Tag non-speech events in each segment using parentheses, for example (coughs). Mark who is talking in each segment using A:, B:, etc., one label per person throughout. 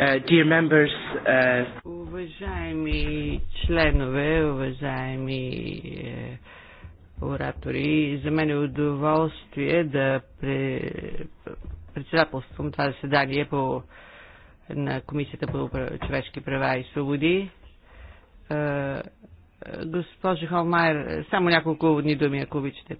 A: Uh, dear members, uh, Уважаеми членове, уважаеми е,
B: оратори, за мен е удоволствие да председателствам това заседание по, на Комисията по човешки права и свободи. Е, е, госпожо Холмайер, само няколко дни думи, ако обичате.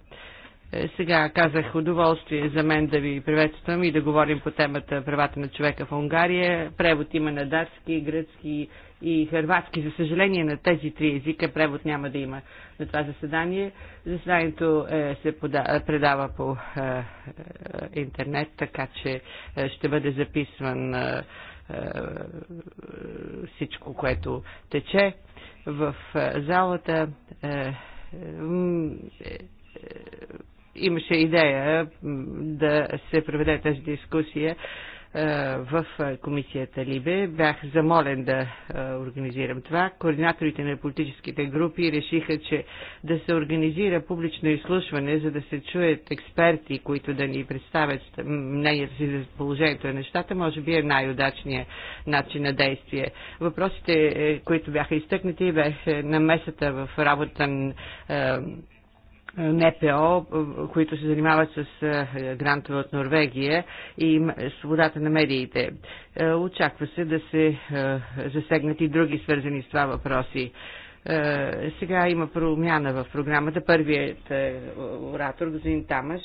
B: Е, сега казах удоволствие за мен да ви приветствам и да говорим по темата правата на човека в Унгария. Превод има на датски, гръцки и хърватски. За съжаление на тези три езика превод няма да има на това заседание. Заседанието е, се пода, предава по е, е, интернет, така че е, ще бъде записван е, е, всичко, което тече в е, залата. Е, е, е, е имаше идея да се проведе тази дискусия е, в комисията Либе. Бях замолен да е, организирам това. Координаторите на политическите групи решиха, че да се организира публично изслушване, за да се чуят експерти, които да ни представят мнението си за положението на нещата, може би е най-удачният начин на действие. Въпросите, е, които бяха изтъкнати, бяха намесата в работа на НПО, които се занимават с грантове от Норвегия и свободата на медиите. Очаква се да се засегнат и други свързани с това въпроси. Сега има промяна в програмата. Първият оратор, господин Тамаш,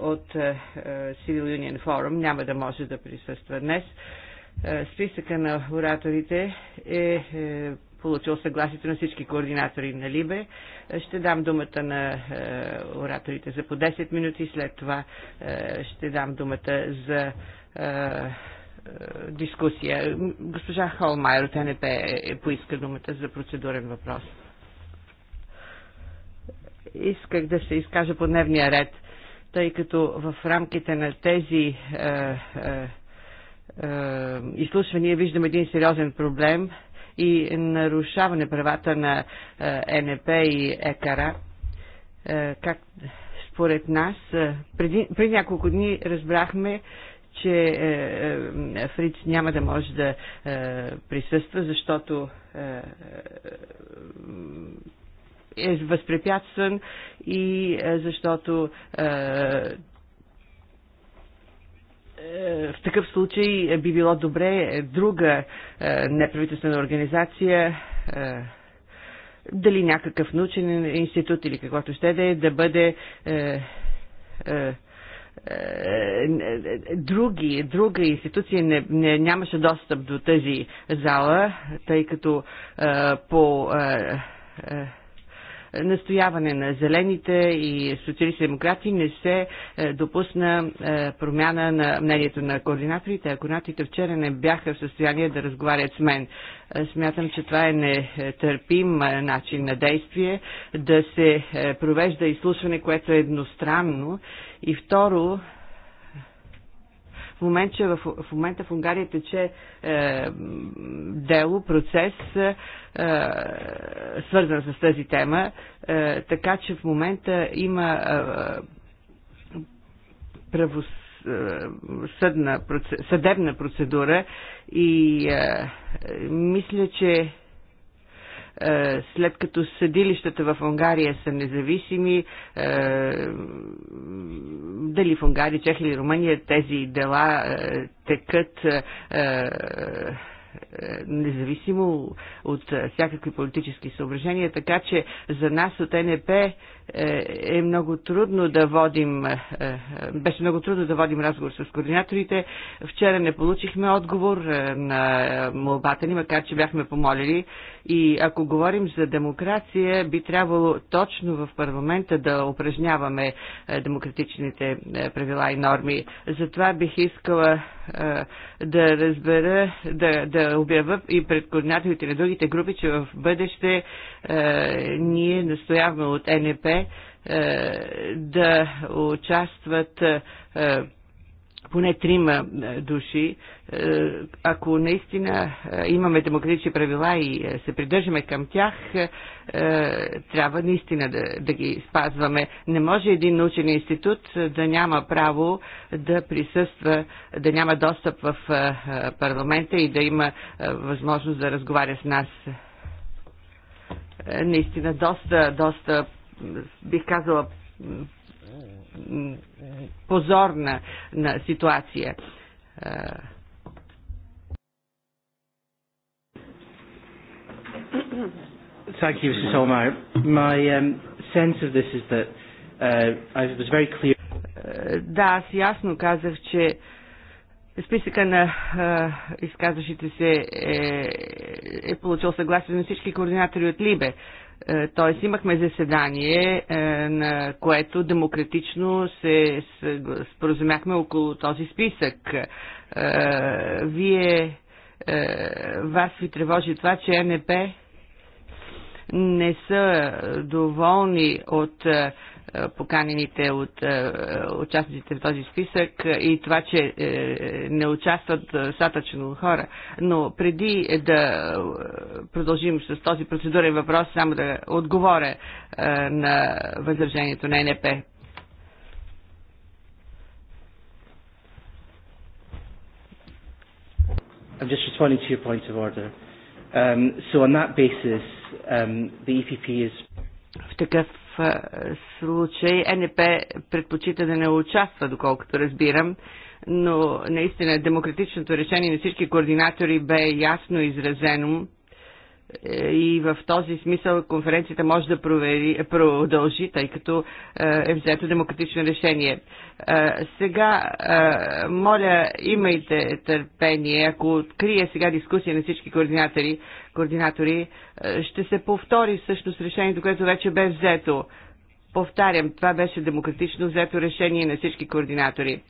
B: от Civil Union Forum, няма да може да присъства днес. Списъка на ораторите е, е получил съгласието на всички координатори на Либе. Ще дам думата на е, ораторите за по 10 минути, след това е, ще дам думата за е, дискусия. Госпожа Холмайер от НП е поиска думата за процедурен въпрос. Исках да се изкажа по дневния ред, тъй като в рамките на тези е, е, е, изслушвания виждам един сериозен проблем – и нарушаване правата на е, НП и ЕКАРА. Е, как според нас, е, преди, преди няколко дни разбрахме, че Фриц няма да може да присъства, защото е възпрепятстван и защото е, е, в такъв случай би било добре друга е, неправителствена организация, е, дали някакъв научен институт или каквото ще да е, да бъде други, друга институция не, не, нямаше достъп до тази зала, тъй като по настояване на зелените и социалисти демократи не се е, допусна е, промяна на мнението на координаторите. А координаторите вчера не бяха в състояние да разговарят с мен. Е, смятам, че това е нетърпим начин на действие, да се провежда изслушване, което е едностранно. И второ, в момента, че в, в, момента в Унгария тече е, дело, процес, е, е, свързан с тази тема, е, така че в момента има е, е правосъдие е, съдебна процедура и а, мисля, че е, след като съдилищата в Унгария са независими, е, дали в Унгария, Чехия или Румъния тези дела е, текат независимо от всякакви политически съображения, така че за нас от НП е, е много трудно да водим, е, е, беше много трудно да водим разговор с координаторите. Вчера не получихме отговор на молбата ни, макар че бяхме помолили. И ако говорим за демокрация, би трябвало точно в парламента да упражняваме демократичните правила и норми. Затова бих искала да разбера, да, да обява и пред координаторите на другите групи, че в бъдеще е, ние настояваме от НП е, да участват е, поне трима души, ако наистина имаме демократични правила и се придържаме към тях, трябва наистина да, да ги спазваме. Не може един научен институт да няма право да присъства, да няма достъп в парламента и да има възможност да разговаря с нас е, наистина доста, доста, бих казала, позорна на ситуация.
A: Е, Thank you, Mrs. Holmeyer. My um, sense of this is that uh, I was very clear. Е, да, аз ясно казах, че uh,
B: Списъка на изказващите се е, е получил съгласие на всички координатори от Либе. Тоест имахме заседание, на което демократично се споразумяхме около този списък. Вие, вас ви тревожи това, че НП не са доволни от е, поканените от е, участниците в този списък и това, че е, не участват достатъчно хора. Но преди да продължим с този процедурен въпрос, само да отговоря на възражението на НП.
A: I'm just responding to your point of order. Um, so on that basis, um, the EPP is... В такъв е,
B: случай е НП предпочита да не участва, доколкото разбирам, но наистина демократичното решение на всички координатори бе ясно изразено е, и в този смисъл конференцията може да провери, продължи, тъй като е, е взето демократично решение. Е, сега, моля, имайте търпение. Ако открие сега дискусия на всички координатори, координатори ще се повтори всъщност решението, което вече бе взето. Повтарям, това беше демократично взето решение на всички координатори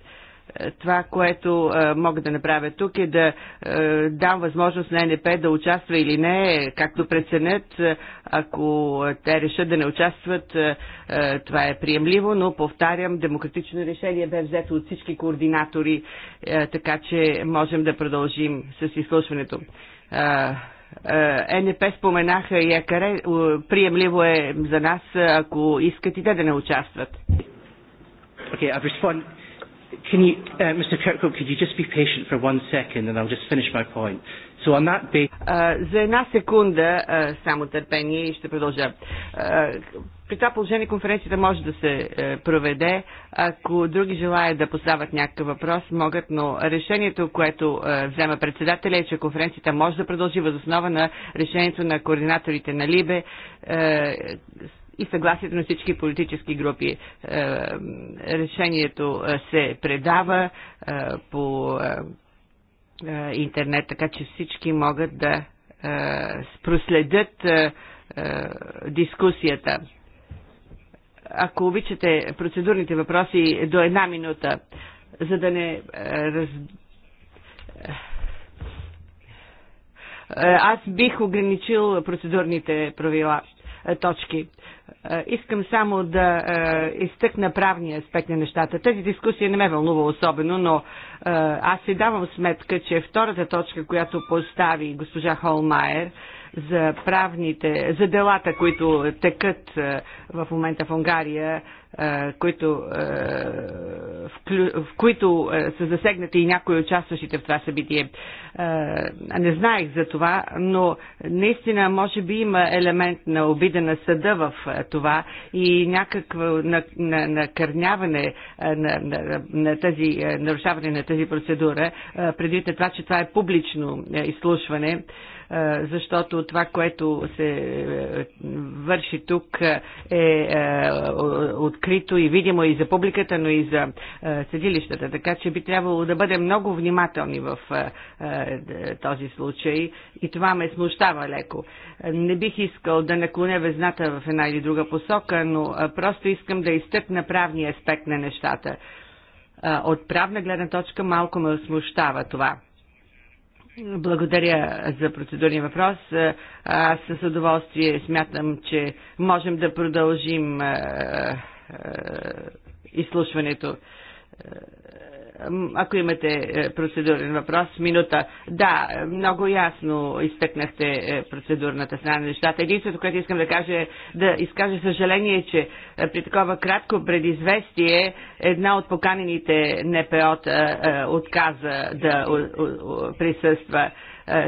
B: това, което а, мога да направя тук е да а, дам възможност на НП да участва или не, както преценят. Ако те решат да не участват, а, това е приемливо, но повтарям, демократично решение бе взето от всички координатори, а, така че можем да продължим с изслушването. А, НП споменаха и Екаре, приемливо е за нас, ако искат и те
A: да не участват. Okay, I've responded. Can you, uh, Mr. Kirkhope, could you just be patient for one second and I'll just finish my point. So on that basis... uh, за една
B: секунда uh, само търпение и ще продължа. Uh, при това положение конференцията може да се uh, проведе. Ако други желаят да поставят някакъв въпрос, могат, но решението, което uh, взема председателя е, че конференцията може да продължи възоснова на решението на координаторите на Либе. Uh, и съгласието на всички политически групи. Е, решението е, се предава е, по интернет, така че всички могат да проследят дискусията. Ако обичате процедурните въпроси до една минута, за да не раз... Аз бих ограничил процедурните правила. Е, точки. Е, искам само да е, изтъкна правния аспект на нещата. Тази дискусия не ме вълнува особено, но аз си давам сметка, че втората точка, която постави госпожа Холмайер, за правните, за делата, които текат в момента в Унгария които, в които са засегнати и някои участващите в това събитие. Не знаех за това, но наистина може би има елемент на обида на съда в това и някакво накърняване на, на, на тази, нарушаване на тази процедура, предвид на това, че това е публично изслушване. Е, защото това, което се е, върши тук е, е открито и видимо и за публиката, но и за съдилищата. Така че би трябвало да бъдем много внимателни в този случай и това ме смущава леко. Не бих искал да наклоня везната в една или друга посока, но просто искам да изтъкна правния аспект на нещата. От правна гледна точка малко ме смущава това. Благодаря за процедурния въпрос. Аз с удоволствие смятам, че можем да продължим изслушването. Ако имате е, процедурен въпрос, минута. Да, много ясно изтъкнахте е, процедурната страна на нещата. Единственото, което искам да кажа е да изкажа съжаление, че е, при такова кратко предизвестие една от поканените НПО отказа да присъства.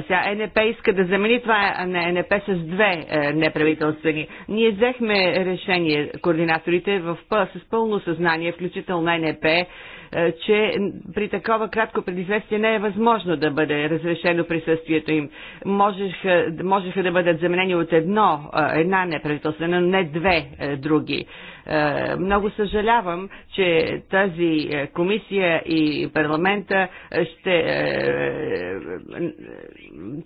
B: Сега НП иска да замени това на НП с две неправителствени. Ние взехме решение, координаторите, в, с пълно съзнание, включително НП, е, че при такова кратко предизвестие не е възможно да бъде разрешено присъствието им. Можеха, можеха да бъдат заменени от едно, е, една неправителствена, но не две е, други. Е, много съжалявам, че тази е, комисия и парламента е, ще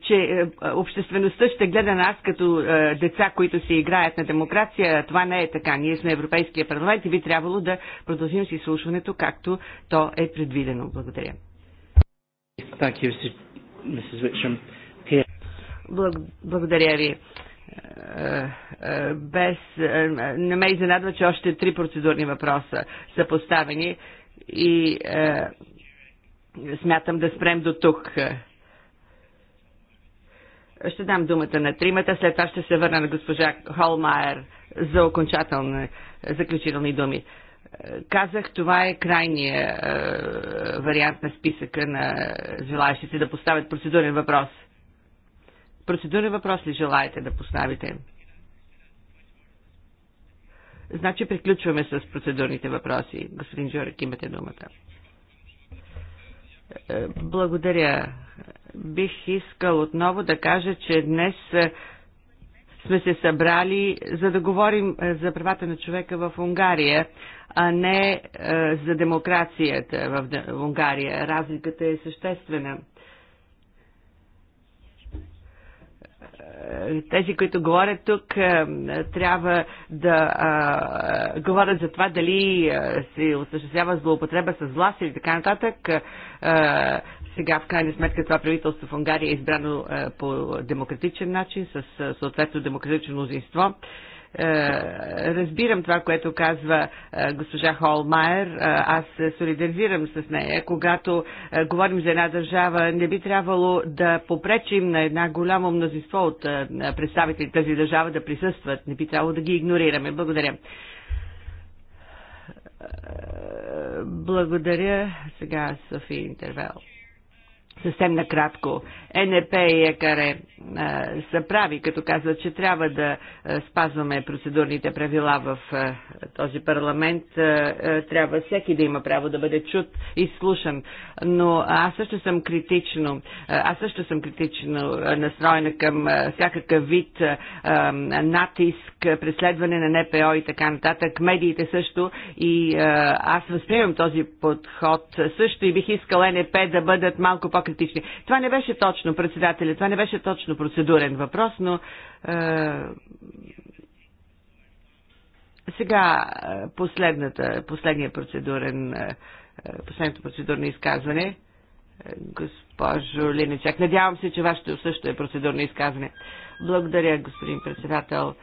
B: че обществеността ще гледа нас като деца, които си играят на демокрация. Това не е така. Ние сме Европейския парламент и би трябвало да продължим с изслушването, както то е предвидено. Благодаря. Благодаря ви. Е, е, без, е, не ме изненадва, че още три процедурни въпроса са поставени и е, смятам да спрем до тук. Ще дам думата на тримата, след това ще се върна на госпожа Холмайер за окончателни заключителни думи. Казах, това е крайния е, вариант на списъка на желаящите да поставят процедурен въпрос – Процедурен въпрос ли желаете да поставите? Значи приключваме с процедурните въпроси. Господин Джорик, имате думата. Е, благодаря. Бих искал отново да кажа, че днес е, сме се събрали за да говорим е, за правата на човека в Унгария, а не за демокрацията в Унгария. Разликата е съществена. тези, които говорят тук, е, трябва да а, е, говорят за това дали е, се осъществява злоупотреба с власт или така нататък. А, сега, в крайна сметка, това правителство в Унгария е избрано а, по демократичен начин, с съответно демократично мнозинство. Е, разбирам това, което казва е, госпожа Холмайер. Е, аз се солидаризирам с нея. Когато говорим за една държава, не би трябвало да попречим на една голямо мнозинство от представители тази държава да присъстват. Не би трябвало да ги игнорираме. Благодаря. Благодаря сега Софи Интервел. Съвсем накратко, НРП и ЕКАРЕ е, са прави, като казват, че трябва да спазваме процедурните правила в този парламент. Трябва всеки да има право да бъде чут и слушан. Но аз също съм критично, аз също съм критично настроена към всякакъв вид натиск, преследване на НПО и така нататък. Медиите също и аз възприемам този подход също и бих искала НРП да бъдат малко по демократични. Това не беше точно, председателя, това не беше точно процедурен въпрос, но е, сега е, последната, последния процедурен, е, е, последното процедурно изказване. Госпожо Линичак, надявам се, че вашето също е процедурно изказване. Благодаря, господин председател.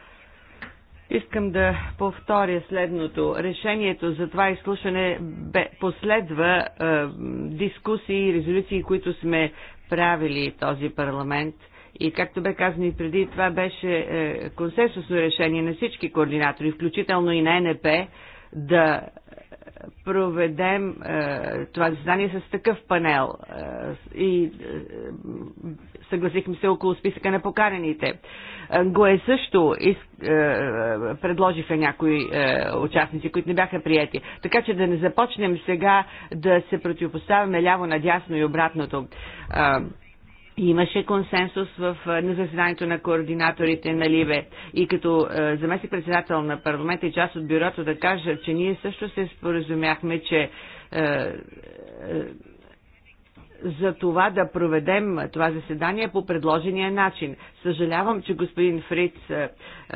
B: Искам да повторя следното. Решението за това изслушане бе, последва е, дискусии и резолюции, които сме правили този парламент. И както бе казано и преди, това беше е, консенсусно решение на всички координатори, включително и на НП, да проведем е, това заседание с такъв панел е, и е, съгласихме се около списъка на поканените. Е, Гое също из, е, предложиха някои е, участници, които не бяха прияти. Така че да не започнем сега да се противопоставяме ляво-надясно и обратното. Е, Имаше консенсус в, е, на заседанието на координаторите на Ливе. и като е, заместник председател на парламента и част от бюрото да кажа, че ние също се споразумяхме, че е, е, за това да проведем това заседание по предложения начин. Съжалявам, че господин Фриц а, е,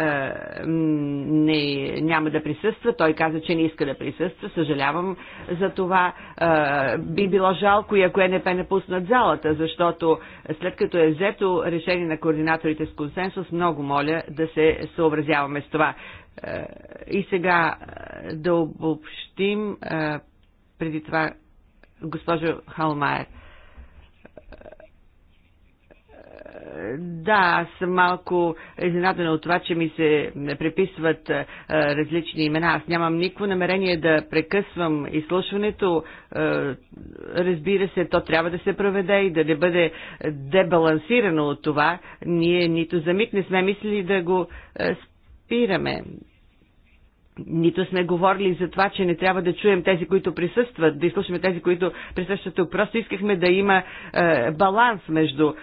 B: е, не, няма да присъства. Той каза, че не иска да присъства. Съжалявам за това. А, е, би било жалко и ако не напуснат залата, защото след като е взето решение на координаторите с консенсус, много моля да се съобразяваме с това. А, и сега да обобщим а, преди това госпожо Халмайер. да, аз съм малко изненадана от това, че ми се преписват различни имена. Аз нямам никакво намерение да прекъсвам изслушването. разбира се, то трябва да се проведе и да не бъде дебалансирано от това. Ние нито за миг не сме мислили да го спираме нито сме говорили за това, че не трябва да чуем тези, които присъстват, да изслушаме тези, които присъстват тук. Просто искахме да има е, баланс между е,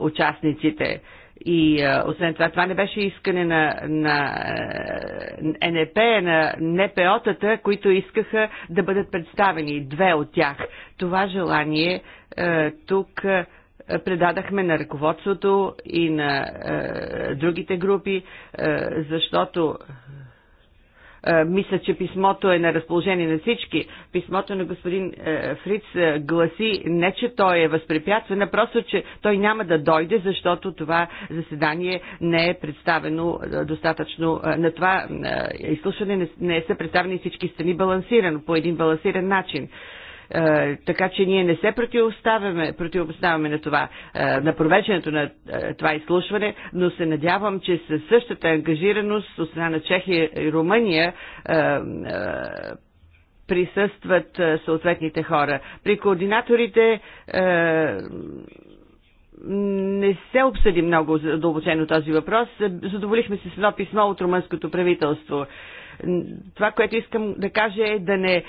B: участниците. И е, освен това, това не беше искане на, на е, НП, на НПО-тата, които искаха да бъдат представени. Две от тях. Това желание е, тук. Е, предадахме на ръководството и на е, другите групи, е, защото е, мисля, че писмото е на разположение на всички. Писмото на господин е, Фриц е, гласи не, че той е възпрепятстван, а просто, че той няма да дойде, защото това заседание не е представено достатъчно. На това изслушване не са представени всички страни балансирано, по един балансиран начин. Е, така че ние не се противоставяме, противоставяме на това, е, на провеченето на е, това изслушване, но се надявам, че със същата ангажираност от страна на Чехия и Румъния присъстват съответните хора. При координаторите не се обсъди много задълбочено този въпрос. Задоволихме се с едно писмо от румънското правителство. Това, което искам да кажа е да не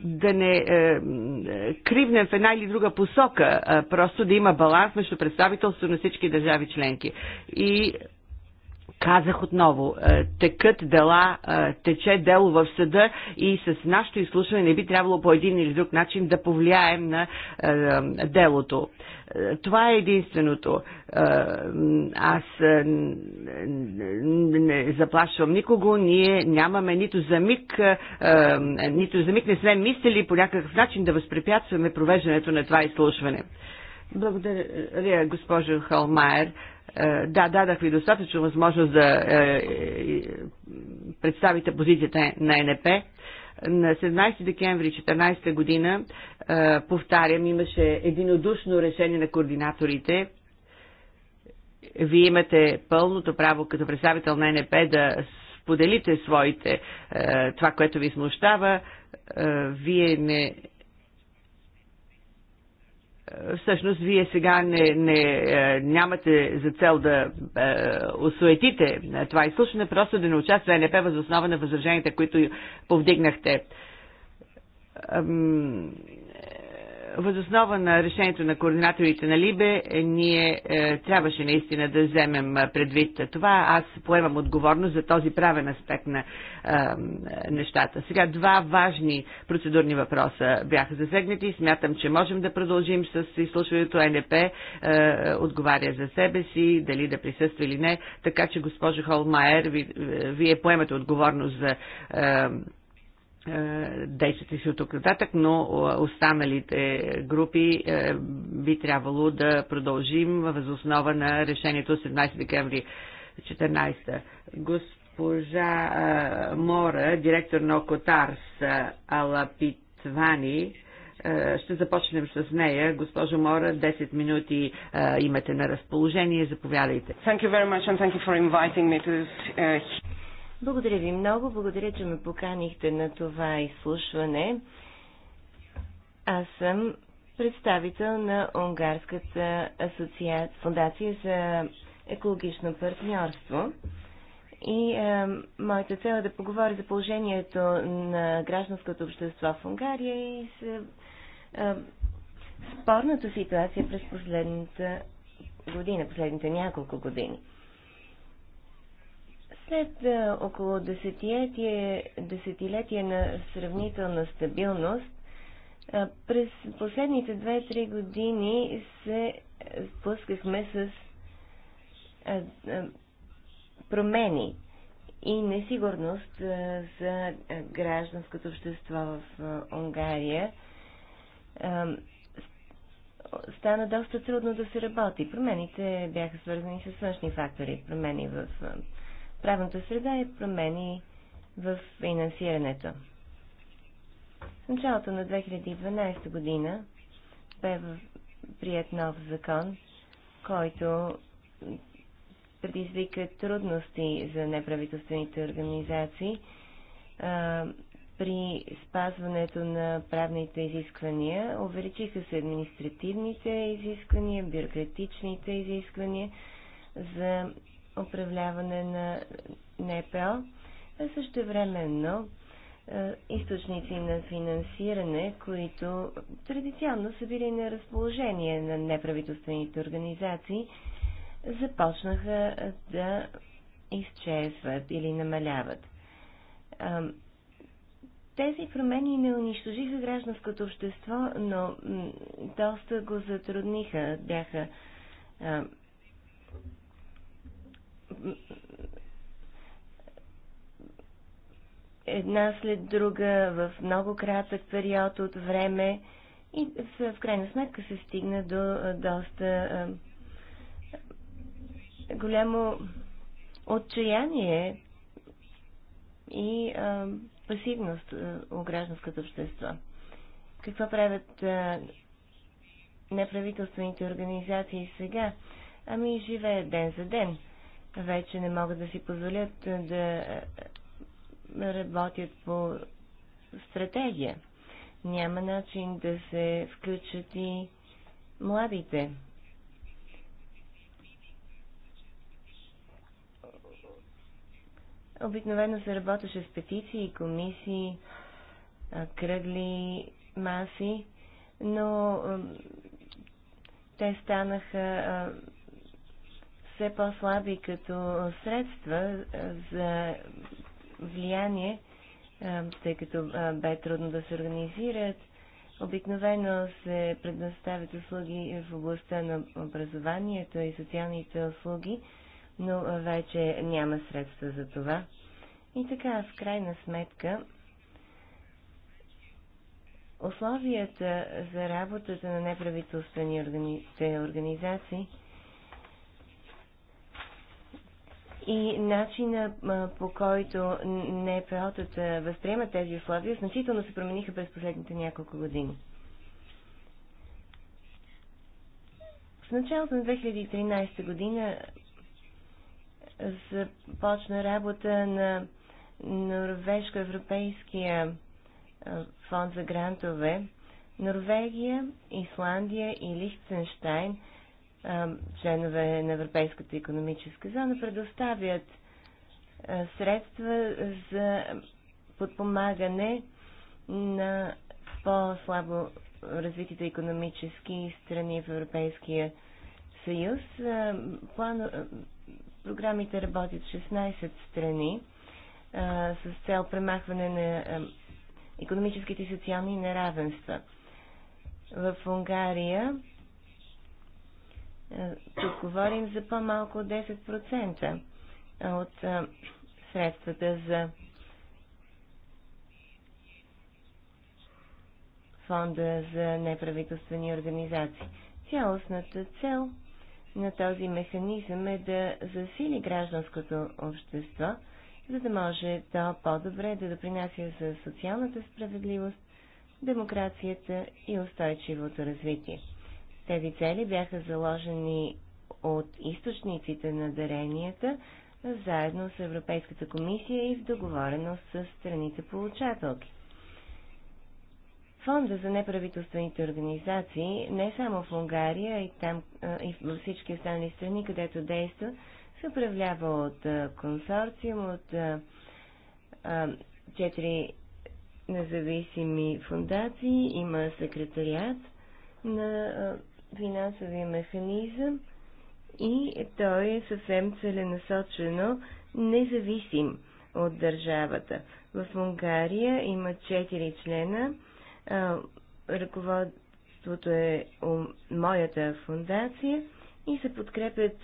B: да не е, е, кривнем в една или друга посока, а просто да има баланс между представителството на всички държави членки. И казах отново, е, текът дела, е, тече дело в съда и с нашето изслушване не би трябвало по един или друг начин да повлияем на е, делото. Това е единственото. Аз не заплашвам никого, ние нямаме нито за миг, нито за миг не сме мислили по някакъв начин да възпрепятстваме провеждането на това изслушване. Благодаря, госпожо Холмайер. Е, да, дадах ви достатъчно възможност да е, е, представите позицията на НП. На 17 декември 2014 година, повтарям, имаше единодушно решение на координаторите вие имате пълното право като представител на НП да споделите своите, това, което ви смущава. Вие не всъщност вие сега не, не, е, нямате за цел да е, осуетите е, това изслушване, просто да не участва НП възоснова на възраженията, които повдигнахте Възоснова на решението на координаторите на Либе, е, ние е, трябваше наистина да вземем е, предвид това. Аз поемам отговорност за този правен аспект на е, нещата. Сега два важни процедурни въпроса бяха засегнати. Смятам, че можем да продължим с изслушването. НП е, отговаря за себе си, дали да присъства или не. Така че, госпожо Холмайер, ви, е, вие поемате отговорност за. Е, е, действате си от тук нататък, но е, останалите групи е, би трябвало да продължим въз основа на решението 17 декември 14. Госпожа Мора, директор на Окотарс Алапитвани, ще започнем с нея. Госпожо Мора, 10 минути имате на разположение. Заповядайте.
C: Благодаря ви много. Благодаря, че ме поканихте на това изслушване. Аз съм представител на Унгарската асоция... фундация за екологично партньорство. И е, моята цел е да поговоря за положението на гражданското общество в Унгария и с е, спорната ситуация през последната година, последните няколко години. След е, около десетилетие, десетилетие на сравнителна стабилност, е, през последните 2-3 години се е, сблъскахме с промени и несигурност за гражданското общество в Унгария. Стана доста трудно да се работи. Промените бяха свързани с външни фактори, промени в правната среда и промени в финансирането. В началото на 2012 година бе прият нов закон, който предизвика трудности за неправителствените организации а, при спазването на правните изисквания. Увеличиха се административните изисквания, бюрократичните изисквания за управляване на НПО, а също времено източници на финансиране, които традиционно са били на разположение на неправителствените организации, започнаха да изчезват или намаляват. Тези промени не унищожиха гражданското общество, но доста го затрудниха. Бяха една след друга в много кратък период от време и в крайна сметка се стигна до доста голямо отчаяние и пасивност у гражданското общество. Какво правят неправителствените организации сега? Ами живеят ден за ден вече не могат да си позволят да работят по стратегия. Няма начин да се включат и младите. Обикновено се работеше с петиции, комисии, кръгли маси, но те станаха все по-слаби като средства е, за влияние, е, тъй като е, бе трудно да се организират. Обикновено се предоставят услуги в областта на образованието и социалните услуги, но вече няма средства за това. И така, в крайна сметка, условията за работата на неправителствените организации – и начина по който НПО-тата възприемат тези условия значително се промениха през последните няколко години. В началото на 2013 година започна работа на Норвежко-Европейския фонд за грантове. Норвегия, Исландия и Лихтенштайн – членове на Европейската економическа зона предоставят средства за подпомагане на по-слабо развитите економически страни в Европейския съюз. План... Програмите работят в 16 страни с цел премахване на економическите и социални неравенства. В Унгария тук говорим за по-малко от 10% от средствата за фонда за неправителствени организации. Цялостната цел на този механизъм е да засили гражданското общество, за да може то по-добре да допринася за социалната справедливост, демокрацията и устойчивото развитие. Тези цели бяха заложени от източниците на даренията, заедно с Европейската комисия и в договореност с страните получателки. Фонда за неправителствените организации не само в Унгария и, там, и във всички останали страни, където действа, се управлява от консорциум, от четири независими фундации, има секретариат на финансовия механизъм и той е съвсем целенасочено независим от държавата. В Унгария има 4 члена. Ръководството е моята фундация и се подкрепят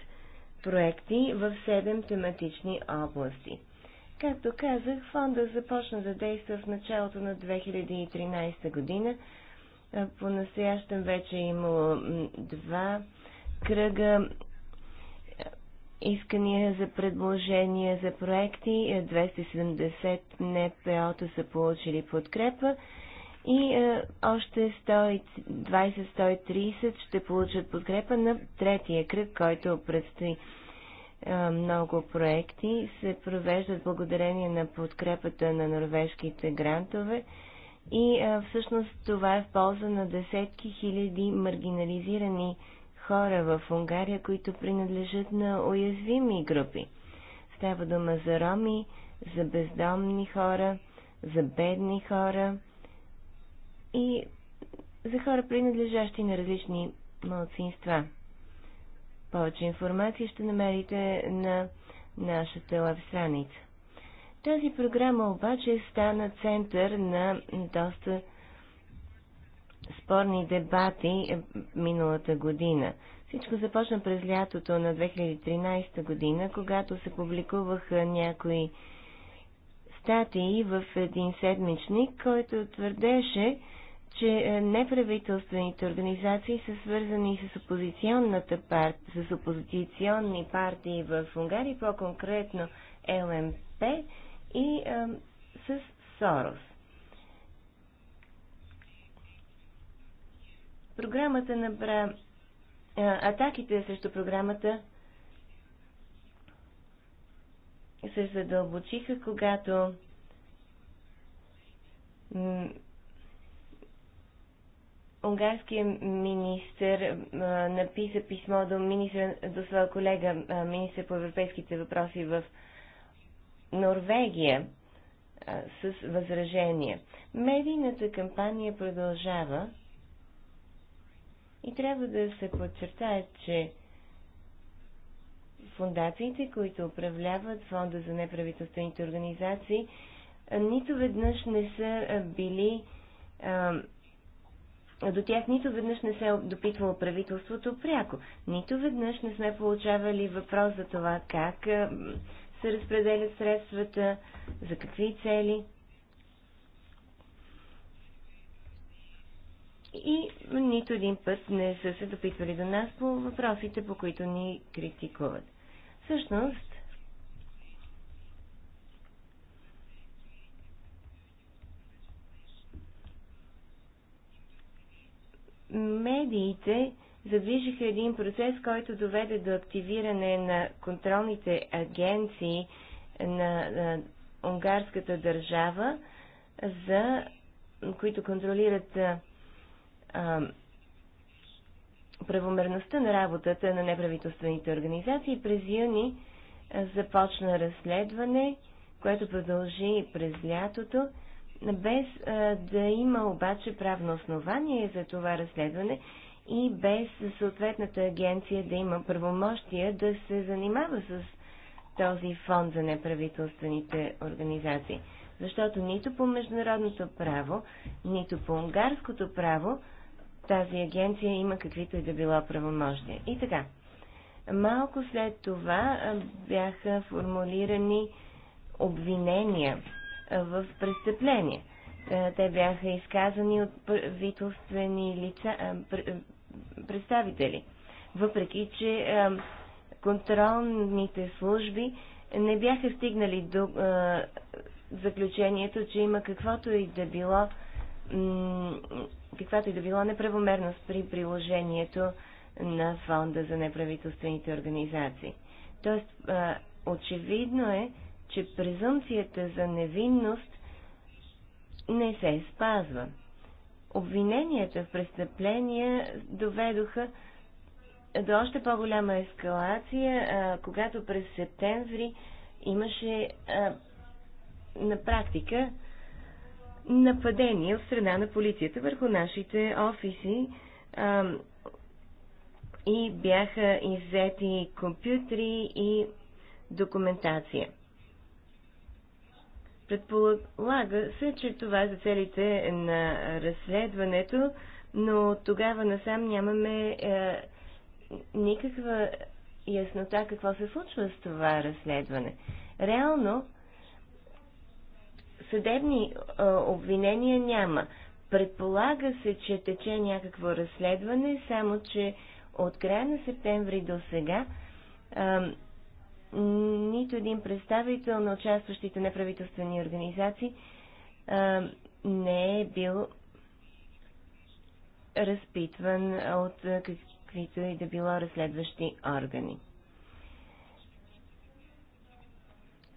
C: проекти в 7 тематични области. Както казах, фонда започна да действа в началото на 2013 година е, по-настоящем вече е имало два кръга е, искания за предложения за проекти. 270 е, НПО-та са получили подкрепа и още 120-130 ще получат подкрепа на третия кръг, който предстои. много проекти се провеждат благодарение на подкрепата на норвежките грантове. И а, всъщност това е в полза на десетки хиляди маргинализирани хора в Унгария, които принадлежат на уязвими групи. Става дума за роми, за бездомни хора, за бедни хора и за хора принадлежащи на различни малцинства. Повече информация ще намерите на нашата веб страница. Тази програма обаче стана център на доста спорни дебати миналата година. Всичко започна през лятото на 2013 година, когато се публикуваха някои статии в един седмичник, който твърдеше, че е, неправителствените организации са свързани с, опозиционната парт... с опозиционни партии в Унгария, по-конкретно ЛМП и а, е, с Сорос. Програмата набра... А, е, атаките срещу програмата се задълбочиха, когато унгарският министр е, написа писмо до, министра, до своя колега, министър по европейските въпроси в Норвегия а, с възражение. Медийната кампания продължава и трябва да се подчертае, че фундациите, които управляват Фонда за неправителствените организации, нито веднъж не са били. А, до тях нито веднъж не се е допитвало правителството пряко. Нито веднъж не сме получавали въпрос за това как се разпределят средствата, за какви цели. И нито един път не са се допитвали до нас по въпросите, по които ни критикуват. Всъщност, медиите задвижиха един процес, който доведе до активиране на контролните агенции на, на унгарската държава, за, които контролират а, правомерността на работата на неправителствените организации. През юни започна разследване, което продължи през лятото, без а, да има обаче правно основание за това разследване и без съответната агенция да има правомощия да се занимава с този фонд за неправителствените организации. Защото нито по международното право, нито по унгарското право тази агенция има каквито и да било правомощия. И така, малко след това бяха формулирани обвинения в престъпления. Те бяха изказани от правителствени лица, представители. Въпреки, че е, контролните служби не бяха стигнали до е, заключението, че има каквото и да било каквато и да било неправомерност при приложението на фонда за неправителствените организации. Тоест, е, очевидно е, че презумцията за невинност не се спазва обвиненията в престъпления доведоха до още по-голяма ескалация, когато през септември имаше а, на практика нападение от страна на полицията върху нашите офиси а, и бяха иззети компютри и документация. Предполага се, че това е за целите на разследването, но от тогава насам нямаме е, никаква яснота какво се случва с това разследване. Реално съдебни е, обвинения няма. Предполага се, че тече някакво разследване, само че от края на септември до сега е, нито един представител на участващите неправителствени организации а, не е бил разпитван от каквито и да било разследващи органи.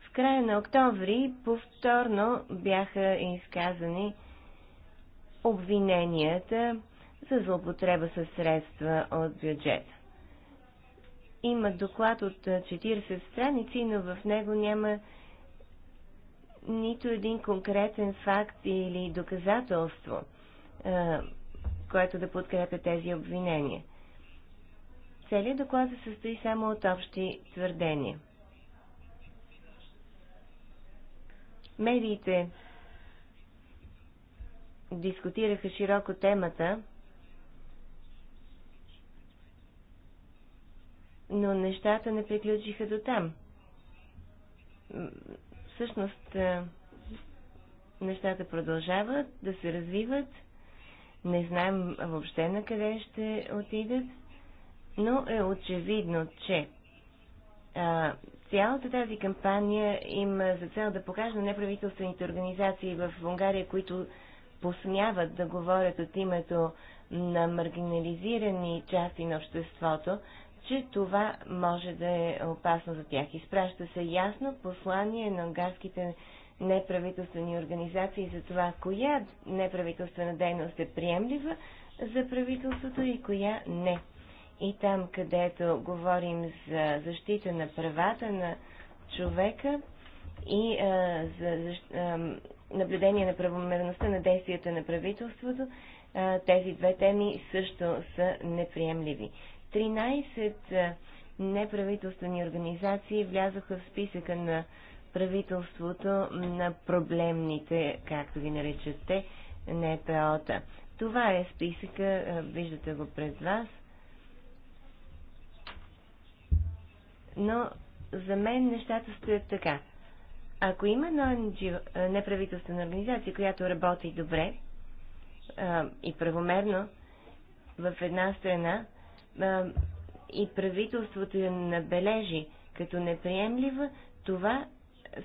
C: В края на октомври повторно бяха изказани обвиненията за злоупотреба със средства от бюджета има доклад от 40 страници, но в него няма нито един конкретен факт или доказателство, което да подкрепя тези обвинения. Целият доклад се състои само от общи твърдения. Медиите дискутираха широко темата но нещата не приключиха до там. Всъщност, нещата продължават да се развиват. Не знаем въобще на къде ще отидат, но е очевидно, че а, цялата тази кампания има за цел да покаже на неправителствените организации в Унгария, които посмяват да говорят от името на маргинализирани части на обществото, че това може да е опасно за тях. Изпраща се ясно послание на унгарските неправителствени организации за това, коя неправителствена дейност е приемлива за правителството и коя не. И там, където говорим за защита на правата на човека и а, за, защ... а, наблюдение на правомерността на действията на правителството, а, тези две теми също са неприемливи. 13 е, неправителствени организации влязоха в списъка на правителството на проблемните, както ги наричат те, НПО-та. Това е списъка, е, виждате го пред вас. Но за мен нещата стоят така. Ако има е, неправителствена организация, която работи добре и правомерно в една страна, а, и правителството я набележи като неприемлива, това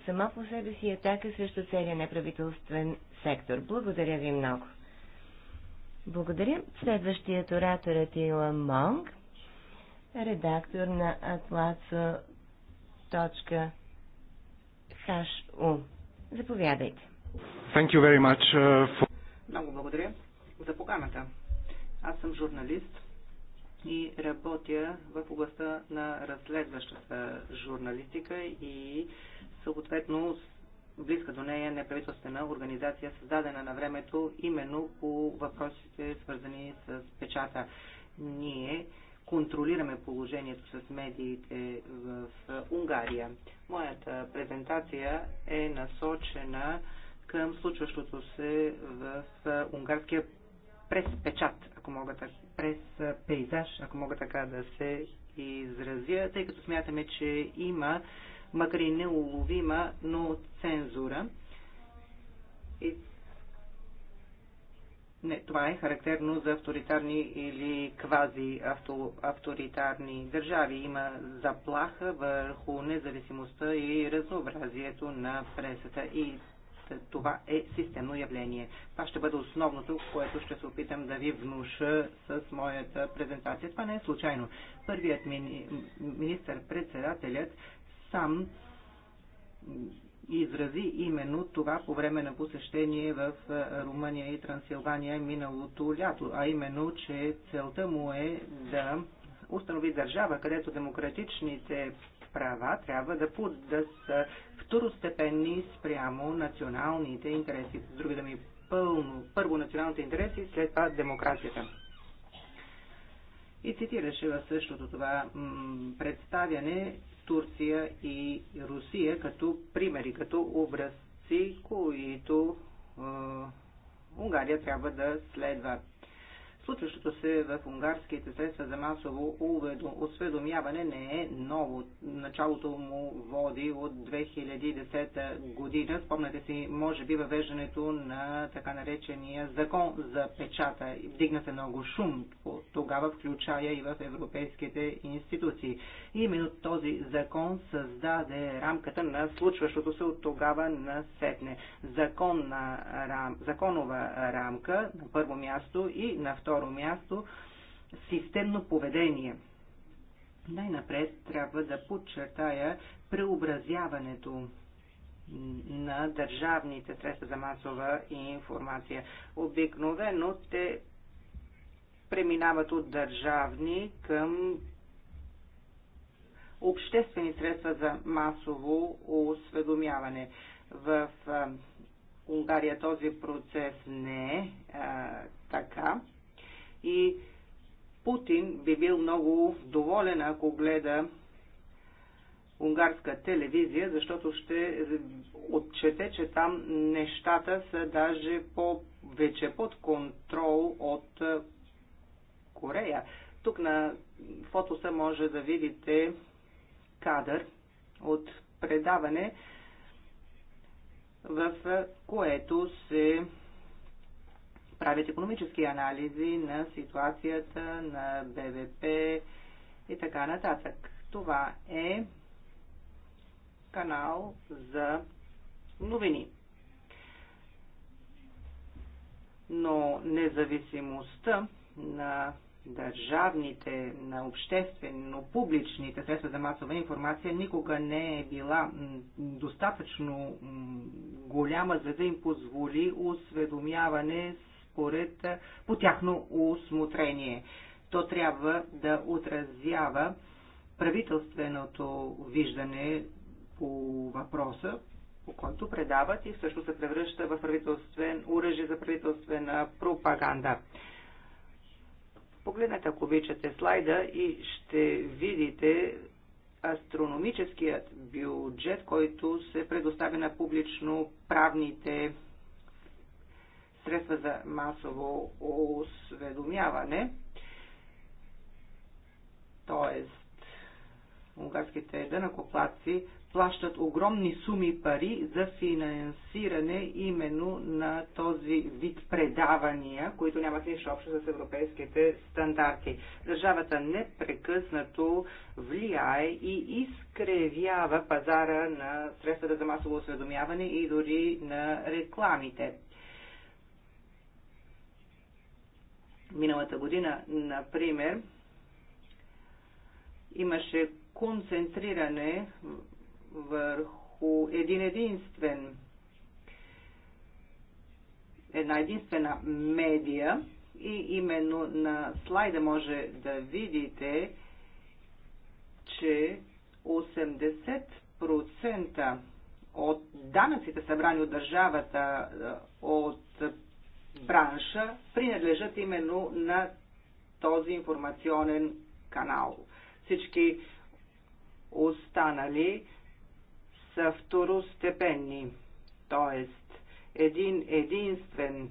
C: сама по себе си е атака срещу целия неправителствен сектор. Благодаря ви много. Благодаря. Следващият оратор е Тила Монг, редактор на atlazo.hu. Заповядайте.
A: Thank you very much uh, for...
C: Много благодаря за
D: поканата. Аз съм журналист и работя в областта на разследващата журналистика и съответно близка до нея неправителствена организация, създадена на времето именно по въпросите свързани с печата. Ние контролираме положението с медиите в Унгария. Моята презентация е насочена към случващото се в унгарския преспечат, ако мога през пейзаж, ако мога така да се изразя, тъй като смятаме, че има, макар и неуловима, но цензура. И... Не, това е характерно за авторитарни или квази авто, авторитарни държави. Има заплаха върху независимостта и разнообразието на пресата. И това е системно явление. Това ще бъде основното, което ще се опитам да ви внуша с моята презентация. Това не е случайно. Първият мини... министър-председателят сам изрази именно това по време на посещение в Румъния и Трансилвания миналото лято, а именно, че целта му е да установи държава, където демократичните права трябва да, под, да са второстепенни спрямо националните интереси. С други да ми пълно, първо националните интереси, след това демокрацията. И цитираше в същото това представяне Турция и Русия като примери, като образци, които е, Унгария трябва да следва случващото се в унгарските средства за масово осведомяване не е ново. Началото му води от 2010 година. Спомняте си, може би, въвеждането на така наречения закон за печата. Вдигна се много шум тогава, включая и в европейските институции. именно този закон създаде рамката на случващото се от тогава на сетне. Законна, рам, законова рамка на първо място и на второ второ място системно поведение. Най-напред трябва да подчертая преобразяването на държавните средства за масова информация. Обикновено те преминават от държавни към обществени средства за масово осведомяване. В Унгария този процес не е а, така и Путин би бил много доволен, ако гледа унгарска телевизия, защото ще отчете, че там нещата са даже по, вече под контрол от Корея. Тук на фотоса може да видите кадър от предаване, в което се правят економически анализи на ситуацията, на БВП и така нататък. Това е канал за новини. Но независимостта на държавните, на обществено-публичните средства за масова информация никога не е била достатъчно голяма, за да им позволи осведомяване според, по тяхно усмотрение. То трябва да отразява правителственото виждане по въпроса, по който предават и също се превръща в правителствен уръжи за правителствена пропаганда. Погледнете, ако обичате слайда и ще видите астрономическият бюджет, който се предоставя на публично правните средства за масово осведомяване, т.е. унгарските дънакоплаци плащат огромни суми пари за финансиране именно на този вид предавания, които нямат нищо общо с европейските стандарти. Държавата непрекъснато влияе и изкревява пазара на средствата за масово осведомяване и дори на рекламите. Миналата година, например, имаше концентриране върху един единствен една единствена медия и именно на слайда може да видите, че 80% от данъците събрани от държавата от бранша принадлежат именно на този информационен канал. Всички останали са второстепенни, т.е. един единствен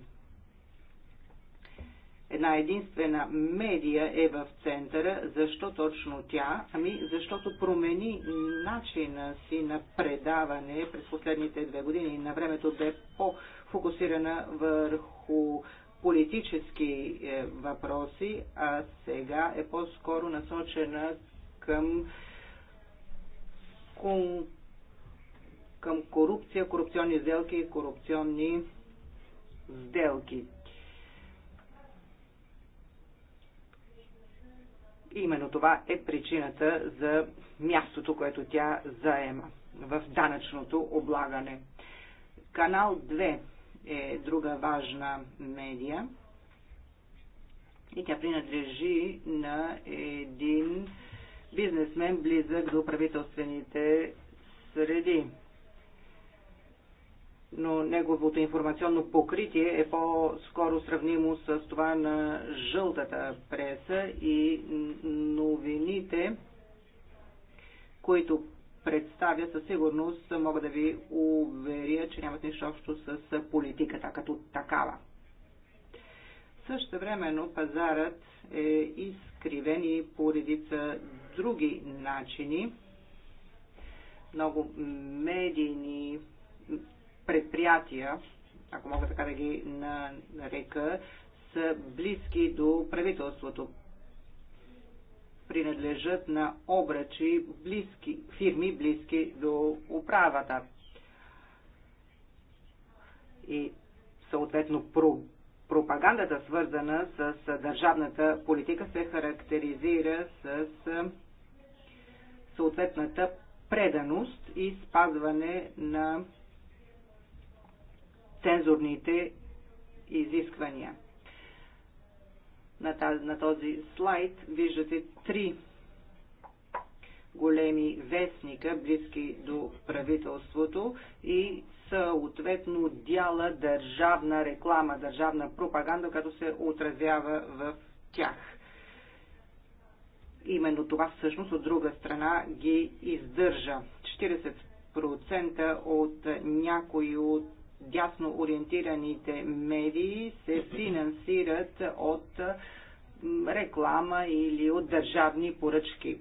D: една единствена медия е в центъра. Защо точно тя? Ами защото промени начина си на предаване през последните две години. На времето бе по- фокусирана върху политически е, въпроси, а сега е по-скоро насочена към, към корупция, корупционни сделки и корупционни сделки. Именно това е причината за мястото, което тя заема в данъчното облагане. Канал 2 е друга важна медия. И тя принадлежи на един бизнесмен, близък до правителствените среди. Но неговото информационно покритие е по-скоро сравнимо с това на жълтата преса и новините, които представя, със сигурност мога да ви уверя, че нямат нищо общо с политиката като такава. Също времено пазарът е изкривен и по редица други начини. Много медийни предприятия, ако мога така да ги нарека, са близки до правителството принадлежат на обръчи близки, фирми близки до управата. И съответно про, пропагандата, свързана с държавната политика, се характеризира с съответната преданост и спазване на цензурните изисквания. На, тази, на този слайд виждате три големи вестника, близки до правителството и съответно дяла държавна реклама, държавна пропаганда, като се отразява в тях. Именно това всъщност от друга страна ги издържа. 40% от някои от дясно ориентираните медии се финансират от реклама или от държавни поръчки.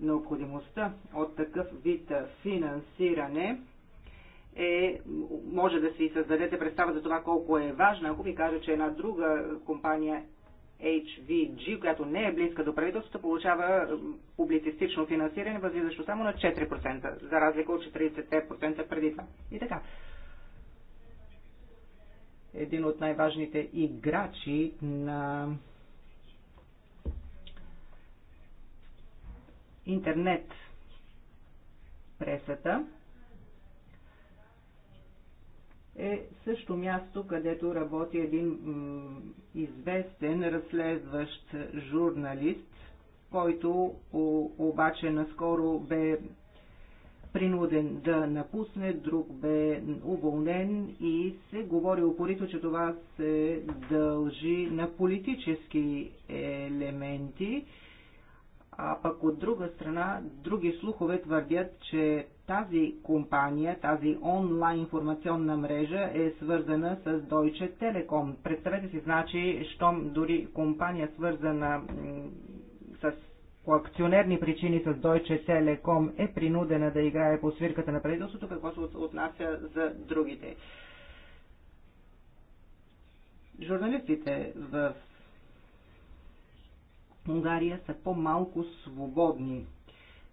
D: Необходимостта от такъв вид финансиране е, може да си създадете представа за това колко е важна, ако ви кажа, че една друга компания HVG, която не е близка до правителството, получава публицистично финансиране, възлизащо само на 4%, за разлика от 40% преди това. И така. Един от най-важните играчи на интернет пресата е също място, където работи един известен разследващ журналист, който обаче наскоро бе принуден да напусне, друг бе уволнен и се говори упорито, че това се дължи на политически елементи а пък от друга страна, други слухове твърдят, че тази компания, тази онлайн информационна мрежа е свързана с Deutsche Telekom. Представете си, значи, щом дори компания свързана с по акционерни причини с Deutsche Telekom е принудена да играе по свирката на правителството, какво се отнася за другите. Журналистите в Унгария са по-малко свободни.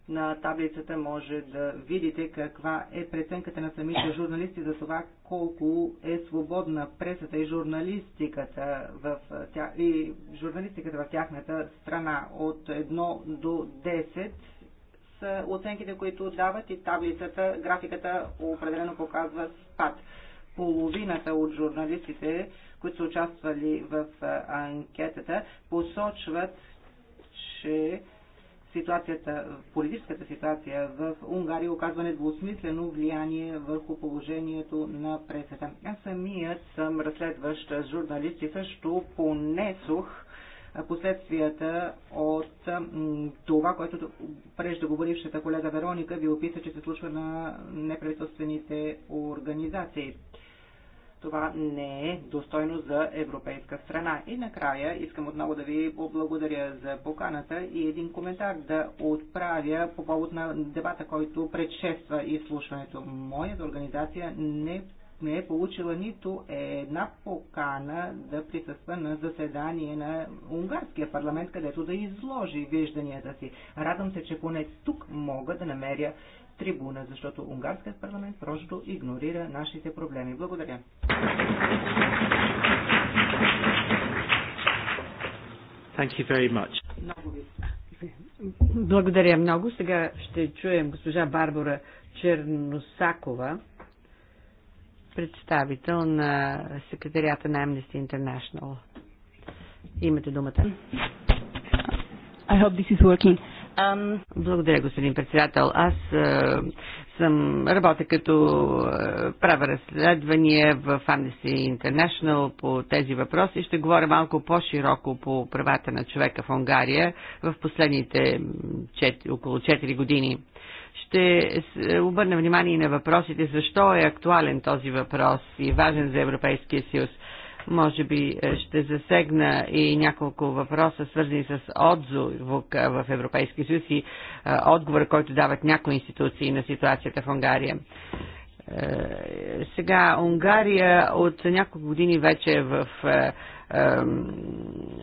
D: На таблицата може да видите каква е преценката на самите журналисти за това колко е свободна пресата и журналистиката в, тя, и журналистиката в тяхната страна от 1 до 10 са оценките, които дават и таблицата, графиката определено показва спад. Половината от журналистите, които са участвали в анкетата, посочват че ситуацията, политическата ситуация в Унгария оказва недвусмислено влияние върху положението на пресата. Аз самият съм разследващ журналист и също понесох последствията от това, което преждоговорившата колега Вероника ви описа, че се случва на неправителствените организации. Това не е достойно за европейска страна. И накрая искам отново да ви благодаря за поканата и един коментар да отправя по повод на дебата, който предшества изслушването. Моята организация не не е получила нито една покана да присъства на заседание на унгарския парламент, където да изложи вижданията си. Радвам се, че поне тук мога да намеря трибуна, защото унгарският парламент просто игнорира нашите проблеми. Благодаря.
A: Thank you very much.
B: Благодаря много. Сега ще чуем госпожа Барбара Черносакова, представител на секретарията на Amnesty International. Имате думата. I hope this is working. Благодаря, господин председател. Аз е, съм работя като е, права разследвания в Amnesty International по тези въпроси. Ще говоря малко по-широко по правата на човека в Унгария в последните 4, около 4 години ще е, обърна внимание на въпросите, защо е актуален този въпрос и важен за Европейския съюз. Може би е, ще засегна и няколко въпроса, свързани с отзвук в Европейския съюз и е, отговор, който дават някои институции на ситуацията в Унгария. Е, сега, Унгария от няколко години вече е в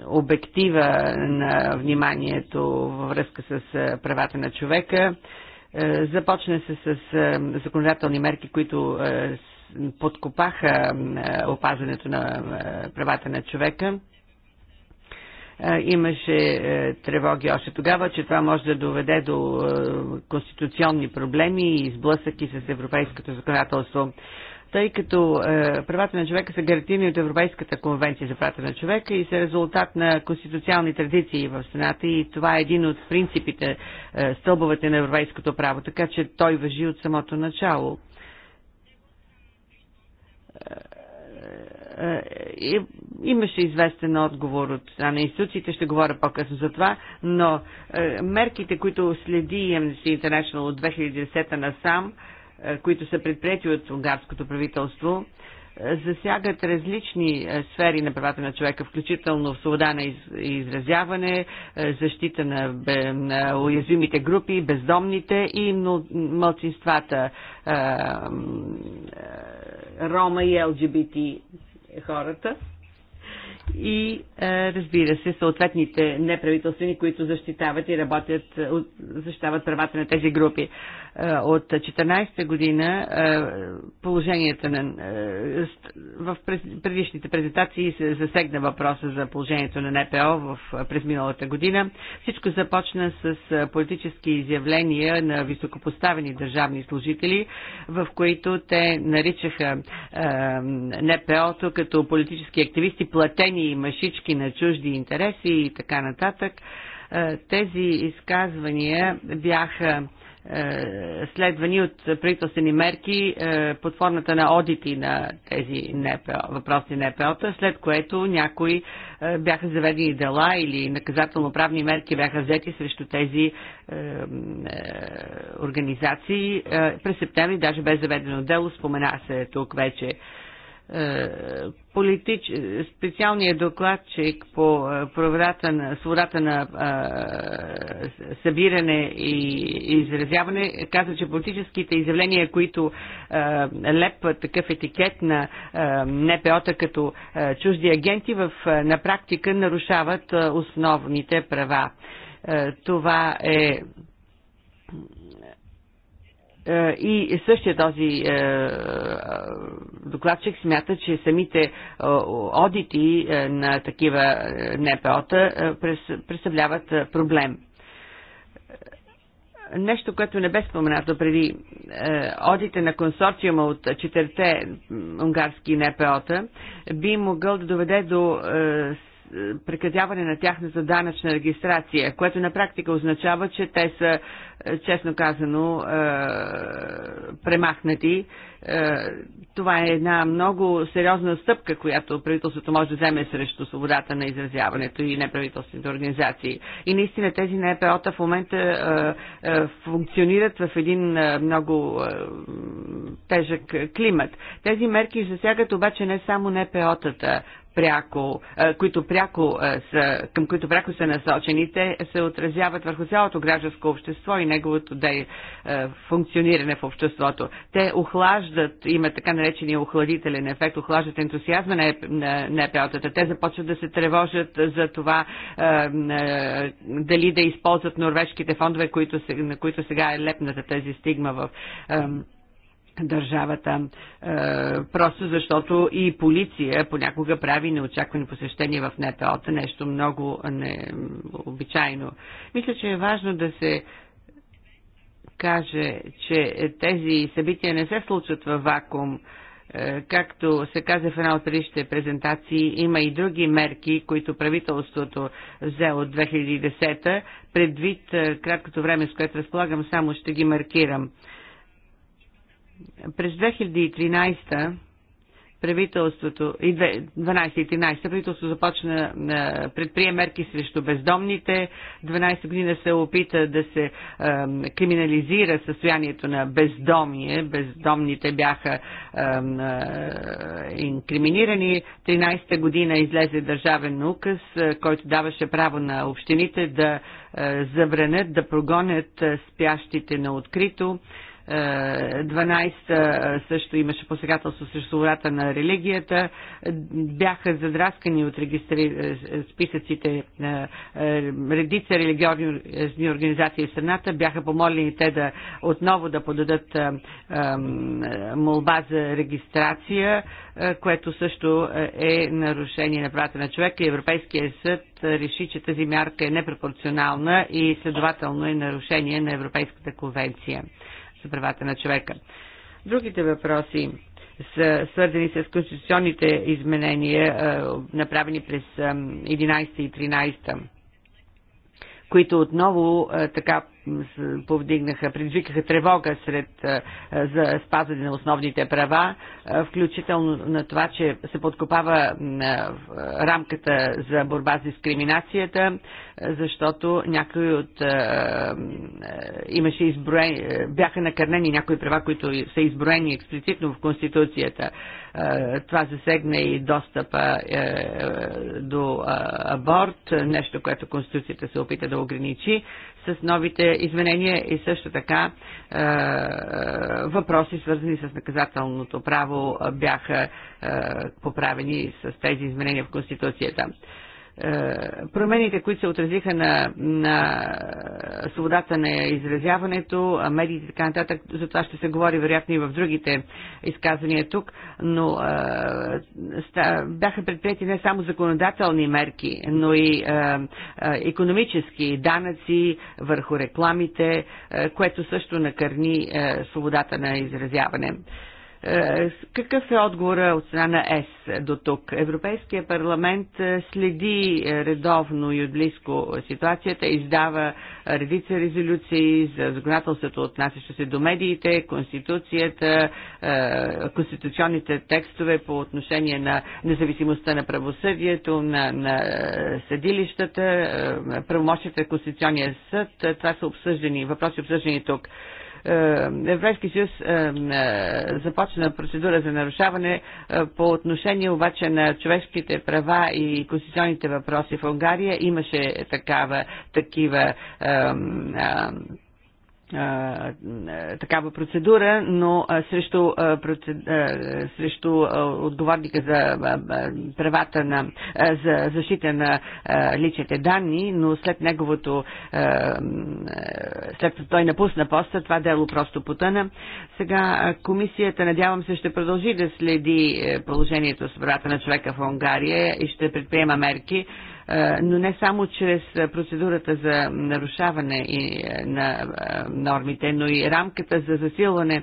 B: обектива на вниманието във връзка с правата на човека. Започна се с законодателни мерки, които подкопаха е, опазването на е, правата на човека. Е, имаше тревоги още тогава, че това може да доведе до конституционни проблеми и сблъсъки с европейското законодателство тъй като е, правата на човека са гарантирани от Европейската конвенция за правата на човека и са резултат на конституционни традиции в страната и това е един от принципите, е, стълбовете на европейското право, така че той въжи от самото начало. Е, е, е, е, имаше известен отговор от страна на институциите, ще говоря по-късно за това, но е, мерките, които следи Amnesty International от 2010 насам, е, които са предприяти от унгарското правителство, засягат различни е, сфери на правата на човека, включително свобода на изразяване, е, защита на, на уязвимите групи, бездомните и мълчинствата, е, Рома и ЛГБТ хората и разбира се съответните неправителствени, които защитават и работят, защитават правата на тези групи. Е, от 14-та година е, положението на, е, в предишните презентации се засегна въпроса за положението на НПО в, през миналата година. Всичко започна с политически изявления на високопоставени държавни служители, в които те наричаха НПО-то като политически активисти, платени машички на чужди интереси и така нататък. Тези изказвания бяха е, следвани от правителствени мерки е, под формата на одити на тези НПО, въпросни НПО-та, след което някои е, бяха заведени дела или наказателно-правни мерки бяха взети срещу тези организации. През септември даже бе заведено дело, спомена се тук вече е, политич... Е, специалният докладчик по е, проверата на свободата на а, събиране и изразяване каза, че политическите изявления, които а, лепват такъв етикет на НПО-та като а, чужди агенти, в, на практика нарушават основните права. това е е, и същия този е, е, докладчик смята, че самите одити на такива НПО-та представляват проблем. Нещо, което не бе споменато преди одите на консорциума от четирите унгарски НПО-та, би могъл да доведе до прекратяване на тяхната данъчна регистрация, което на практика означава, че те са, е, честно казано, е, премахнати. Е, това е една много сериозна стъпка, която правителството може да вземе срещу свободата на изразяването и неправителствените организации. И наистина тези НПО-та в момента функционират в един много тежък климат. Тези мерки засягат обаче не само НПО-тата, пряко, е, които пряко е, са, към които пряко са насочени, те се отразяват върху цялото гражданско общество и неговото да е функциониране в обществото. Те охлаждат, има така наречения охладителен ефект, охлаждат ентусиазма на, на, на Те започват да се тревожат за това е, дали да използват норвежките фондове, които, на които сега е лепната тази стигма в държавата, е, просто защото и полиция понякога прави неочаквани посещения в НПО. та нещо много необичайно. Мисля, че е важно да се каже, че тези събития не се случват във вакуум. Е, както се каза в една от предишните презентации, има и други мерки, които правителството взе от 2010 Предвид е, краткото време, с което разполагам, само ще ги маркирам. През 2013 правителството и 12 13 правителството започна да предприе мерки срещу бездомните. 12 година се опита да се е, криминализира състоянието на бездомие. Бездомните бяха е, е, инкриминирани. 13 година излезе държавен указ, който даваше право на общините да забранят, да прогонят спящите на открито. 12 та също имаше посегателство срещу свободата на религията. Бяха задраскани от регистри... Е, списъците е, е, редица религиозни организации в страната. Бяха помолени те да отново да подадат молба за регистрация, което също е нарушение на правата на човека Европейския съд реши, че тази мярка е непропорционална и следователно е нарушение на Европейската конвенция за правата на човека. Другите въпроси са свързани с конституционните изменения, е, направени през 11 и 13 които отново е, така повдигнаха, предизвикаха тревога сред, за спазване на основните права, включително на това, че се подкопава рамката за борба с дискриминацията, защото някои от имаше изброени, бяха накърнени някои права, които са изброени експлицитно в Конституцията. Е, това засегна и достъпа е, до е, аборт, нещо, което Конституцията се опита да ограничи с новите изменения и също така въпроси, свързани с наказателното право, бяха поправени с тези изменения в Конституцията. Е, промените, които се отразиха на, на свободата на изразяването, медиите и така нататък, за това ще се говори вероятно и в другите изказвания тук, но е, бяха предприяти не само законодателни мерки, но и економически е, данъци върху рекламите, което също накърни свободата на изразяване. Е, какъв е отговора от страна на ЕС до тук? Европейския парламент е, следи е, редовно и близко ситуацията, издава редица резолюции за законодателството, отнасящо се до медиите, конституцията, конституционните текстове по отношение на независимостта на правосъдието, на, на съдилищата, правомощията на Конституционния съд. Това са обсъждани, въпроси обсъждани тук. Е, Европейския съюз е, е, започна процедура за нарушаване по отношение обаче на човешките права и конституционните въпроси в Унгария. Имаше такава, такива такава процедура, но срещу, срещу отговорника за правата на за защита на личните данни, но след неговото след като той напусна поста, това дело просто потъна. Сега комисията, надявам се, ще продължи да следи е, положението с правата на човека в Унгария и ще предприема мерки е, но не само чрез процедурата за нарушаване и, е, на е, нормите, но и рамката за засилване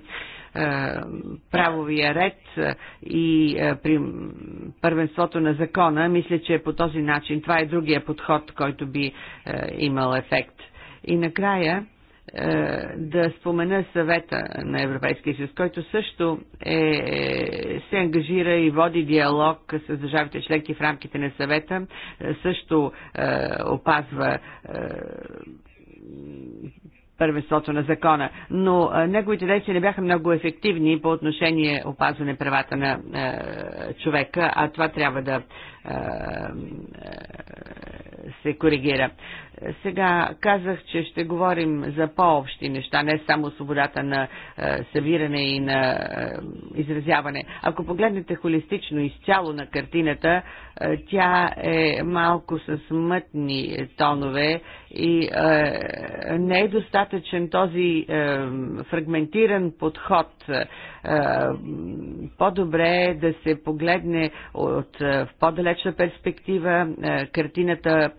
B: правовия ред и при първенството на закона, мисля, че по този начин това е другия подход, който би имал ефект. И накрая, е, да спомена съвета на Европейския съюз, който също е, се ангажира и води диалог с държавите членки в рамките на съвета, е, също е, опазва е, първенството на закона, но а, е, неговите действия не бяха много ефективни по отношение опазване правата на а, човека, а това трябва да а, се коригира. Сега казах, че ще говорим за по-общи неща, не само свободата на е, събиране и на е, изразяване. Ако погледнете холистично изцяло на картината, е, тя е малко с мътни тонове и е, не е достатъчен този е, фрагментиран подход. Е, е, по-добре е да се погледне от е, в по-далечна перспектива е, картината,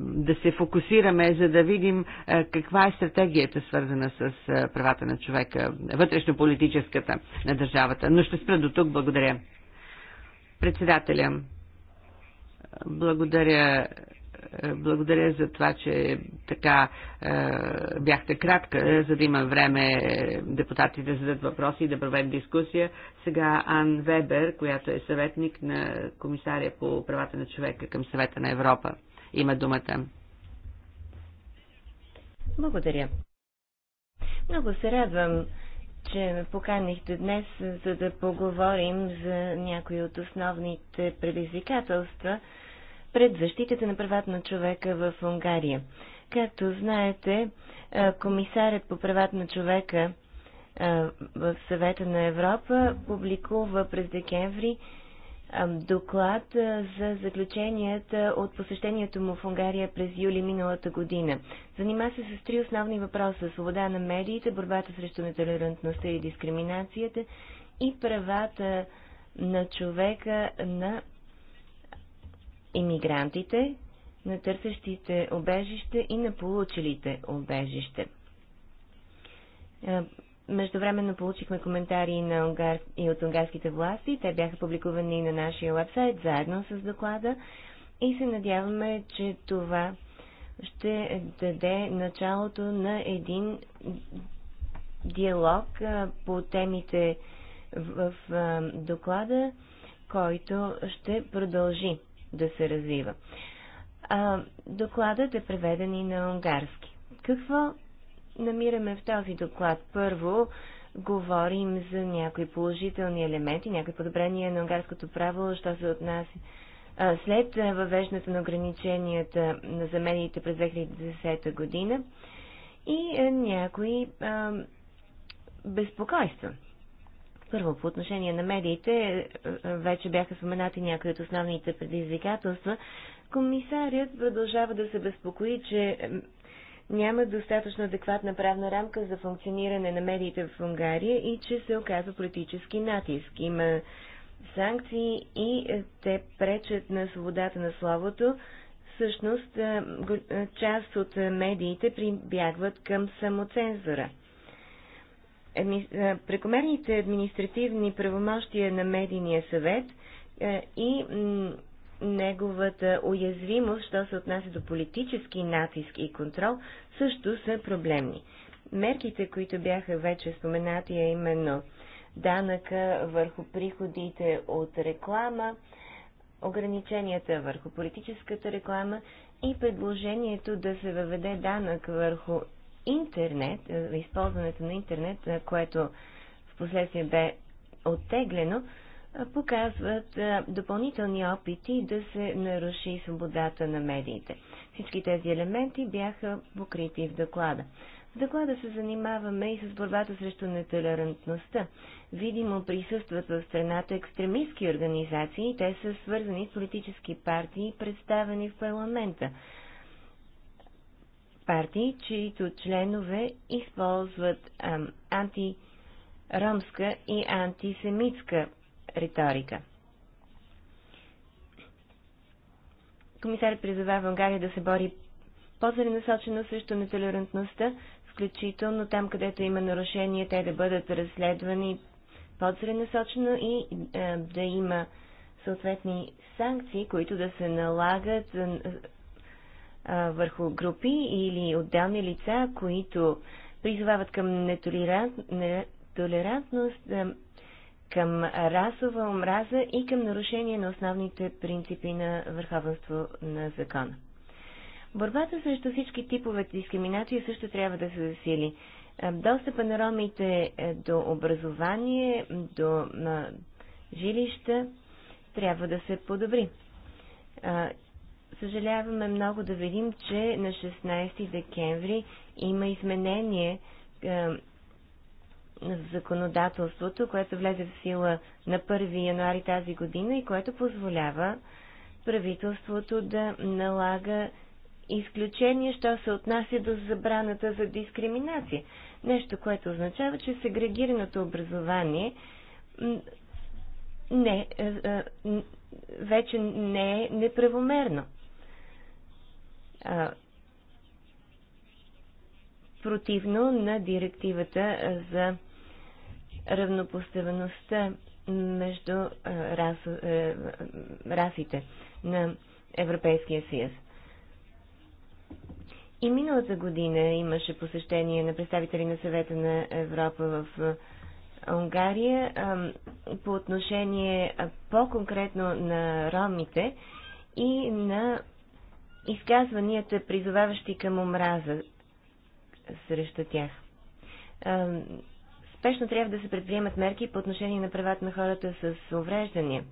B: да се фокусираме, за да видим каква е стратегията свързана с правата на човека, вътрешно-политическата на държавата. Но ще спра до тук. Благодаря. Председателя. Благодаря е, благодаря за това, че така е, бяхте кратка, за да има време депутатите да зададат въпроси и да проведем дискусия. Сега Ан Вебер, която е съветник на комисаря по правата на човека към съвета на Европа, има думата.
C: Благодаря. Много се радвам, че ме поканихте днес, за да поговорим за някои от основните предизвикателства, пред защитата на правата на човека в Унгария. Както знаете, комисарят по правата на човека в съвета на Европа публикува през декември доклад за заключенията от посещението му в Унгария през юли миналата година. Занима се с три основни въпроса – свобода на медиите, борбата срещу нетолерантността и дискриминацията и правата на човека на иммигрантите, на търсещите обежище и на получилите обежище. Е, междувременно получихме коментари на унгар... и от унгарските власти. Те бяха публикувани на нашия вебсайт заедно с доклада и се надяваме, че това ще даде началото на един диалог е, по темите в е, доклада, който ще продължи да се развива. А, докладът е преведен и на унгарски. Какво намираме в този доклад? Първо, говорим за някои положителни елементи, някои подобрения на унгарското право, що се отнася след въвеждането на ограниченията на замените през 2010 година и някои а, безпокойства. Първо, по отношение на медиите, е, е, вече бяха споменати някои от основните предизвикателства. Комисарят продължава да се безпокои, че е, няма достатъчно адекватна правна рамка за функциониране на медиите в Унгария и че се оказва политически натиск. Има санкции и те пречат на свободата на словото. Всъщност, част от медиите прибягват към самоцензура. Ами, е, прекомерните административни правомощия на медийния съвет е, и неговата уязвимост, що се отнася до политически натиск и контрол, също са проблемни. Мерките, които бяха вече споменати, е именно данъка върху приходите от реклама, ограниченията върху политическата реклама и предложението да се въведе данък върху интернет, е, използването на интернет, е, което в последствие бе оттеглено, е, показват допълнителни опити да се наруши свободата на медиите. Всички тези елементи бяха покрити в доклада. В доклада се занимаваме и с борбата срещу нетолерантността. Видимо присъстват в страната екстремистски организации и те са свързани с политически партии, представени в парламента партии, чието членове използват ам, антиромска и антисемитска риторика. Комисарът в Унгария да се бори по-целенасочено срещу нетолерантността, включително там, където има нарушения, те да бъдат разследвани по-целенасочено и да има съответни санкции, които да се налагат върху групи или отделни лица, които призовават към нетолерантност, към расова омраза и към нарушение на основните принципи на върховенство на закона. Борбата срещу всички типове дискриминация също трябва да се засили. Достъпа на ромите е, до образование, до жилища трябва да се подобри. Съжаляваме много да видим, че на 16 декември има изменение в е, законодателството, което влезе в сила на 1 януари тази година и което позволява правителството да налага изключение, що се отнася до забраната за дискриминация. Нещо, което означава, че сегрегираното образование не, е, е, вече не е неправомерно а, противно на директивата за равнопоставеността между а, рас, а, расите на Европейския съюз. И миналата година имаше посещение на представители на съвета на Европа в Унгария по отношение по-конкретно на ромите и на изказванията, призоваващи към омраза срещу тях. Спешно трябва да се предприемат мерки по отношение на правата на хората с увреждания.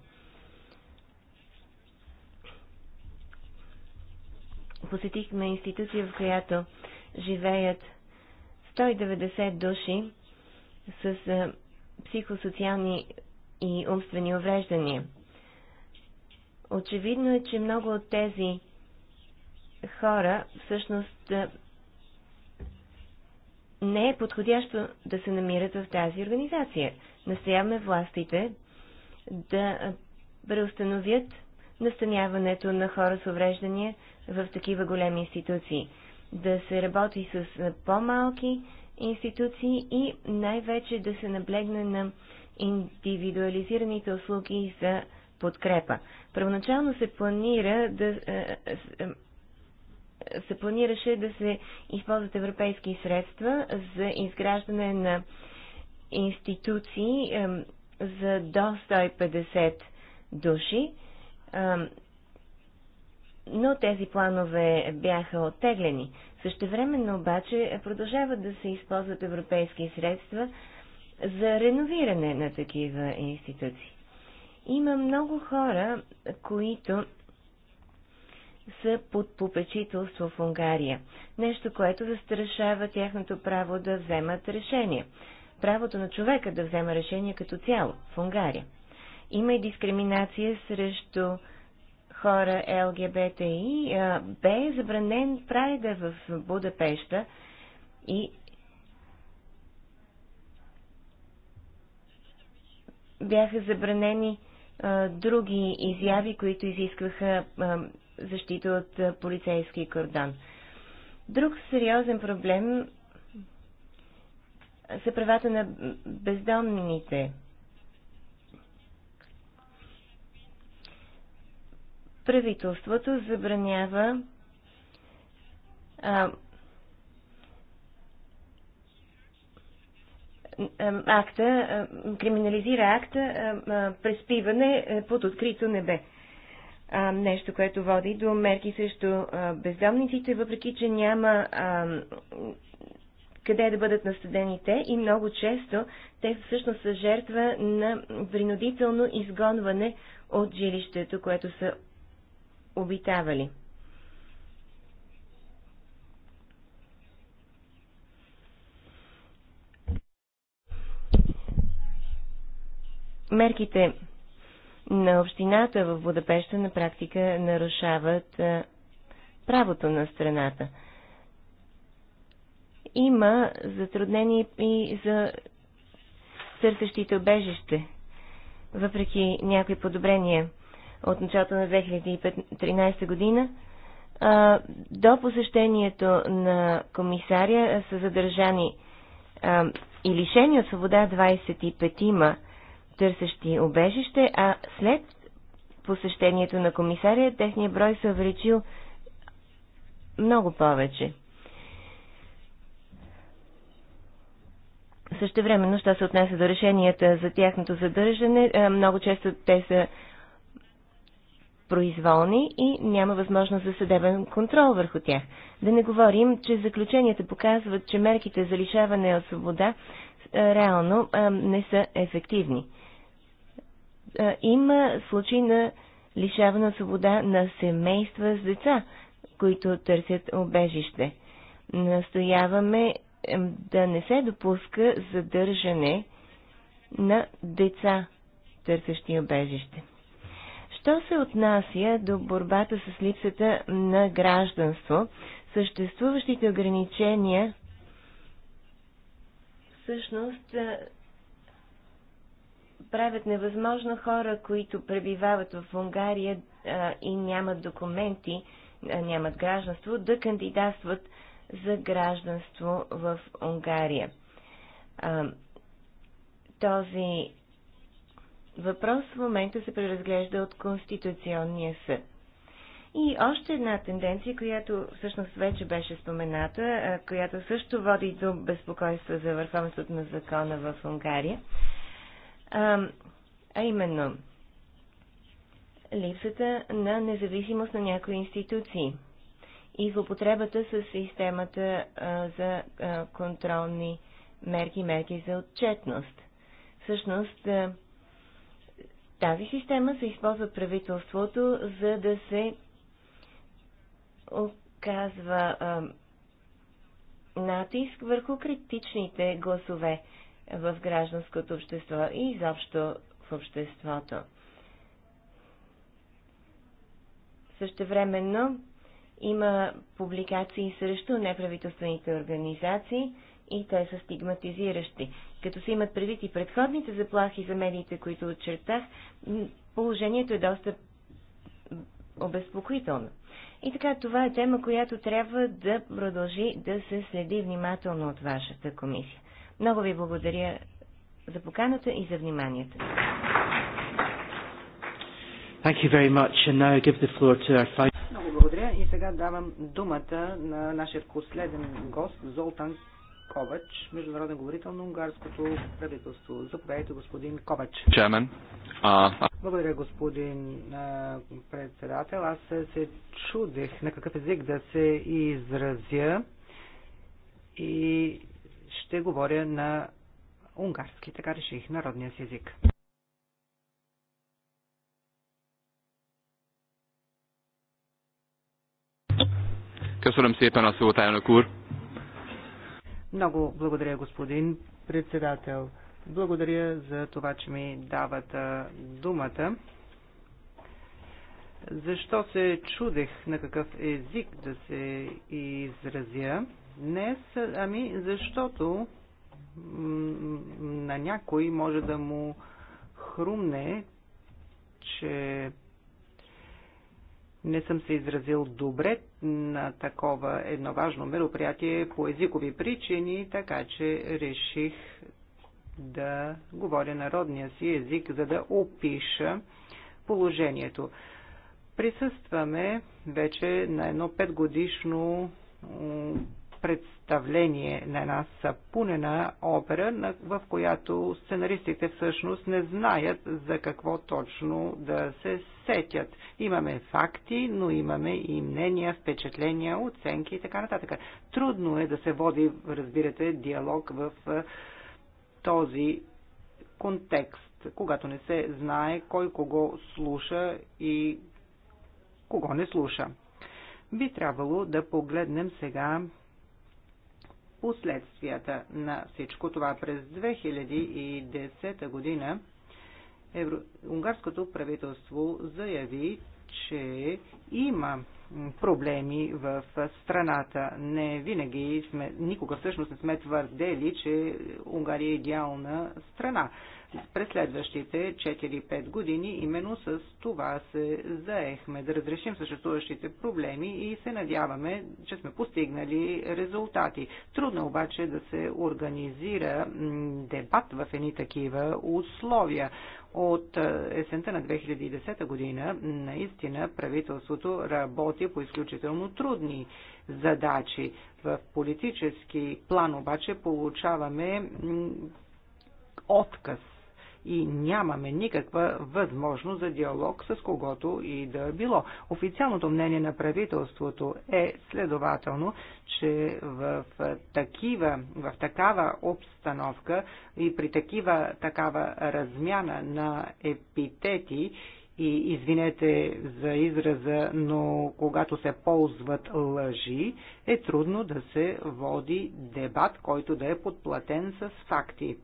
C: Посетихме институция, в която живеят 190 души с психосоциални и умствени увреждания. Очевидно е, че много от тези хора, всъщност не е подходящо да се намират в тази организация. Настояваме властите да преустановят настаняването на хора с увреждания в такива големи институции, да се работи с по-малки институции и най-вече да се наблегне на индивидуализираните услуги за подкрепа. Първоначално се планира да се планираше да се използват европейски средства за изграждане на институции за до 150 души, но тези планове бяха оттеглени. Същевременно обаче продължават да се използват европейски средства за реновиране на такива институции. Има много хора, които са под попечителство в Унгария. Нещо, което застрашава тяхното право да вземат решение. Правото на човека да взема решение като цяло в Унгария. Има и дискриминация срещу хора ЛГБТИ. Бе забранен прайда в Будапешта и бяха забранени а, други изяви, които изискваха а, защита от полицейски кордон. Друг сериозен проблем са правата на бездомните. Правителството забранява а, акта, криминализира акта преспиване е, под открито небе а, нещо, което води до мерки срещу а, бездомниците, въпреки че няма а, къде да бъдат наследени те и много често те всъщност са жертва на принудително изгонване от жилището, което са обитавали. Мерките на общината в Будапеща на практика нарушават правото на страната. Има затруднение и за търсещите обежище, въпреки някои подобрения от началото на 2013 година. До посещението на комисаря са задържани и лишени от свобода 25-ма търсещи обежище, а след посещението на комисария техният брой се увеличил много повече. Също времено, що се отнася до решенията за тяхното задържане, е, много често те са произволни и няма възможност за съдебен контрол върху тях. Да не говорим, че заключенията показват, че мерките за лишаване от свобода е, реално е, не са ефективни има случаи на лишаване от свобода на семейства с деца, които търсят обежище. Настояваме да не се допуска задържане на деца, търсещи обежище. Що се отнася до борбата с липсата на гражданство, съществуващите ограничения всъщност е, правят невъзможно хора, които пребивават в Унгария а, и нямат документи, а, нямат гражданство, да кандидатстват за гражданство в Унгария. А, този въпрос в момента се преразглежда от Конституционния съд. И още една тенденция, която всъщност вече беше спомената, която също води до безпокойство за върховенството на закона в Унгария, а, а именно, липсата на независимост на някои институции и злопотребата с системата а, за а, контролни мерки, мерки за отчетност. Всъщност, а, тази система се използва правителството, за да се оказва а, натиск върху критичните гласове в гражданското общество и изобщо в обществото. Същевременно има публикации срещу неправителствените организации и те са стигматизиращи. Като се имат предвид и предходните заплахи за медиите, които отчертах, положението е доста обезпокоително. И така, това е тема, която трябва да продължи да се следи внимателно от вашата комисия. Много ви благодаря за поканата и за вниманието.
A: Thank you very much. And now I give the floor to our final...
C: Много благодаря и сега
D: давам думата на нашия последен гост Золтан Ковач, международен говорител на унгарското правителство. Заповядайте, господин Ковач.
A: uh, uh...
D: Благодаря, господин uh, председател. Аз се чудех на какъв език да се изразя и ще говоря на унгарски. Така реших народния си език.
E: Köszönöm szépen a szót, elnök úr.
D: Много благодаря, господин председател. Благодаря за това, че ми дават думата. Защо се чудех на какъв език да се изразя? днес? Ами, защото на някой може да му хрумне, че не съм се изразил добре на такова едно важно мероприятие по езикови причини, така че реших да говоря народния си език, за да опиша положението. Присъстваме вече на едно петгодишно представление, на една сапунена опера, в която сценаристите всъщност не знаят за какво точно да се сетят. Имаме факти, но имаме и мнения, впечатления, оценки и така нататък. Трудно е да се води, разбирате, диалог в този контекст, когато не се знае кой кого слуша и кого не слуша. Би трябвало да погледнем сега последствията на всичко това. През 2010 година Евро... унгарското правителство заяви, че има проблеми в страната. Не винаги сме, никога всъщност не сме твърдели, че Унгария е идеална страна през следващите 4-5 години. Именно с това се заехме да разрешим съществуващите проблеми и се надяваме, че сме постигнали резултати. Трудно обаче да се организира дебат в едни такива условия. От е, есента на 2010 година наистина правителството работи по изключително трудни задачи. В политически план обаче получаваме отказ и нямаме никаква възможност за диалог с когото и да било. Официалното мнение на правителството е следователно, че в, такива, в такава обстановка и при такива такава размяна на епитети и извинете за израза, но когато се ползват лъжи, е трудно да се води дебат, който да е подплатен с факти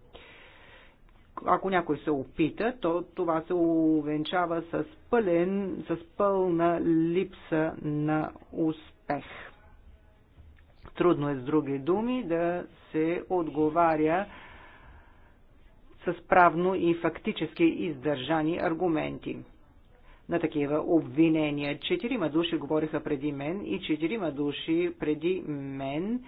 D: ако някой се опита, то това се увенчава с, пълен, с пълна липса на успех. Трудно е с други думи да се отговаря с правно и фактически издържани аргументи на такива обвинения. Четирима души говориха преди мен и четирима души преди мен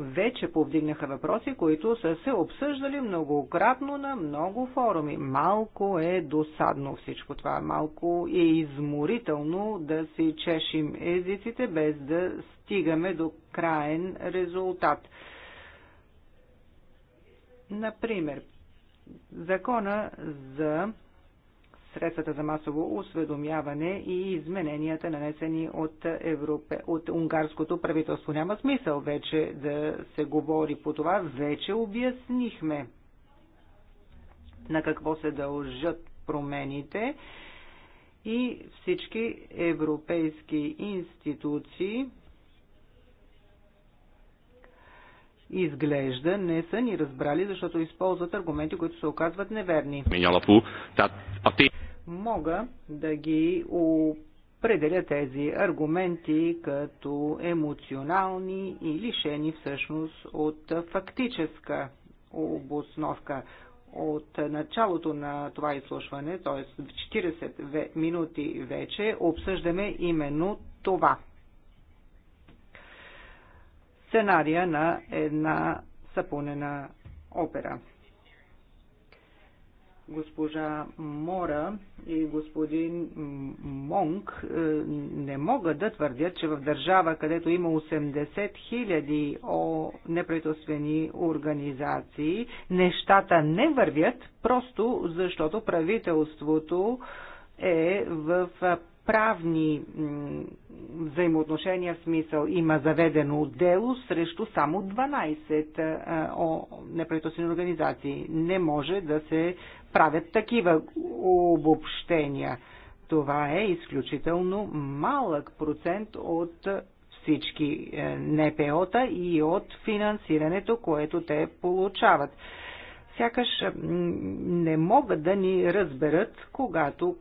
D: вече повдигнаха въпроси, които са се обсъждали многократно на много форуми. Малко е досадно всичко това, малко е изморително да си чешим езиците без да стигаме до краен резултат. Например, закона за средствата за масово осведомяване и измененията нанесени от, Европе, от унгарското правителство. Няма смисъл вече да се говори по това. Вече обяснихме на какво се дължат промените и всички европейски институции изглежда не са ни разбрали, защото използват аргументи, които се оказват неверни мога да ги определя тези аргументи като емоционални и лишени всъщност от фактическа обосновка. От началото на това изслушване, т.е. в 40 минути вече, обсъждаме именно това. Сценария на една съпълнена опера госпожа Мора и господин Монг е, не могат да твърдят, че в държава, където има 80 000 непредоствени организации, нещата не вървят, просто защото правителството е в правни взаимоотношения в смисъл има заведено дело срещу само 12 е, неправителствени организации. Не може да се правят такива обобщения. Това е изключително малък процент от всички е, НПО-та и от финансирането, което те получават. Сякаш не могат да ни разберат, когато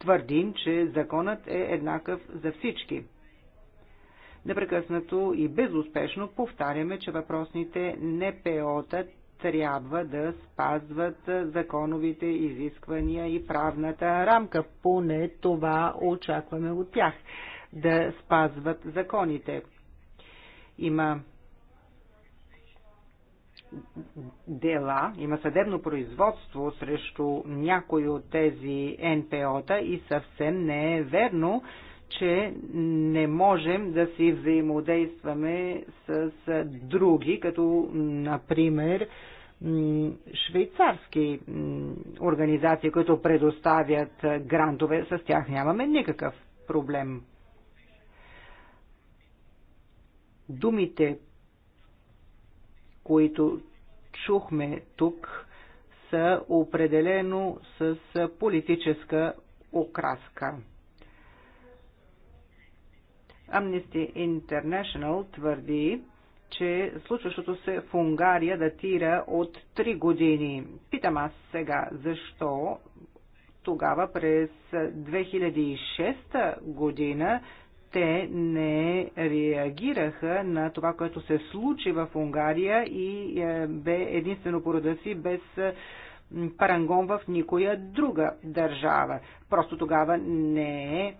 D: твърдим, че законът е еднакъв за всички. Непрекъснато и безуспешно повтаряме, че въпросните НПО-та трябва да спазват законовите изисквания и правната рамка. Поне това очакваме от тях да спазват законите. Има дела, има съдебно производство срещу някои от тези НПО-та и съвсем не е верно, че не можем да си взаимодействаме с други, като например швейцарски организации, които предоставят грантове, с тях нямаме никакъв проблем. Думите, които чухме тук, са определено с политическа окраска. Amnesty International твърди, че случващото се в Унгария датира от 3 години. Питам аз сега, защо тогава през 2006 година те не реагираха на това, което се случи в Унгария и е, бе единствено по рода си без е, парангон в никоя друга държава. Просто тогава не е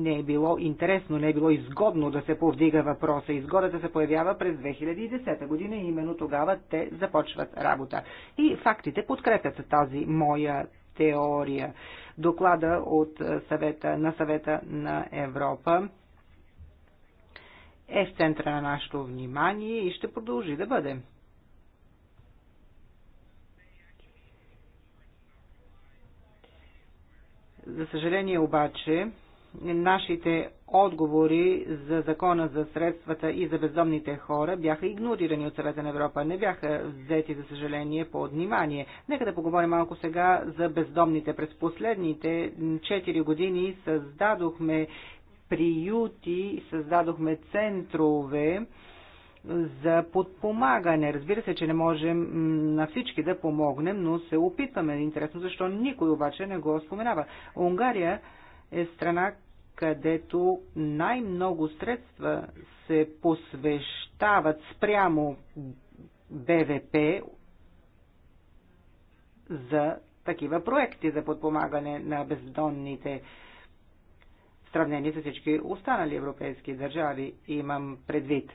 D: не е било интересно, не е било изгодно да се повдига въпроса. Изгодата се появява през 2010 година и именно тогава те започват работа. И фактите подкрепят тази моя теория. Доклада от съвета, на съвета на Европа е в центъра на нашето внимание и ще продължи да бъде. За съжаление обаче, нашите отговори за закона за средствата и за бездомните хора бяха игнорирани от Съвета на Европа, не бяха взети, за съжаление, по внимание. Нека да поговорим малко сега за бездомните. През последните 4 години създадохме приюти, създадохме центрове, за подпомагане. Разбира се, че не можем на всички да помогнем, но се опитваме. Интересно защо никой обаче не го споменава. Унгария е страна, където най-много средства се посвещават спрямо БВП за такива проекти за подпомагане на бездонните в сравнение с всички останали европейски държави, имам предвид.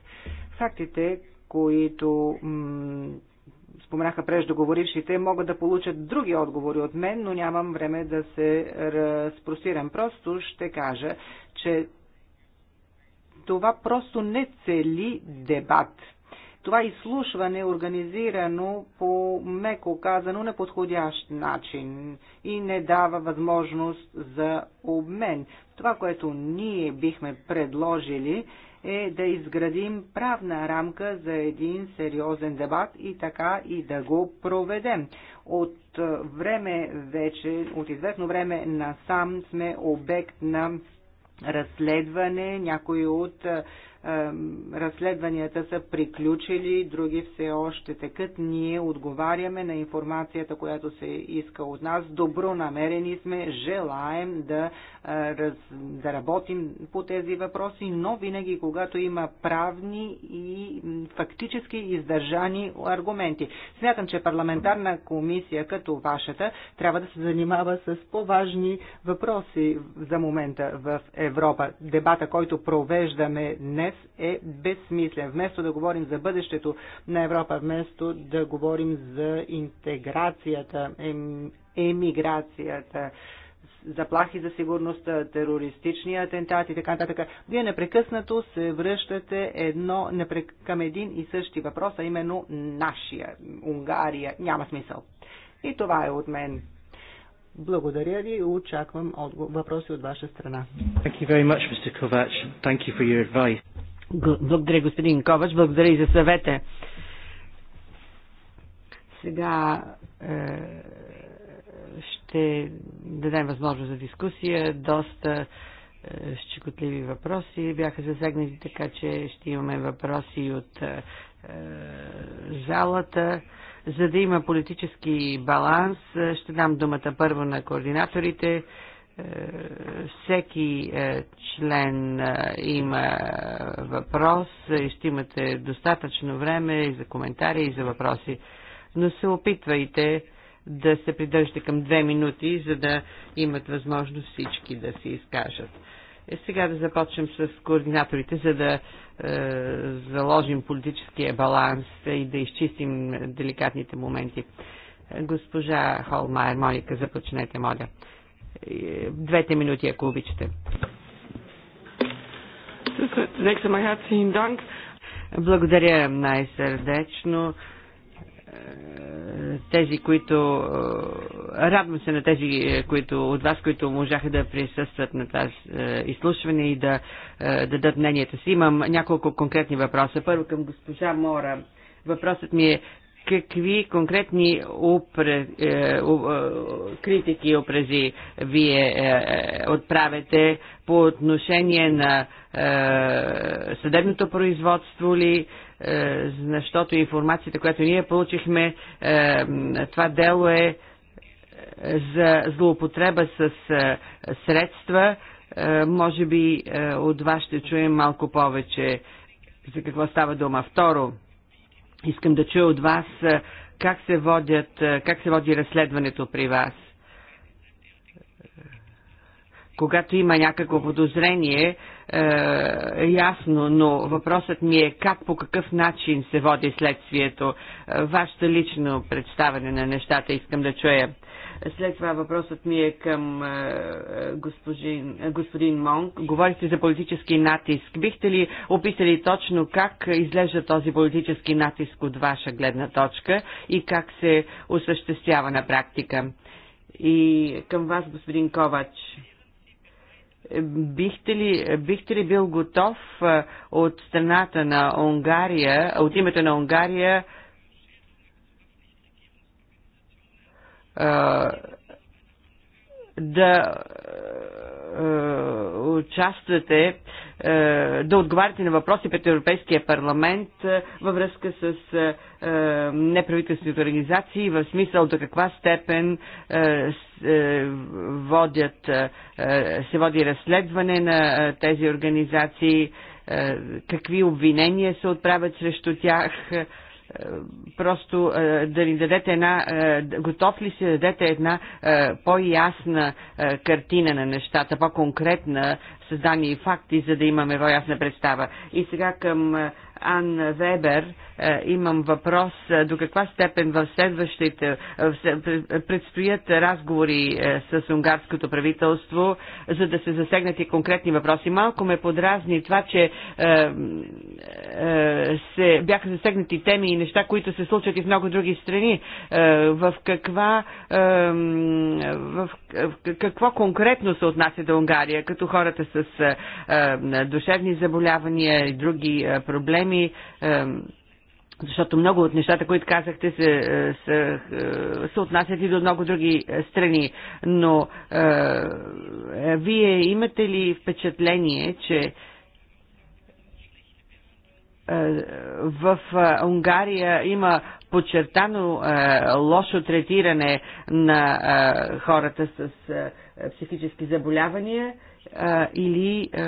D: Фактите, които споменаха преждоговорившите, могат да получат други отговори от мен, но нямам време да се разпростирам. Просто ще кажа, че това просто не цели дебат. Това изслушване е организирано по меко казано неподходящ начин и не дава възможност за обмен. Това, което ние бихме предложили е да изградим правна рамка за един сериозен дебат и така и да го проведем. От е, време вече, от известно време насам сме обект на разследване, някои от е, разследванията са приключили, други все още текат. Ние отговаряме на информацията, която се иска от нас. Добро намерени сме, желаем да, раз, да работим по тези въпроси, но винаги когато има правни и фактически издържани аргументи. Смятам, че парламентарна комисия като вашата трябва да се занимава с по-важни въпроси за момента в Европа. Дебата, който провеждаме днес, е безсмислен. Вместо да говорим за бъдещето на Европа, вместо да говорим за интеграцията, ем, емиграцията, заплахи за сигурността, терористични атентати и така нататък. Вие непрекъснато се връщате едно, към един и същи въпрос, а именно нашия, Унгария. Няма смисъл. И това е от мен. Благодаря ви и очаквам въпроси от ваша страна.
A: Thank you very much, Mr. Kovac. Thank you for your advice. Благодаря, господин Ковач. Благодаря и за съвета.
B: Сега е, ще дадем възможност за дискусия. Доста е, щекотливи въпроси бяха засегнати, така че ще имаме въпроси от е, залата. За да има политически баланс, е, ще дам думата първо на координаторите всеки е, член е, има въпрос и ще имате достатъчно време и за коментари, и за въпроси. Но се опитвайте да се придържате към две минути, за да имат възможност всички да се изкажат. Е, сега да започнем с координаторите, за да е, заложим политическия баланс и да изчистим деликатните моменти. Госпожа Холмайер, Моника, започнете, моля двете минути, ако обичате. Благодаря най-сърдечно е, тези, които... Е, радвам се на тези е, които, от вас, които можаха да присъстват на тази изслушване и да, да дадат мнението си. Имам няколко конкретни въпроса. Първо към госпожа Мора. Въпросът ми е какви конкретни упр... е, у, е, критики и опрези вие е, е, отправяте по отношение на е, съдебното производство ли, е, защото информацията, която ние получихме, е, това дело е, е за злоупотреба с е, средства. Е, може би е, от вас ще чуем малко повече за какво става дума. Второ, Искам да чуя от вас как се, водят, как се води разследването при вас. Когато има някакво подозрение, е, ясно, но въпросът ми е как, по какъв начин се води следствието. Вашето лично представяне на нещата искам да чуя. След това въпросът ми е към е, е, е, господин, господин Монг. Говорите за политически натиск. Бихте ли описали точно как изглежда този политически натиск от ваша гледна точка и как се осъществява на практика? И към вас, господин Ковач бихте ли, бихте ли бил готов от страната на Унгария, от името на Унгария да участвате, да отговаряте на въпроси пред Европейския парламент във връзка с неправителствените организации, в смисъл до каква степен водят, се води разследване на тези организации, какви обвинения се отправят срещу тях, е, просто е, да ни дадете една, е, готов ли си да дадете една по-ясна картина на нещата, по-конкретна създание и факти, за да имаме по-ясна представа. И сега към Ан Вебер е, имам въпрос е, до каква степен в следващите е, предстоят разговори с унгарското правителство, за да се засегнат и конкретни въпроси. Малко ме подразни това, че се бяха засегнати теми и неща, които се случват и в много други страни. В каква в какво конкретно се отнася до Унгария, като хората с душевни заболявания и други проблеми? защото много от нещата, които казахте, се, се, е, се отнасят и до много други е, страни. Но е, е, вие имате ли впечатление, че е, в Унгария има подчертано е, лошо третиране на е, хората с е, психически заболявания е, или е,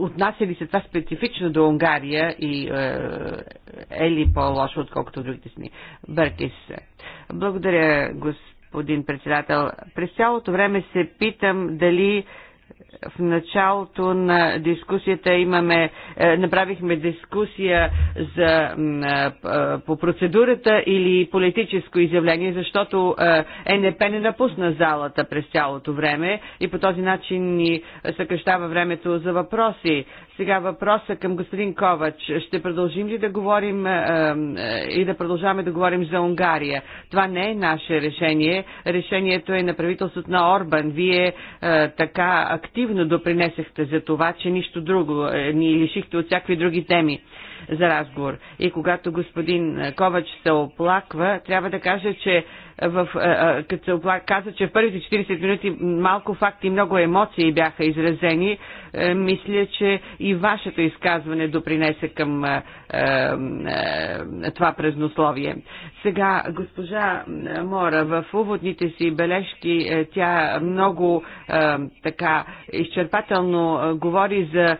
B: отнася ли се това специфично до Унгария и е, е ли по-лошо, отколкото другите сни? се. Благодаря, господин председател. През цялото време се питам дали в началото на дискусията имаме, е, направихме дискусия за, е, е, по процедурата или политическо изявление, защото НП не напусна залата през цялото време и по този начин ни съкрещава времето за въпроси. Сега въпроса към господин Ковач. Ще продължим ли да говорим е, и да продължаваме да говорим за Унгария? Това не е наше решение. Решението е на правителството на Орбан. Вие е, така активно допринесехте за това, че нищо друго. Е, ни лишихте от всякакви други теми за разговор. И когато господин е, Ковач се оплаква, трябва да кажа, че в, е, е, като се оплак, каза, че в първите 40 минути малко факти и много емоции бяха изразени, мисля, че и вашето изказване допринесе към а, а, това празнословие. Сега, госпожа Мора, в уводните си бележки тя много а, така изчерпателно говори за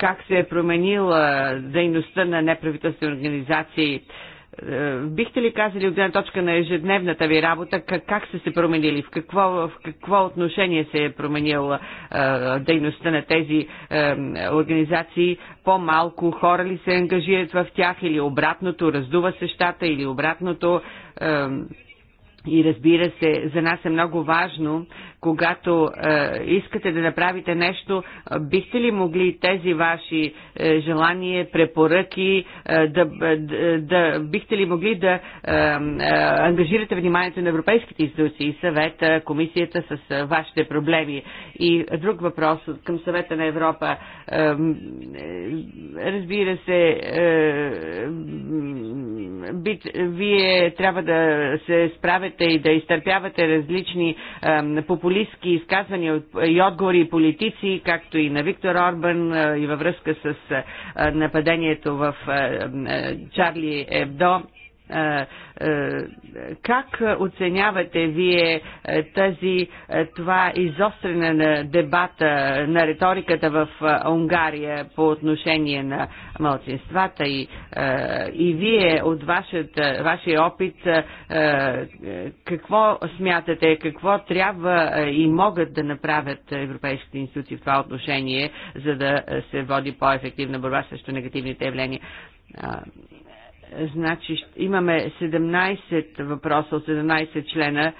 B: как се е променила дейността на неправителствени организации. Е, бихте ли казали от една точка на ежедневната ви работа как са се променили, в какво, в какво отношение се е променила е, дейността на тези е, организации? По-малко хора ли се ангажират в тях или обратното, раздува се щата или обратното? И разбира се, за нас е много важно когато е, искате да направите нещо, бихте ли могли тези ваши е, желания, препоръки, е, да, да, е, да, бихте ли могли да е, е, ангажирате вниманието на европейските институции, съвета, комисията с е, вашите проблеми? И друг въпрос към съвета на Европа. Е, е, разбира се, е, бит, вие трябва да се справите и да изтърпявате различни е, популярни популистски изказвания и отговори и политици, както и на Виктор Орбан и във връзка с нападението в Чарли Ебдо е, е, как оценявате вие е, тази, това изострене на дебата, на риториката в Унгария по отношение на младсинствата и, и вие от вашият, вашия опит какво смятате, какво трябва и могат да направят европейските институции в това отношение, за да се води по-ефективна борба срещу негативните явления? Значи имаме 17 въпроса от 17 члена.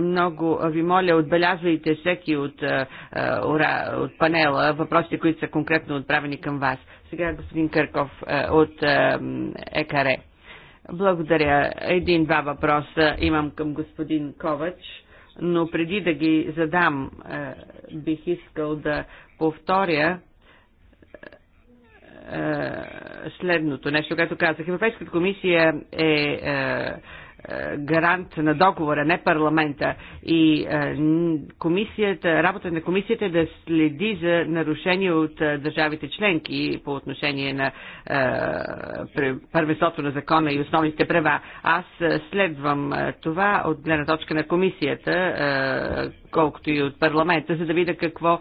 B: Много ви моля, отбелязвайте всеки от, е, е, от панела въпросите, които са конкретно отправени към вас. Сега господин Кърков е, от ЕКАРЕ. Благодаря. Един-два въпроса имам към господин Ковач, но преди да ги задам, бих искал да повторя е, следното нещо, което казах. Европейската комисия е, е гарант на договора, не парламента. И е, комисията, работа на комисията е да следи за нарушения от е, държавите членки по отношение на е, първенството на закона и основните права. Аз следвам това от гледна точка на комисията, колкото и от парламента, за да видя какво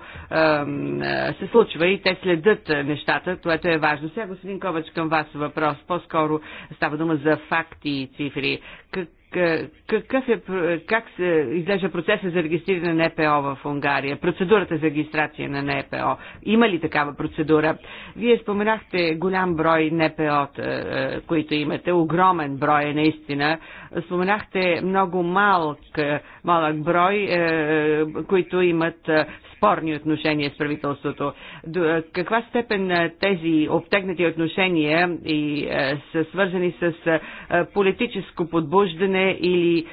B: се случва и те следят нещата, което е важно. Сега, господин Ковач, към вас въпрос. По-скоро става дума за факти и цифри как, какъв е, как се изглежда процеса за регистриране на НПО в Унгария, процедурата за регистрация на НПО? Има ли такава процедура? Вие споменахте голям брой НПО, е, които имате, огромен брой е, наистина. Споменахте много малък, е, малък брой, които имат спорни отношения с правителството. До каква степен тези обтегнати отношения и, са свързани с политическо подбуждане или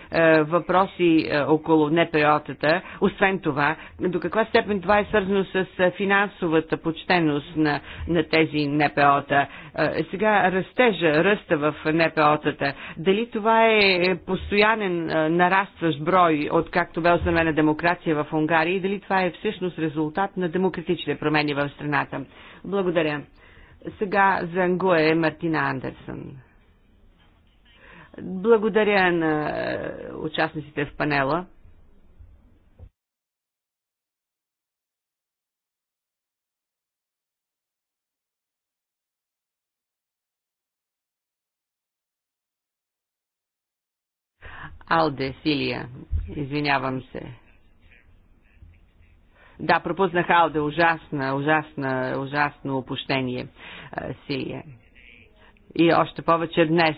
B: въпроси около НПО-тата? Освен това, до каква степен това е свързано с финансовата почтеност на, на тези НПО-та? Сега растежа, ръста в НПО-тата. Дали това е, е постоянен нарастващ брой, откакто бе установена демокрация в Унгария и дали това е всъщност всъщност резултат на демократични промени в страната. Благодаря. Сега за Ангуе Мартина Андерсън. Благодаря на е, участниците в панела. Алде Силия. Извинявам се. Да, пропуснах Алде. Ужасна, ужасна, ужасно опущение си. Е. И още повече днес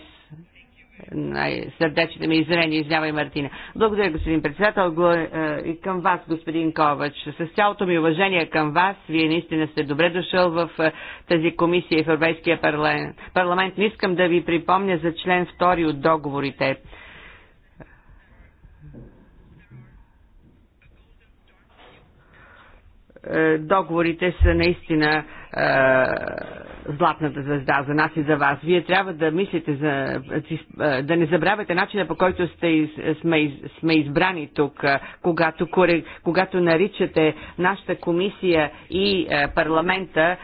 B: най-сърдечните ми извинения, изнява и Мартина. Благодаря, господин председател, е, и към вас, господин Ковач. С цялото ми уважение към вас, вие наистина сте добре дошъл в е, тази комисия в Европейския парламент. Не искам да ви припомня за член втори от договорите Е, договорите са наистина е, златната звезда за нас и за вас. Вие трябва да мислите за, е, да не забравяте начина по който сте, сме, сме избрани тук, когато, когато наричате нашата комисия и парламента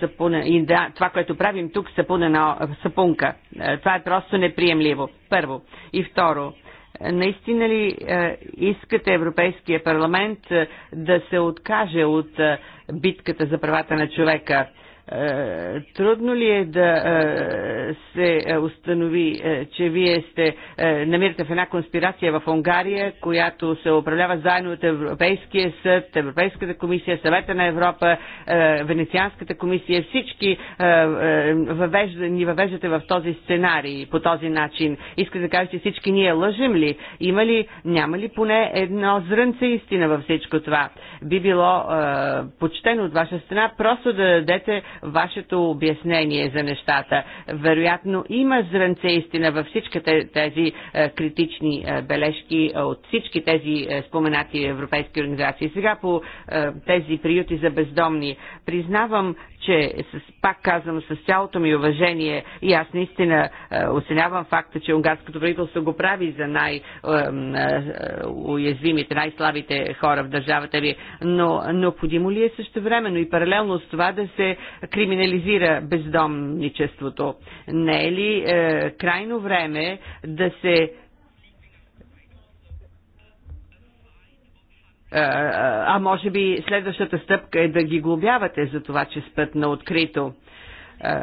B: сапуна, и да, това, което правим тук, сапуна на, сапунка. Това е просто неприемливо. Първо. И второ Наистина ли е, искате Европейския парламент е, да се откаже от е, битката за правата на човека? Е, трудно ли е да е, се установи, е, че вие сте намирате в една конспирация в Унгария, която се управлява заедно от Европейския съд, Европейската комисия, Съвета на Европа, Венецианската комисия, всички въвежда, ни въвеждате в този сценарий по този начин. Искате да кажете всички ние лъжим ли? Има ли, няма ли поне едно зрънце истина във всичко това? Би било почтено от ваша страна просто да дадете вашето обяснение за нещата. Вероятно има зранце истина във всичките тези е, критични е, бележки е, от всички тези споменати европейски организации. Сега по тези приюти за бездомни. Признавам, че с, пак казвам с цялото ми уважение и аз наистина е, оценявам факта, че унгарското правителство го прави за най-уязвимите, е, е, най-слабите хора в държавата ви, но необходимо ли е също времено и паралелно с това да се криминализира бездомничеството? Не е ли е, крайно време да се а може би следващата стъпка е да ги глобявате за това, че спът на открито. Е,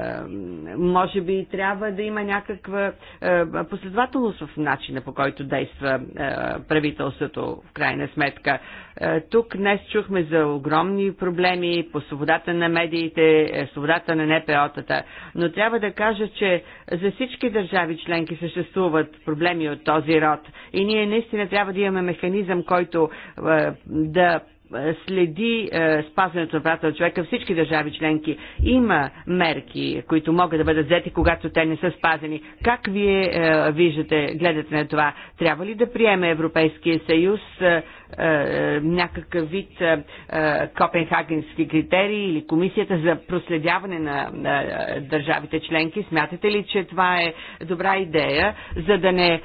B: може би трябва да има някаква е, последователност в начина по който действа е, правителството в крайна сметка. Тук днес чухме за огромни проблеми по свободата на медиите, свободата на НПО-тата, но трябва да кажа, че за всички държави членки съществуват проблеми от този род и ние наистина трябва да имаме механизъм, който да е, следи е, спазването на правата на човека всички държави членки. Има мерки, които могат да бъдат взети, когато те не са спазени. Как вие е, виждате, гледате на това? Трябва ли да приеме Европейския съюз е, е, някакъв вид е, е, копенхагенски критерии или комисията за проследяване на държавите членки. Смятате ли, че това е добра идея, за да не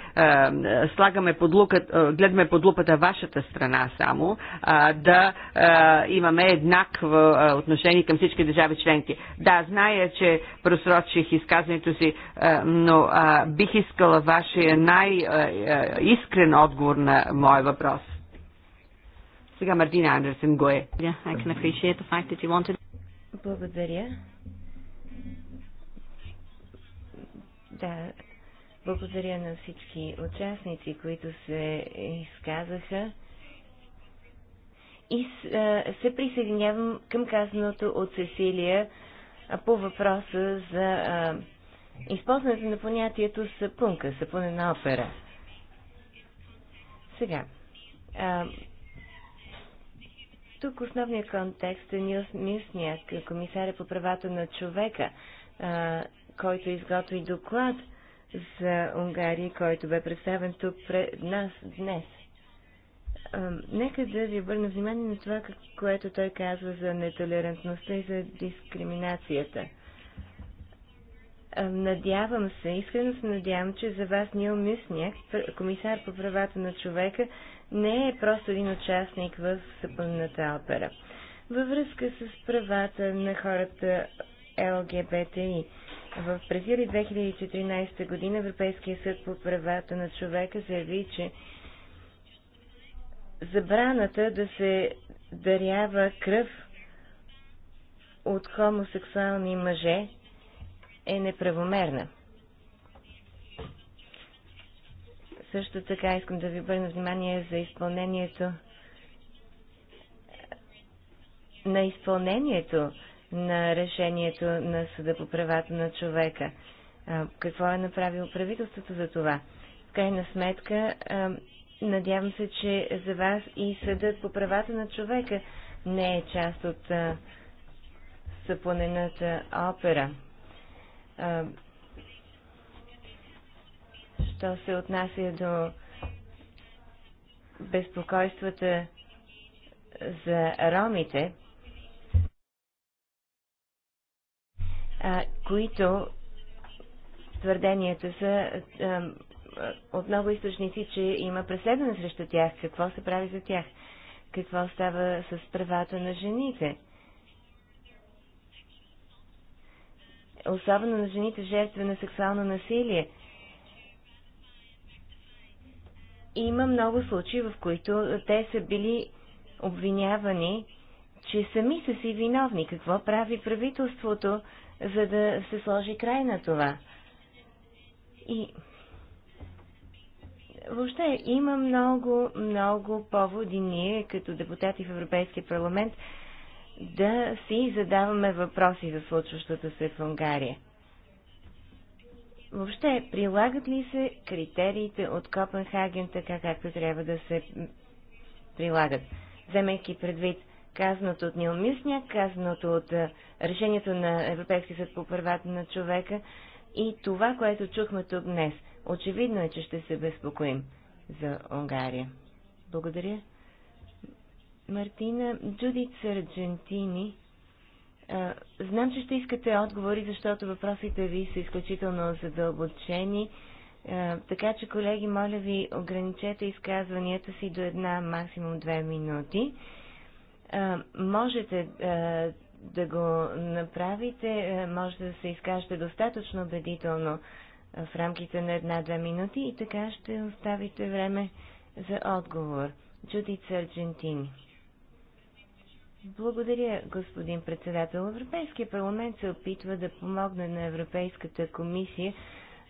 B: слагаме под лукът, гледаме под лупата вашата страна само, да имаме еднакво отношение към всички държави членки? Да, зная, че просрочих изказването си, но бих искала вашия най-искрен отговор на моя въпрос. Сега Мартина Андерсен го е. Yeah,
C: wanted... Благодаря. Да, благодаря на всички участници, които се изказаха. И се присъединявам към казаното от Сесилия по въпроса за използването на понятието сапунка, сапунена опера. Сега, тук основният контекст е Нилс комисаря по правата на човека, а, който изготви доклад за Унгария, който бе представен тук пред нас днес. А, нека да ви обърна внимание на това, което той казва за нетолерантността и за дискриминацията. надявам се, искрено се надявам, че за вас Нил Мисняк, комисар по правата на човека, не е просто един участник в съпънната опера. Във връзка с правата на хората ЛГБТИ, в през 2014 година Европейския съд по правата на човека заяви, че забраната да се дарява кръв от хомосексуални мъже е неправомерна. Също така искам да ви обърна внимание за изпълнението на изпълнението на решението на Съда по правата на човека. Какво е направило правителството за това? В крайна сметка, надявам се, че за вас и Съдът по правата на човека не е част от съпланената опера. Що се отнася до безпокойствата за ромите, а, които твърденията са а, а, от много източници, че има преследване срещу тях. Какво се прави за тях? Какво става с правата на жените? Особено на жените жертва на сексуално насилие – има много случаи, в които те са били обвинявани, че сами са си виновни. Какво прави правителството, за да се сложи край на това? И въобще има много, много поводи ние, като депутати в Европейския парламент, да си задаваме въпроси за случващото се в Унгария. Въобще, прилагат ли се критериите от Копенхаген така, както трябва да се прилагат? Вземайки предвид казаното от Нилмисня, казаното от е, решението на Европейския съд по правата на човека и това, което чухме тук днес. Очевидно е, че ще се безпокоим за Унгария. Благодаря. Мартина Джудит Сарджентини Знам, че ще искате отговори, защото въпросите ви са изключително задълбочени. Така че, колеги, моля ви, ограничете изказванията си до една, максимум две минути. Можете да го направите, можете да се изкажете достатъчно убедително в рамките на една-две минути и така ще оставите време за отговор. Джудица Аргентини. Благодаря, господин председател. Европейския парламент се опитва да помогне на Европейската комисия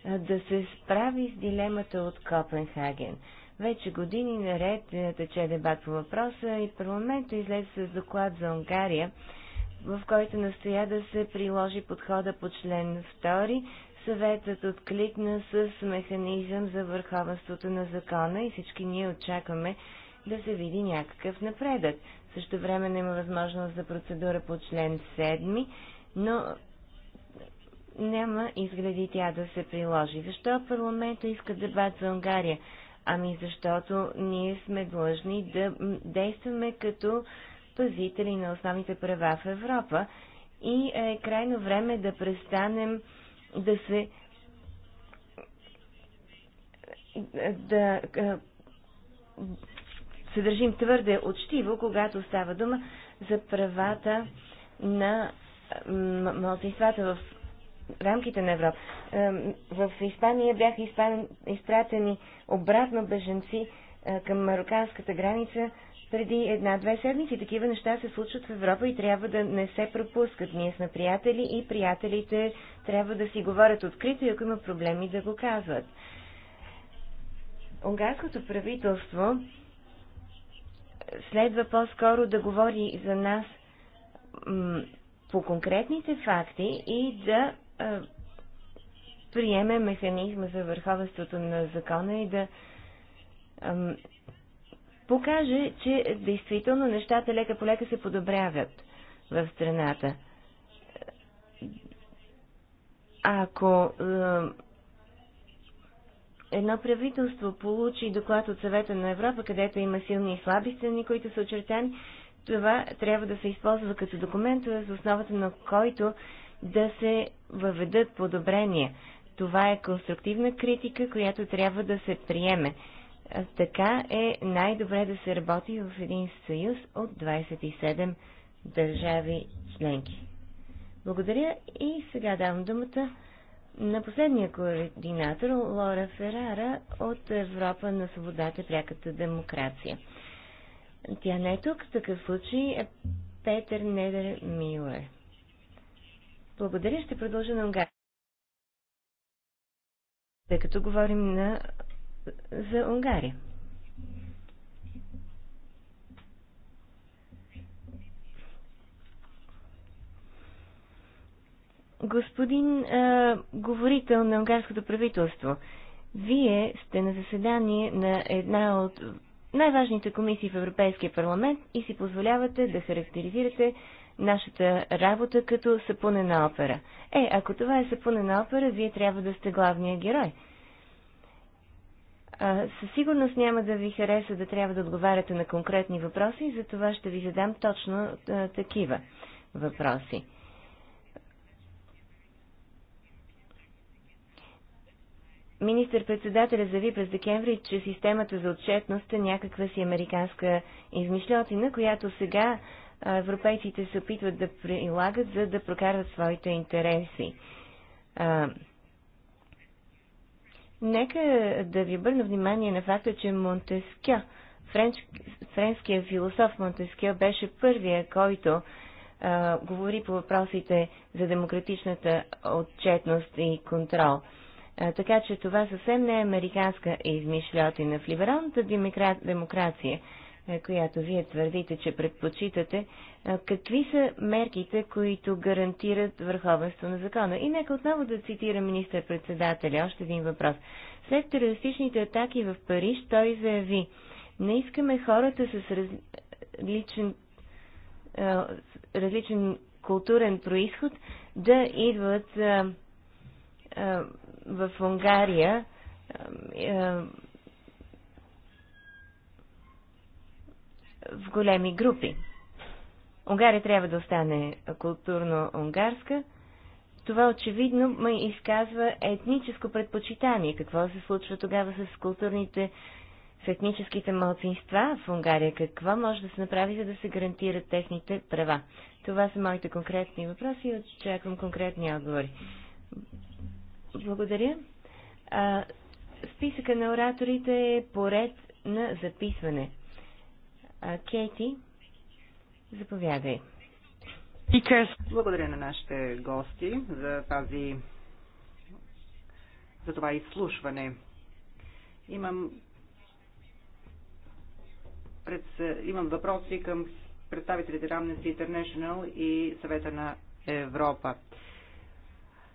C: да се справи с дилемата от Копенхаген. Вече години наред е, тече дебат по въпроса и парламентът излезе с доклад за Унгария, в който настоя да се приложи подхода по член 2. Съветът откликна с механизъм за върховенството на закона и всички ние очакваме да се види някакъв напредък. Също време не има възможност за процедура по член 7, но няма изгледи тя да се приложи. Защо парламента иска дебат за Унгария? Ами защото ние сме длъжни да действаме като пазители на основните права в Европа и е крайно време да престанем да се да се държим твърде учтиво, когато става дума за правата на малцинствата в рамките на Европа. В Испания бяха изпратени обратно беженци към марокканската граница преди една-две седмици. Такива неща се случват в Европа и трябва да не се пропускат. Ние сме приятели и приятелите трябва да си говорят открито и ако има проблеми да го казват. Унгарското правителство следва по-скоро да говори за нас по конкретните факти и да а, приеме механизма за върховенството на закона и да покаже, че действително нещата лека по лека се подобряват в страната. Ако едно правителство получи доклад от съвета на Европа, където има силни и слаби страни, които са очертани, това трябва да се използва като документ, е, за основата на който да се въведат подобрения. Това е конструктивна критика, която трябва да се приеме. Така е най-добре да се работи в един съюз от 27 държави членки. Благодаря и сега давам думата на последния координатор Лора Ферара от Европа на свободата, пряката демокрация. Тя не е тук, в такъв случай е Петър Недер Милер. Благодаря, ще продължа на Унгария. Тъй като говорим на... за Унгария. Господин а, говорител на унгарското правителство, вие сте на заседание на една от най-важните комисии в Европейския парламент и си позволявате да характеризирате нашата работа като сапунена опера. Е, ако това е сапунена опера, вие трябва да сте главния герой. А, със сигурност няма да ви хареса да трябва да отговаряте на конкретни въпроси, за това ще ви задам точно а, такива въпроси. Министър-председателя заяви през декември, че системата за отчетност е някаква си американска измишлятина, която сега европейците се опитват да прилагат, за да прокарат своите интереси. А, нека да ви обърна внимание на факта, че Монтескьо, френч, френския философ Монтескьо, беше първия, който а, говори по въпросите за демократичната отчетност и контрол. А, е, така че това съвсем не е американска измишлятина в либералната демокра... демокрация, е, която вие твърдите, че предпочитате. А, е, какви са мерките, които гарантират върховенство на закона? И нека отново да цитира министър-председателя още един въпрос. След терористичните атаки в Париж той заяви, не искаме хората с различен, различен културен происход да идват в Унгария в големи групи. Унгария трябва да остане културно-унгарска. Това очевидно изказва етническо предпочитание. Какво се случва тогава с културните, с етническите младсинства в Унгария? Какво може да се направи, за да се гарантират техните права? Това са моите конкретни въпроси и очаквам конкретни отговори. Благодаря. А, списъка на ораторите е поред на записване. А, Кейти, заповядай.
D: Благодаря на нашите гости за тази за това изслушване. Имам пред, имам въпроси към представителите на Amnesty International и съвета на Европа.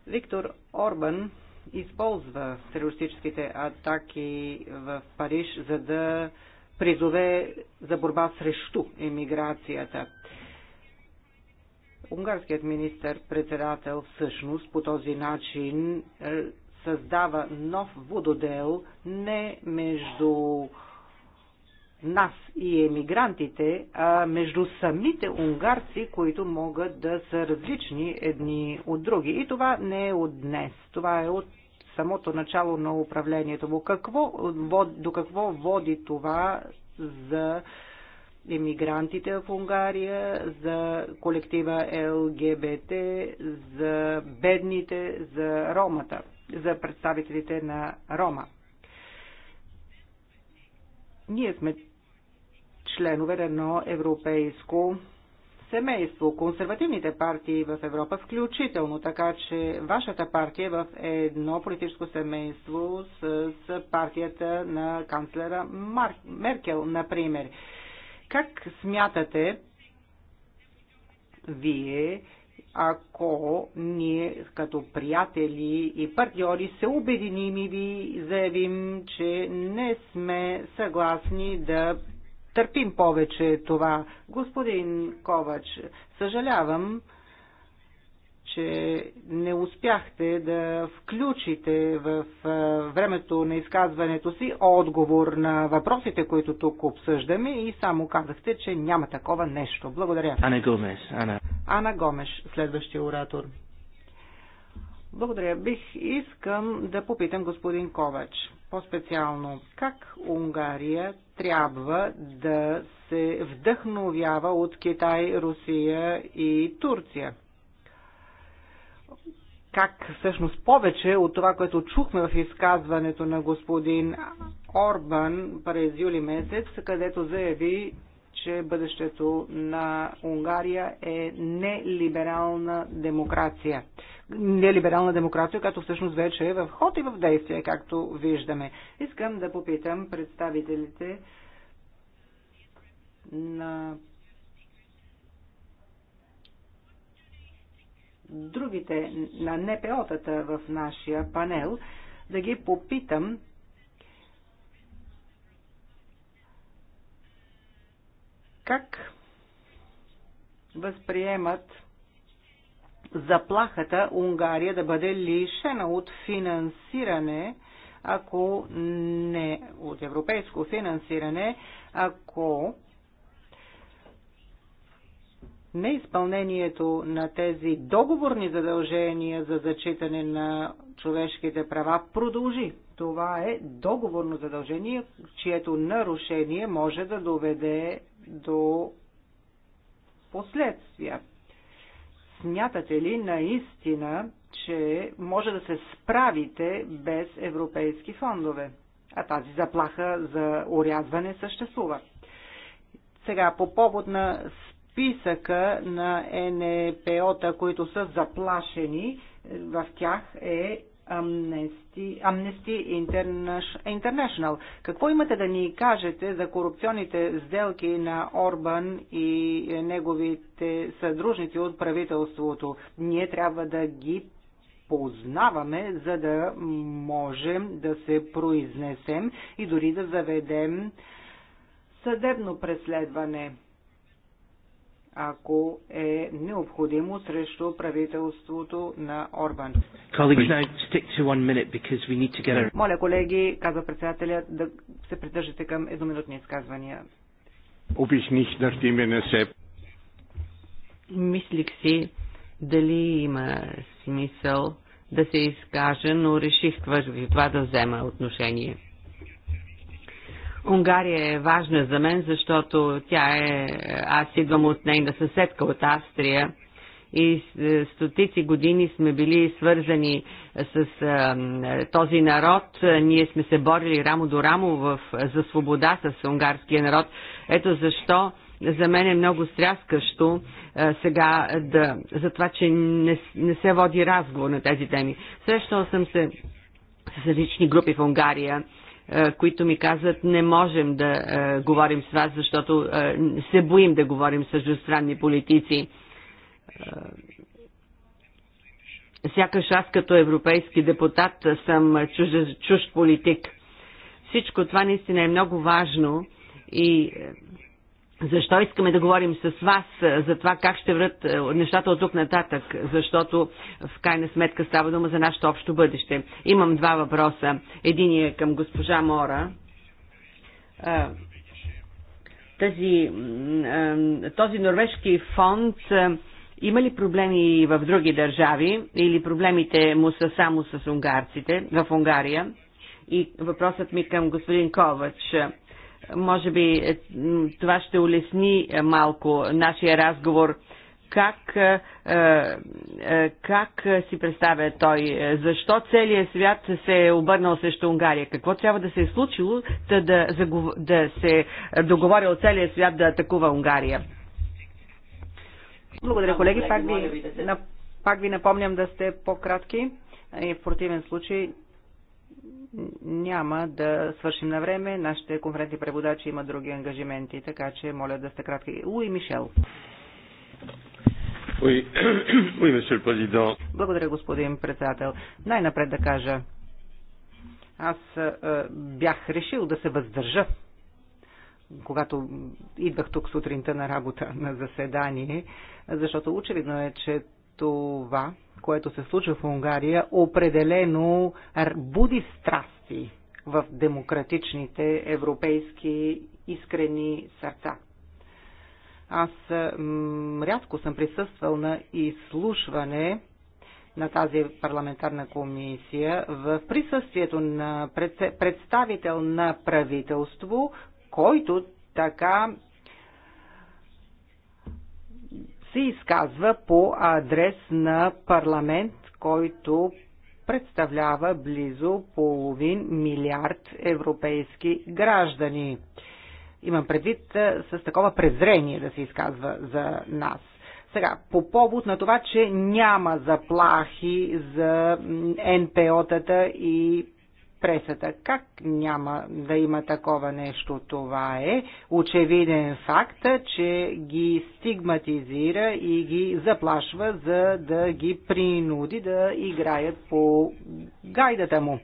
D: Виктор Орбан използва терористическите атаки в Париж, за да призове за борба срещу емиграцията. Унгарският министр-председател всъщност по този начин е, създава нов вододел не между нас и емигрантите, а между самите унгарци, които могат да са различни едни от други. И това не е от днес, това е от самото начало на управлението му. Какво, до какво води това за емигрантите в Унгария, за колектива ЛГБТ, за бедните, за ромата, за представителите на Рома? Ние сме членове на едно европейско семейство, консервативните партии в Европа включително, така че вашата партия е в едно политическо семейство с, с партията на канцлера Мар... Меркел, например. Как смятате вие, ако ние като приятели и партньори се обединим и ви заявим, че не сме съгласни да търпим повече това. Господин Ковач, съжалявам, че не успяхте да включите в времето на изказването си отговор на въпросите, които тук обсъждаме и само казахте, че няма такова нещо. Благодаря.
A: Ана Гумес. Ана.
D: Ана Гомеш, следващия оратор. Благодаря. Бих искам да попитам господин Ковач по-специално как Унгария трябва да се вдъхновява от Китай, Русия и Турция. Как всъщност повече от това, което чухме в изказването на господин Орбан през юли месец, където заяви, че бъдещето на Унгария е нелиберална демокрация. Нелиберална демокрация, която всъщност вече е в ход и в действие, както виждаме. Искам да попитам представителите на другите, на НПО-тата в нашия панел, да ги попитам Как възприемат заплахата Унгария да бъде лишена от финансиране, ако не от европейско финансиране, ако неизпълнението на тези договорни задължения за зачитане на човешките права продължи. Това е договорно задължение, чието нарушение може да доведе до последствия. Смятате ли наистина, че може да се справите без европейски фондове? А тази заплаха за урязване съществува. Сега, по повод на списъка на НПО-та, които са заплашени, в тях е Amnesty, International. Какво имате да ни кажете за корупционните сделки на Орбан и неговите съдружници от правителството? Ние трябва да ги познаваме, за да можем да се произнесем и дори да заведем съдебно преследване ако е необходимо срещу правителството на Орбан. Моля, колеги, казва председателя, да се придържате към едноминутни изказвания. Обясних Мислих
B: си дали има смисъл да се изкажа, но реших това да взема отношение. Унгария е важна за мен, защото тя е, аз идвам от нейна съседка от Австрия и е, стотици години сме били свързани с а, е, е, този народ. Ние сме се борили рамо до рамо в, за свобода с унгарския народ. Ето защо за мен е много стряскащо а, сега да, за това, че не, не се води разговор на тези теми. Срещал съм се с различни групи в Унгария е, които ми казват не можем да е, говорим с вас, защото е, се боим да говорим с чуждестранни политици. Сякаш аз като европейски депутат съм чуж чуж политик. Всичко това наистина е много важно и защо искаме да говорим с вас за това как ще врат нещата от тук нататък, защото в крайна сметка става дума за нашето общо бъдеще. Имам два въпроса. Един е към госпожа Мора. Тази, този норвежки фонд има ли проблеми в други държави или проблемите му са само с унгарците в Унгария? И въпросът ми към господин Ковач може би е, това ще улесни е, малко нашия разговор как, е, как си представя той? Защо целият свят се е обърнал срещу Унгария? Какво трябва да се е случило, да, да, да се договорил целият свят да атакува Унгария?
D: Благодаря, колеги. Пак ви, пак ви напомням да сте по-кратки. В противен случай няма да свършим на време. Нашите конкретни преводачи имат други ангажименти, така че моля да сте кратки. Луи Мишел.
A: Oui. (coughs) Oui,
D: Благодаря, господин председател. Най-напред да кажа, аз е, бях решил да се въздържа, когато идвах тук сутринта на работа, на заседание, защото очевидно е, че това, което се случва в Унгария, определено буди страсти в демократичните европейски искрени сърца. Аз рядко съм присъствал на изслушване на тази парламентарна комисия в присъствието на представител на правителство, който така се изказва по адрес на парламент, който представлява близо половин милиард европейски граждани. Имам предвид с такова презрение да се изказва за нас. Сега, по повод на това, че няма заплахи за НПО-тата и пресата. Как няма да има такова нещо? Това е очевиден факт, че ги стигматизира и ги заплашва, за да ги принуди да играят по гайдата му.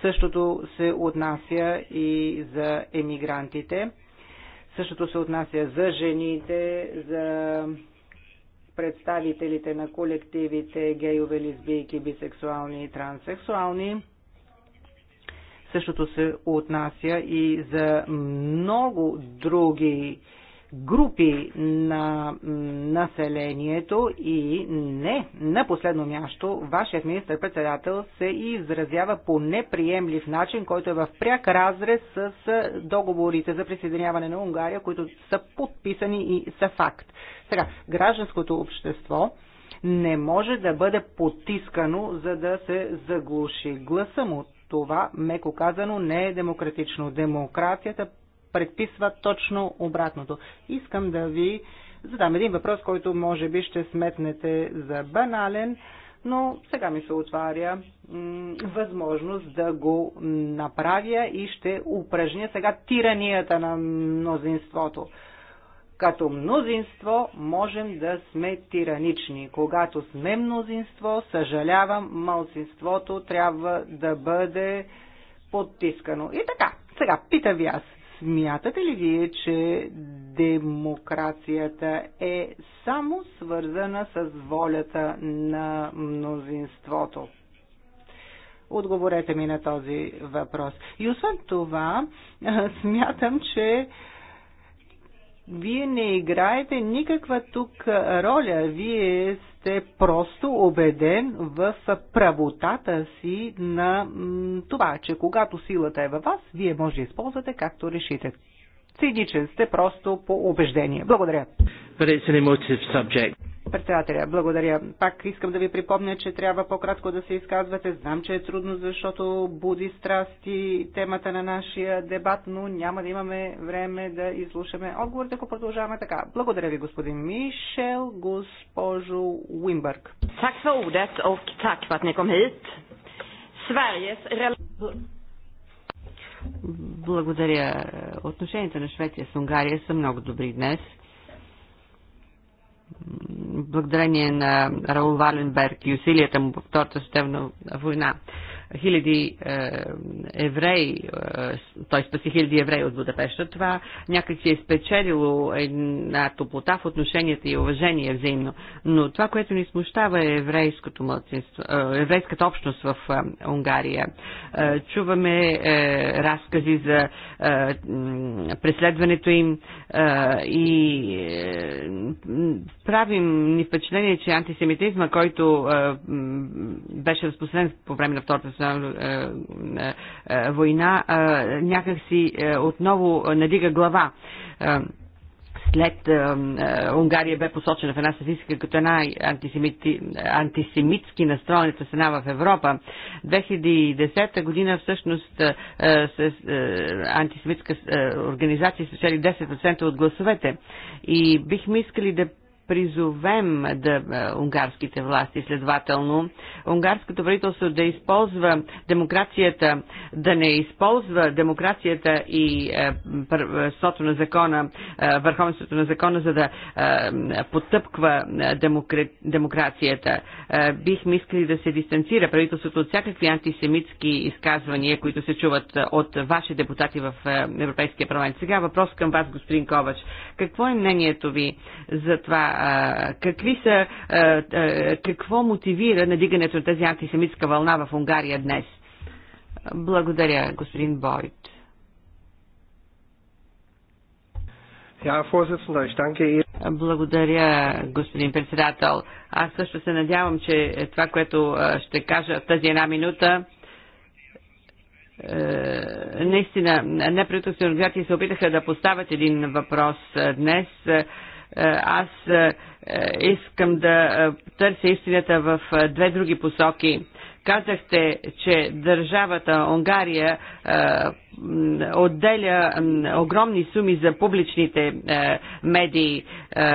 D: Същото се отнася и за емигрантите. Същото се отнася за жените, за представителите на колективите гейове, лесбийки, бисексуални и транссексуални. Същото се отнася и за много други групи на населението и не на последно място, вашият министр-председател се изразява по неприемлив начин, който е в пряк разрез с договорите за присъединяване на Унгария, които са подписани и са факт. Сега, гражданското общество не може да бъде потискано, за да се заглуши гласа му. Това, меко казано, не е демократично. Демокрацията предписва точно обратното. Искам да ви задам един въпрос, който може би ще сметнете за банален, но сега ми се отваря възможност да го направя и ще упражня сега тиранията на мнозинството. Като мнозинство можем да сме тиранични. Когато сме мнозинство, съжалявам, малцинството трябва да бъде подтискано. И така, сега питам ви аз. Смятате ли вие, че демокрацията е само свързана с волята на мнозинството? Отговорете ми на този въпрос. И освен това, (laughs) смятам, че вие не играете никаква тук роля. Вие сте просто убеден в правотата си на това, че когато силата е във вас, вие може да използвате както решите. Циничен сте просто по убеждение. Благодаря. Председателя, благодаря. Пак искам да ви припомня, че трябва по-кратко да се изказвате. Знам, че е трудно, защото буди страсти темата на нашия дебат, но няма да имаме време да изслушаме отговорите, ако продължаваме така. Благодаря ви, господин Мишел, госпожо Уинбърг. Так за att kom hit.
C: Sveriges
B: Благодаря. Отношенията на Швеция с Унгария са много добри днес благодарение на Раул Валенберг и усилията му по Втората световна война хиляди е, евреи, е, той спаси хиляди евреи от Будапешта, това някак си е спечелило една топлота в отношенията и уважение взаимно. Но това, което ни смущава е еврейското младсинство, е, еврейската общност в Унгария. Чуваме разкази за преследването им и правим ни впечатление, че антисемитизма, който беше разпространен по време на Втората война, някакси отново надига глава след Унгария бе посочена в една статистика като една антисемитски настроената страна в Европа. 2010 година всъщност антисемитска организация спечели 10% от гласовете. И бихме искали да призовем да, е, унгарските власти, следователно, унгарското правителство да използва демокрацията, да не използва демокрацията и е, е на закона, е, върховенството на закона, за да е, потъпква е, демокра... демокрацията. Е, бихме искали да се дистанцира правителството от всякакви антисемитски изказвания, които се чуват от ваши депутати в Европейския парламент. Сега въпрос към вас, господин Ковач. Какво е мнението ви за това а, какви са, а, а, какво мотивира надигането на тази антисемитска вълна в Унгария днес? Благодаря, господин Бойт. Благодаря, господин председател. Аз също се надявам, че това, което ще кажа в тази една минута, наистина неправителствени организации се опитаха да поставят един въпрос днес е, аз е, е, искам да търся истината в две други посоки. Казахте, че държавата Унгария отделя огромни суми за публичните е, медии, е,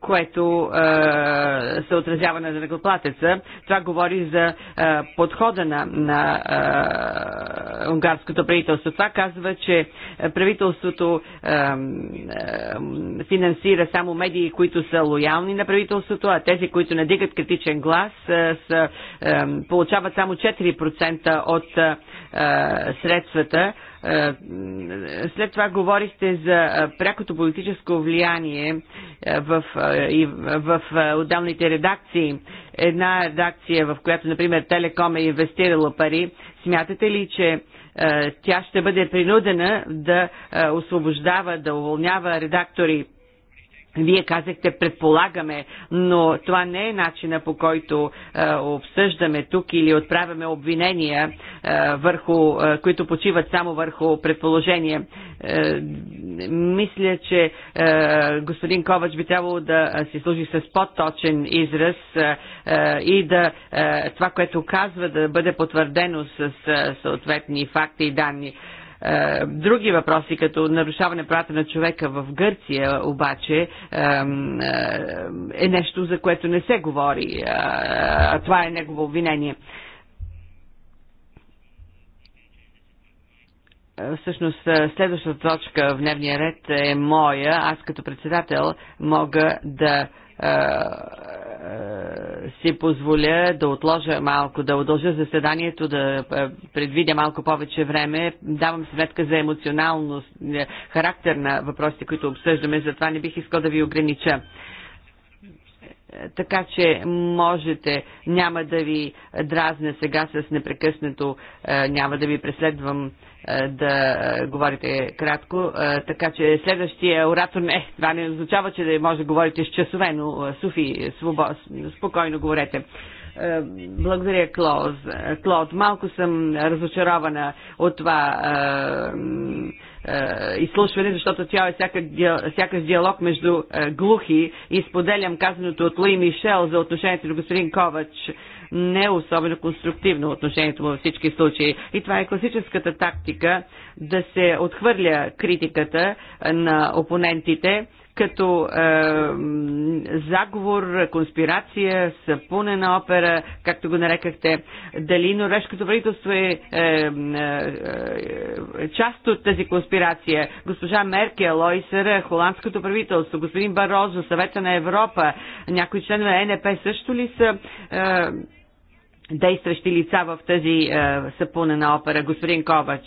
B: което е, се отразява на дънакоплатеца. Това говори за подхода на, на унгарското правителство. Това казва, че правителството финансира само медии, които са лоялни на правителството, а тези, които надигат критичен глас, са, получават само 4% от средства средствата. Е, след това говорихте за е, прякото политическо влияние е, в, в отделните редакции. Една редакция, в която, например, Телеком е инвестирала пари. Смятате ли, че тя ще бъде принудена да освобождава, да уволнява редактори вие казахте, предполагаме, но това не е начина по който е, обсъждаме тук или отправяме обвинения, е, върху, е, които почиват само върху предположение. Е, мисля, че е, господин Ковач би трябвало да си служи с по-точен израз е, е, и да е, това, което казва, да бъде потвърдено с е, съответни факти и данни. Е, е, други въпроси, като нарушаване правата на човека в Гърция, обаче, е, е, е нещо, за което не се говори, а това е негово обвинение. Всъщност, следващата точка в дневния ред е моя. Аз като председател мога да си позволя да отложа малко, да удължа заседанието, да е, предвидя малко повече време. Давам сметка за емоционалност, е, характер на въпросите, които обсъждаме, затова не бих искал да ви огранича е, така че можете, няма да ви дразне сега с непрекъснато, няма да ви преследвам е, да е, говорите кратко, е, така че следващия оратор не, това не означава, че да може да говорите с часове, но Софи, свобо, спокойно говорете. Благодаря, Клоз. Клод. Малко съм разочарована от това е, е, изслушване, защото тя е всяка, диалог между глухи и споделям казаното от Луи Мишел за отношението на господин Ковач не особено конструктивно отношението му във всички случаи. И това е класическата тактика да се отхвърля критиката на опонентите като е, заговор, конспирация, съпунена опера, както го нарекахте. Дали норвежкото правителство е, е, е, е част от тази конспирация? Госпожа Меркел, ОИСР, холандското правителство, господин Барозо, съвета на Европа, някои членове ЕНП също ли са е, действащи лица в тази е, съпунена опера, господин Ковач.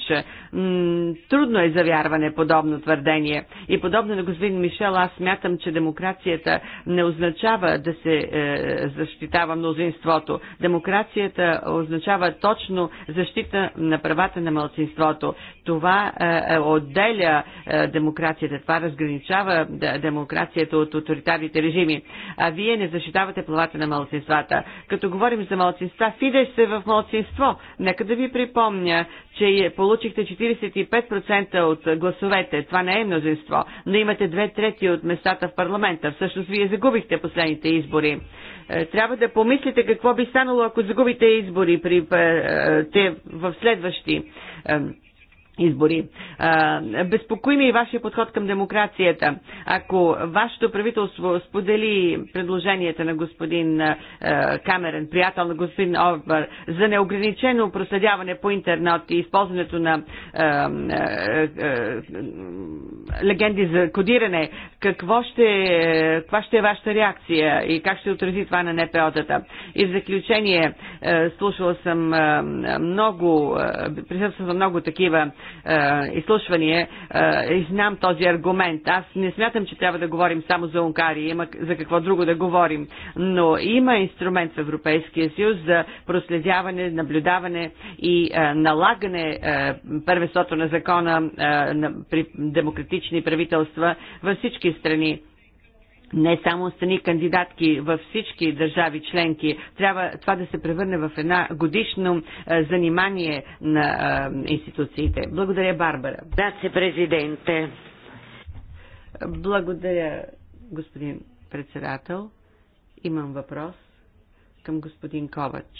B: М- трудно е за вярване подобно твърдение. И подобно на господин Мишел, аз смятам, че демокрацията не означава да се е, защитава мнозинството. Демокрацията означава точно защита на правата на мълцинството. Това е, е, отделя е, демокрацията, това разграничава демокрацията от авторитарните режими. А вие не защитавате правата на мълцинствата. Като говорим за мълцинства, сега Фидеш се в младсинство. Нека да ви припомня, че получихте 45% от гласовете. Това не е мнозинство, но имате две трети от местата в парламента. Всъщност вие загубихте последните избори. Е, трябва да помислите какво би станало, ако загубите избори при, е, е, те, в следващи избори. Безпокои ми и вашия подход към демокрацията. Ако вашето правителство сподели предложенията на господин Камерен, приятел на господин Орбър, за неограничено проследяване по интернет и използването на легенди за кодиране, какво ще, каква ще е вашата реакция и как ще отрази това на НПО-тата? И в заключение, слушала съм много, присъствам много такива е, изслушвания е, и знам този аргумент. Аз не смятам, че трябва да говорим само за Унгария, има за какво друго да говорим, но има инструмент в Европейския съюз за проследяване, наблюдаване и е, налагане първенството на закона при демократични правителства във всички страни не само страни кандидатки във всички държави членки. Трябва това да се превърне в една годишно е, занимание на е, институциите. Благодаря, Барбара. Грация, президенте. Благодаря, господин председател. Имам въпрос към господин Ковач.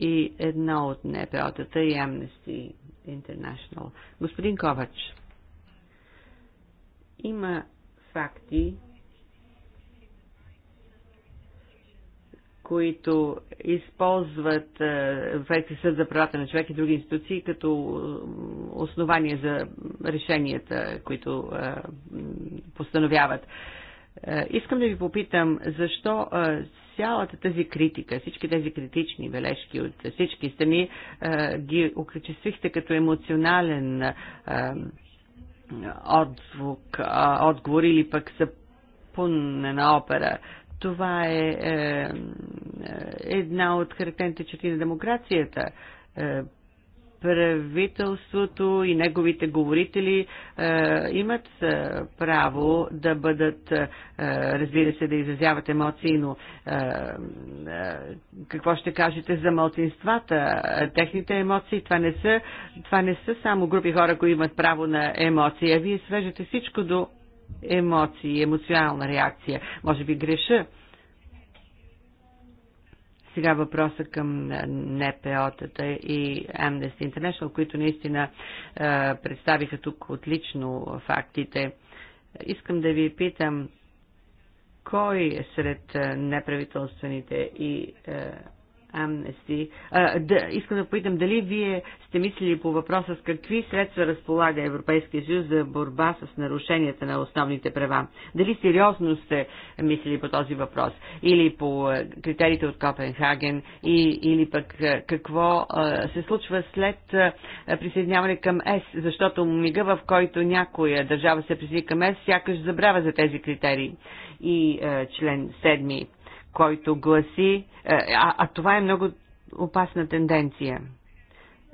B: И едно от НПО-тата и Amnesty International. Господин Ковач, има факти, които използват е, Европейския съд за правата на човек и други институции като е, основание за решенията, които е, постановяват. Искам да ви попитам, защо цялата тази критика, всички тези критични бележки от всички страни ги окачествихте като емоционален отзвук, отговор или пък съпунне на опера. Това е, е, е една от характерните черти на демокрацията. Е, правителството и неговите говорители е, имат е, право да бъдат, е, разбира се, да изразяват емоции, но е, е, какво ще кажете за малцинствата? Техните емоции, това не, са, това не са само групи хора, които имат право на емоции, а вие свежете всичко до емоции, емоционална реакция. Може би греша, сега въпроса към е, НПО-тата и Amnesty International, които наистина е, представиха тук отлично фактите. Искам да ви питам, кой е сред неправителствените и Амнести. А, да, искам да попитам дали вие сте мислили по въпроса с какви средства разполага Европейския съюз за борба с нарушенията на основните права. Дали сериозно сте мислили по този въпрос или по критериите от Копенхаген и, или пък какво а, се случва след а, присъединяване към ЕС, защото мига в който някоя държава се присъедини към ЕС, сякаш забравя за тези критерии и а, член 7 който гласи, е, а, а това е много опасна тенденция,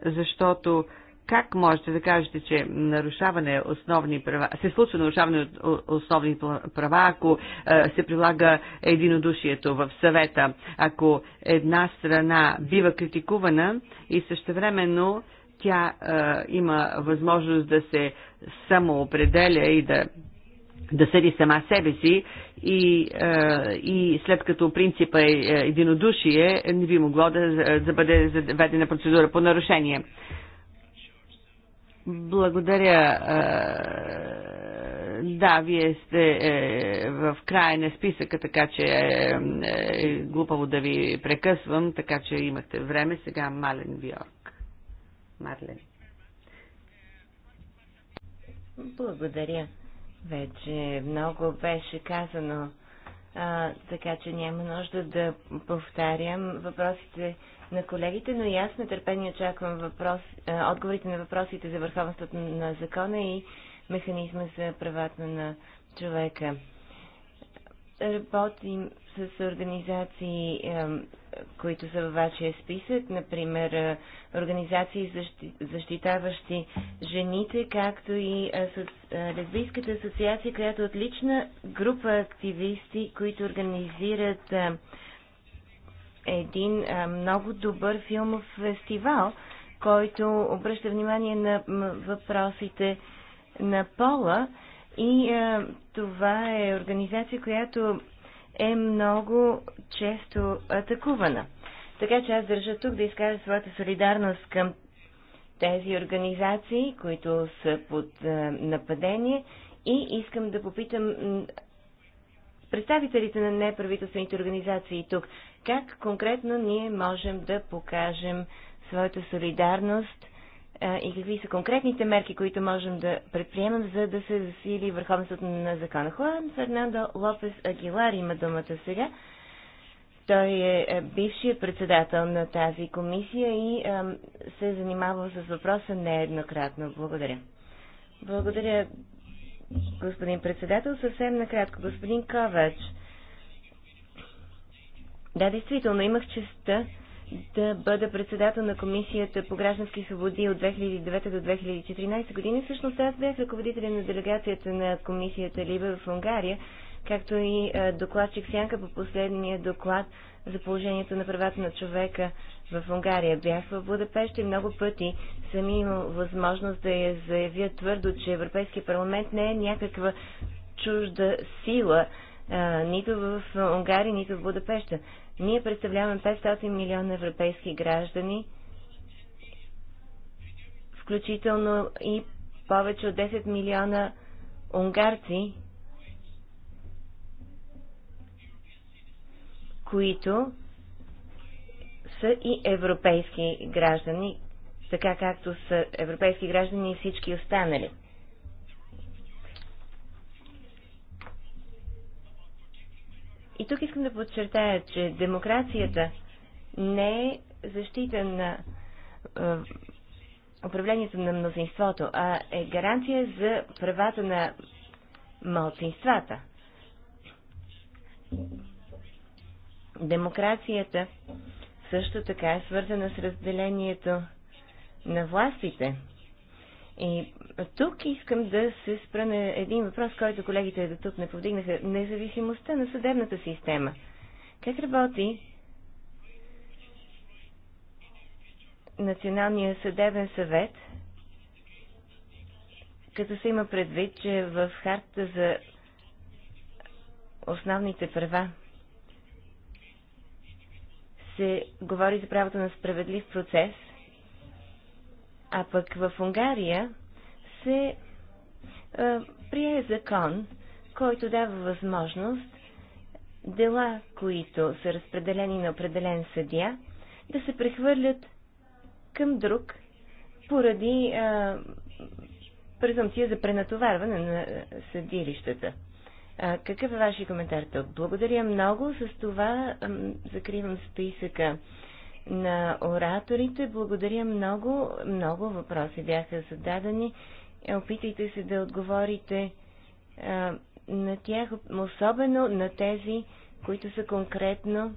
B: защото как можете да кажете, че нарушаване е основни права, се случва нарушаване от основни права, ако е, се прилага единодушието в съвета, ако една страна бива критикувана и същевременно тя е, има възможност да се самоопределя и да да съди сама себе си и, е, и след като принципа е, е единодушие, не би могло да, да бъде заведена процедура по нарушение. Благодаря. Е, да, вие сте в края на списъка, така че е глупаво да ви прекъсвам, така че имате
C: време. Сега Мален Виорк. Марлен. Благодаря. Вече много беше казано, а, така че няма нужда да повтарям въпросите на колегите, но и аз с нетърпение очаквам въпрос, а, отговорите на въпросите за върховенството на закона и механизма за правата на човека. Работим с организации, които са във вашия списък, например е, организации защитаващи жените, както и е, с е, лесбийската асоциация, която е отлична група активисти, които организират един много добър филмов фестивал, който обръща внимание на въпросите на пола. И това е организация, която е много често атакувана. Така че аз държа тук да изкажа своята солидарност към тези организации, които са под е, нападение и искам да попитам представителите на неправителствените организации тук, как конкретно ние можем да покажем своята солидарност е, и какви са конкретните мерки, които можем да предприемем, за да се засили върховенството на закона. Хуан Фернандо Лопес Агилар има думата сега. Той е, е бившият председател на тази комисия и е, се е занимавал с въпроса нееднократно. Благодаря. Благодаря, господин председател. Съвсем накратко, господин Ковач. Да, действително, имах честа да бъда председател на Комисията по граждански свободи от 2009 до 2014 година. Всъщност аз бях ръководителен на делегацията на Комисията Либе в Унгария, както и докладчик Сянка по последния доклад за положението на правата на човека в Унгария. Бях в Будапеща и много пъти съм имал възможност да я заявя твърдо, че Европейския парламент не е някаква чужда сила, нито в Унгария, нито в Будапеща. Ние представляваме 500 милиона европейски граждани, включително и повече от 10 милиона унгарци, които са и европейски граждани, така както са европейски граждани и всички останали. И тук искам да подчертая, че демокрацията не е защита на е, управлението на мнозинството, а е гаранция за правата на малцинствата. Демокрацията също така е свързана с разделението на властите. И тук искам да се спра на един въпрос, който колегите до тук не повдигнаха. Независимостта на съдебната система. Как работи Националния съдебен съвет, като се има предвид, че в харта за основните права се говори за правото на справедлив процес – а пък в Унгария се а, прие закон, който дава възможност дела, които са разпределени на определен съдия, да се прехвърлят към друг поради а, презумпция за пренатоварване на съдилищата. А, какъв е вашия коментар тук? Благодаря много. С това а, закривам списъка на ораторите. Благодаря много. Много въпроси бяха зададени. Е, опитайте се да отговорите а, е, на тях, особено на тези, които са конкретно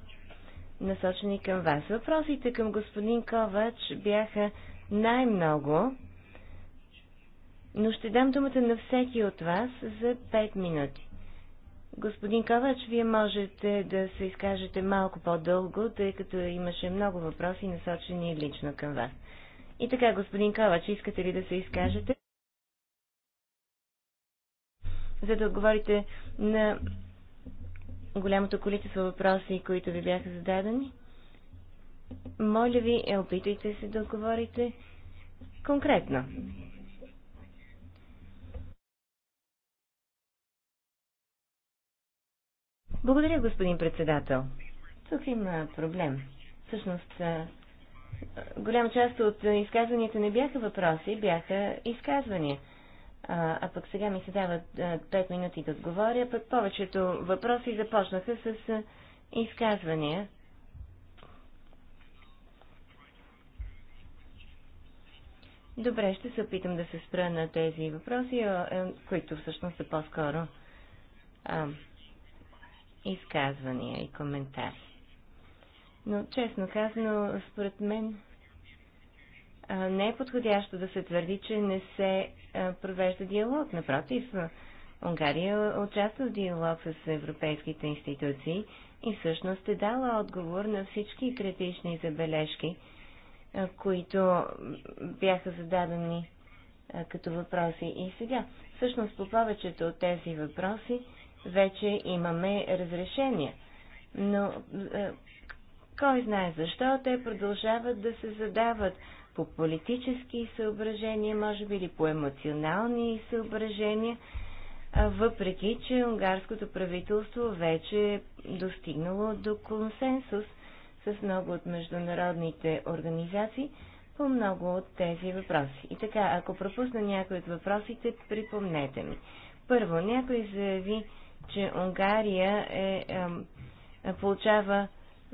C: насочени към вас. Въпросите към господин Ковач бяха най-много, но ще дам думата на всеки от вас за 5 минути. Господин Ковач, вие можете да се изкажете малко по-дълго, тъй като имаше много въпроси, насочени лично към вас. И така, господин Ковач, искате ли да се изкажете? За да отговорите на голямото количество въпроси, които ви бяха зададени? Моля ви, опитайте се да отговорите конкретно. Благодаря, господин председател. Тук има проблем. Всъщност, голяма част от изказванията не бяха въпроси, бяха изказвания. А, а пък сега ми се дават 5 минути да отговоря, пък повечето въпроси започнаха с изказвания. Добре, ще се опитам да се спра на тези въпроси, които всъщност са по-скоро изказвания и коментари. Но, честно казано, според мен не е подходящо да се твърди, че не се провежда диалог. Напротив, Унгария участва в диалог с европейските институции и всъщност е дала отговор на всички критични забележки, които бяха зададени като въпроси и сега. Всъщност по повечето от тези въпроси вече имаме разрешения. Но е, кой знае защо те продължават да се задават по политически съображения, може би или по емоционални съображения, въпреки че унгарското правителство вече е достигнало до консенсус с много от международните организации по много от тези въпроси. И така, ако пропусна някой от въпросите, припомнете ми. Първо, някой заяви, че Унгария е, е, получава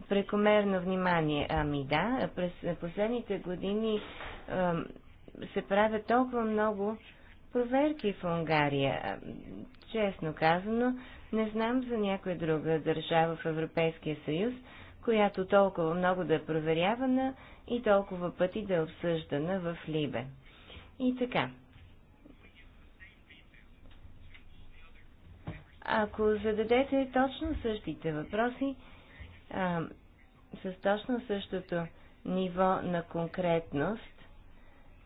C: прекомерно внимание. Ами да, през последните години е, се правят толкова много проверки в Унгария. Честно казано, не знам за някоя друга държава в Европейския съюз, която толкова много да е проверявана и толкова пъти да е обсъждана в Либе. И така, Ако зададете точно същите въпроси, а, с точно същото ниво на конкретност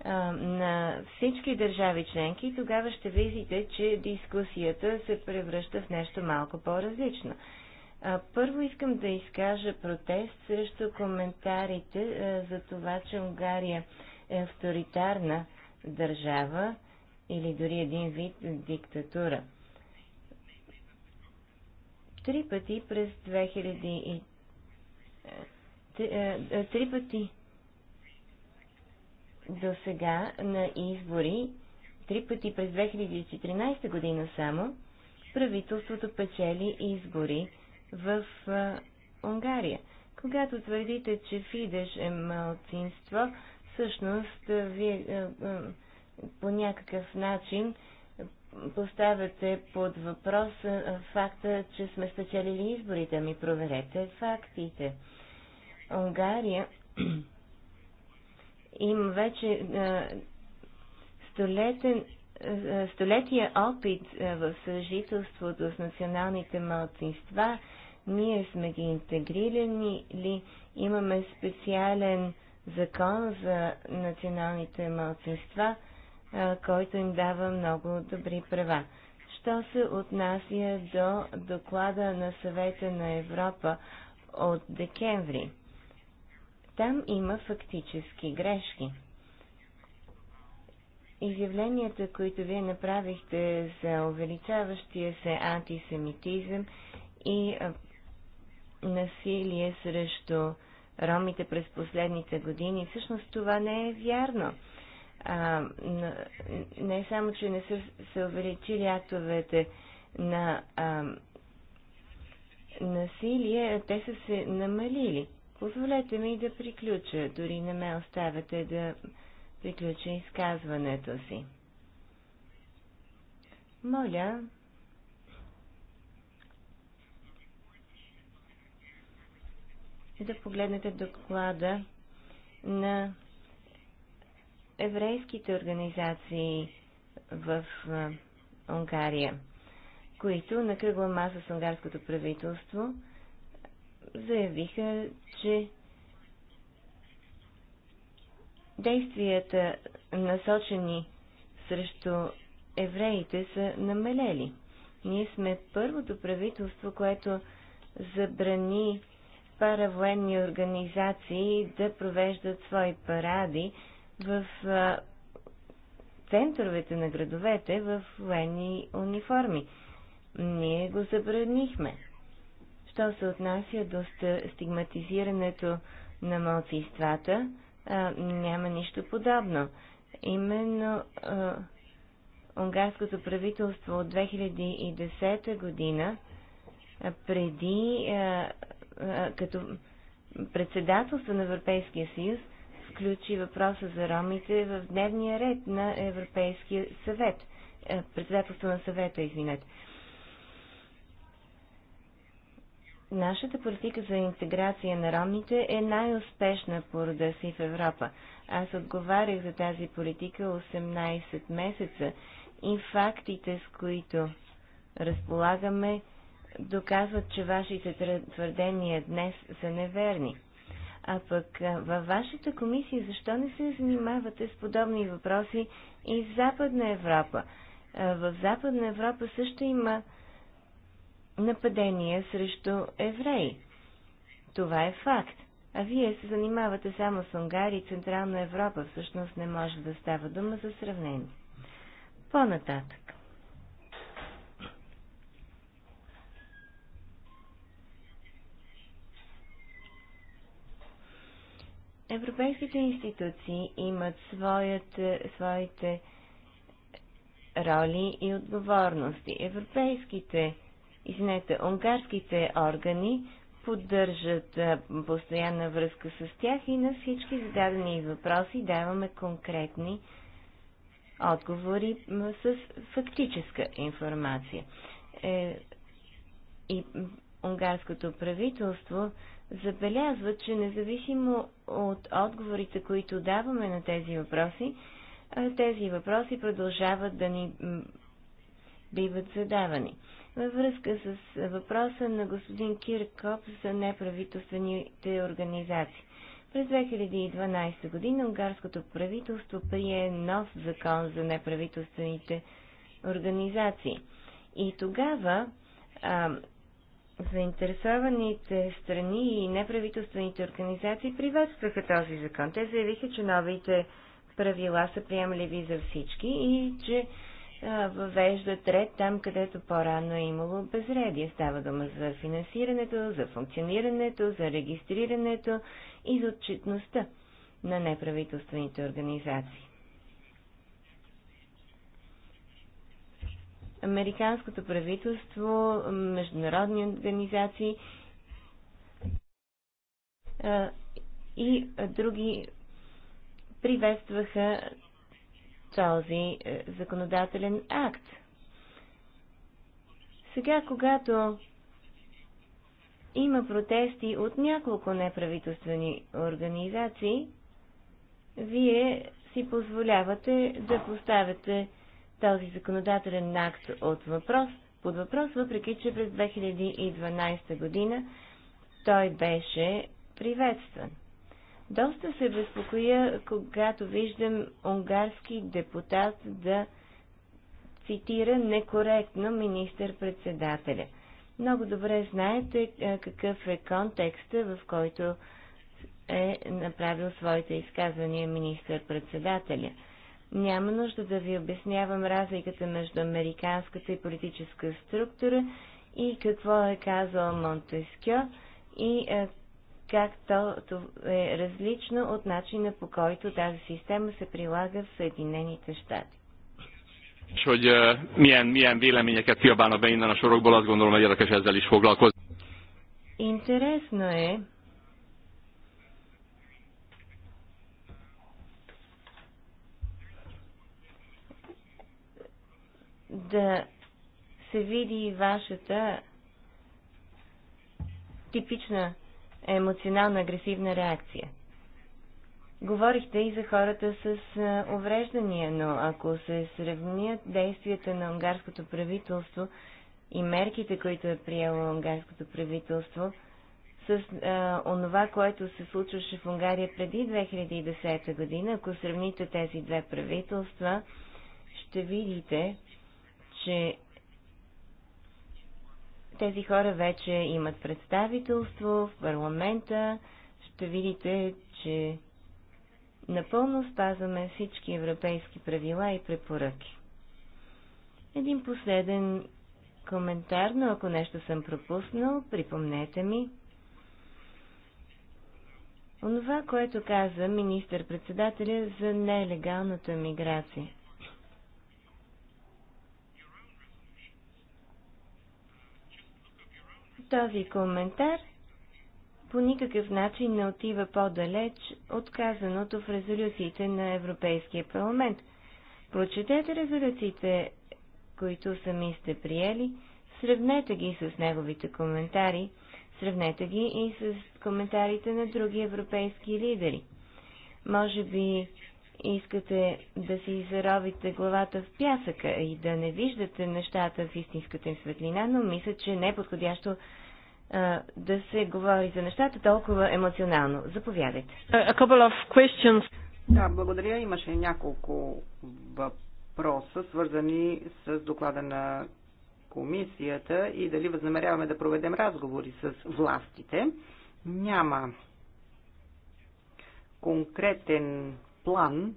C: а, на всички държави членки, тогава ще видите, че дискусията се превръща в нещо малко по-различно. първо искам да изкажа протест срещу коментарите а, за това, че Унгария е авторитарна държава или дори един вид диктатура три пъти през 2000 и... Е, е, три пъти до сега на избори, три пъти през 2014 година само, правителството печели избори в а, е, Унгария. Когато твърдите, че Фидеш е малцинство, всъщност вие а, а, по някакъв начин поставяте под въпрос факта, че сме спечелили изборите. Ми проверете фактите. Унгария (clears throat) има вече столетен, столетия опит в съжителството с националните малцинства. Ние сме ги интегрирани ли, имаме специален закон за националните малцинства – който им дава много добри права. Що се отнася до доклада на съвета на Европа от декември? Там има фактически грешки. Изявленията, които вие направихте за увеличаващия се антисемитизъм и насилие срещу ромите през последните години, всъщност това не е вярно а, не само, че не са се увеличили актовете на а, насилие, те са се намалили. Позволете ми да приключа, дори не ме оставяте да приключа изказването си. Моля, да погледнете доклада на еврейските организации в Унгария, които на кръгла маса с унгарското правителство заявиха, че действията насочени срещу евреите са намалели. Ние сме първото правителство, което забрани паравоенни организации да провеждат свои паради в центровете на градовете в военни униформи. Ние го забранихме. Що се отнася до стигматизирането на малцинствата, няма нищо подобно. Именно а, унгарското правителство от 2010 година, а, преди а, като председателство на Европейския съюз, включи въпроса за ромите в дневния ред на Европейския съвет, е, председателство на съвета, извинете. Нашата политика за интеграция на ромите е най-успешна по рода си в Европа. Аз отговарях за тази политика 18 месеца и фактите, с които разполагаме, доказват, че вашите твърдения днес са неверни. А пък във вашата комисия защо не се занимавате с подобни въпроси и в Западна Европа? В Западна Европа също има нападения срещу евреи. Това е факт. А вие се занимавате само с Унгария и Централна Европа. Всъщност не може да става дума за сравнение. По-нататък. Европейските институции имат своят, своите роли и отговорности. Европейските, извинете, унгарските органи поддържат постоянна връзка с тях и на всички зададени въпроси даваме конкретни отговори с фактическа информация. Е, и унгарското правителство, забелязва, че независимо от отговорите, които даваме на тези въпроси, тези въпроси продължават да ни биват задавани. Във връзка с въпроса на господин Киркоп за неправителствените организации. През 2012 година унгарското правителство прие нов закон за неправителствените организации. И тогава а, Заинтересованите страни и неправителствените организации приветстваха този закон. Те заявиха, че новите правила са приемливи за всички и че въвеждат ред там, където по-рано е имало безредие. Става дума за финансирането, за функционирането, за регистрирането и за отчетността на неправителствените организации. американското правителство, международни организации и други приветстваха този е, законодателен акт. Сега, когато има протести от няколко неправителствени организации, вие си позволявате да поставяте този законодателен акт от въпрос, под въпрос, въпреки че през 2012 година той беше приветстван. Доста се безпокоя, когато виждам унгарски депутат да цитира некоректно министър-председателя. Много добре знаете какъв е контекста, в който е направил своите изказвания министър-председателя – няма нужда да ви обяснявам разликата между американската и политическа структура и какво е казал Монтескьо и е, как то е различно от начина по който тази система се прилага в Съединените щати. Е, Интересно е да се види и вашата типична емоционална агресивна реакция. Говорихте и за хората с увреждания, но ако се сравнят действията на унгарското правителство и мерките, които е приело унгарското правителство, с а, онова, което се случваше в Унгария преди 2010 година, ако сравните тези две правителства, ще видите, че тези хора вече имат представителство в парламента. Ще видите, че напълно спазваме всички европейски правила и препоръки. Един последен коментар, но ако нещо съм пропуснал, припомнете ми. Онова, което каза министър-председателя за нелегалната миграция. Този коментар по никакъв начин не отива по-далеч от казаното в резолюциите на Европейския парламент. Прочетете резолюциите, които сами сте приели, сравнете ги с неговите коментари, сравнете ги и с коментарите на други европейски лидери. Може би искате да си заровите главата в пясъка и да не виждате нещата в истинската им светлина, но мисля, че не е подходящо да се говори за нещата толкова емоционално. Заповядайте.
D: Да, благодаря. Имаше няколко въпроса, свързани с доклада на комисията и дали възнамеряваме да проведем разговори с властите. Няма конкретен план,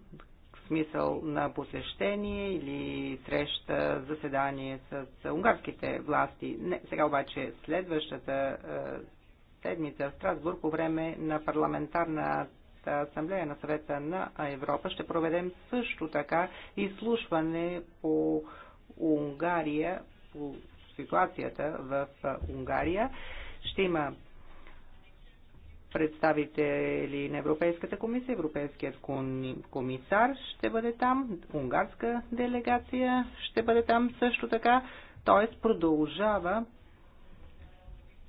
D: в смисъл на посещение или среща, заседание с унгарските власти. Не, сега обаче следващата е, седмица в Страсбург по време на парламентарна Асамблея на съвета на Европа ще проведем също така изслушване по Унгария, по ситуацията в е, Унгария. Ще има представители на Европейската комисия, Европейският комисар ще бъде там, унгарска делегация ще бъде там също така, т.е. продължава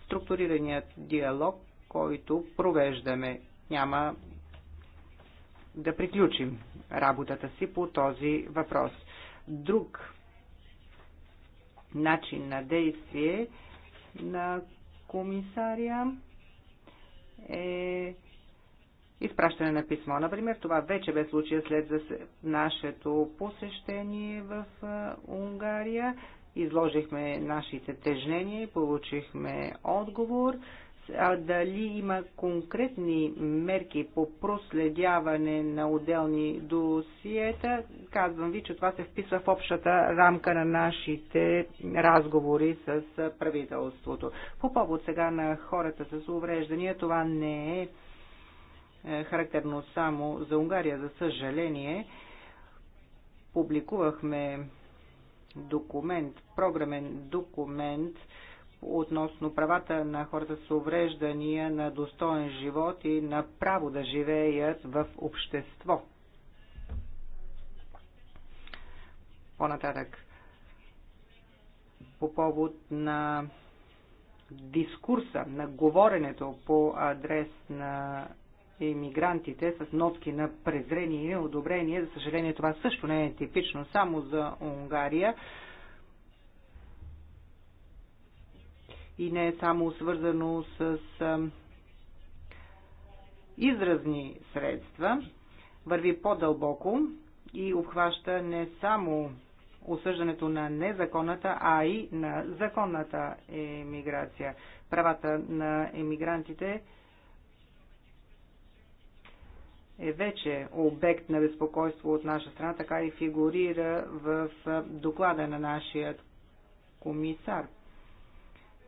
D: структурираният диалог, който провеждаме. Няма да приключим работата си по този въпрос. Друг начин на действие на комисария е изпращане на писмо. Например, това вече бе случая след нашето посещение в Унгария. Изложихме нашите тежнения и получихме отговор а дали има конкретни мерки по проследяване на отделни досиета, казвам ви, че това се вписва в общата рамка на нашите разговори с правителството. По повод сега на хората с увреждания, това не е, е характерно само за Унгария, за съжаление. Публикувахме документ, програмен документ, относно правата на хората с увреждания на достоен живот и на право да живеят в общество. По-нататък, по повод на дискурса, на говоренето по адрес на иммигрантите с нотки на презрение и неодобрение. За съжаление това също не е типично само за Унгария. и не е само свързано с изразни средства, върви по-дълбоко и обхваща не само осъждането на незаконната, а и на законната емиграция. Правата на емигрантите е вече обект на безпокойство от наша страна, така и фигурира в доклада на нашия комисар.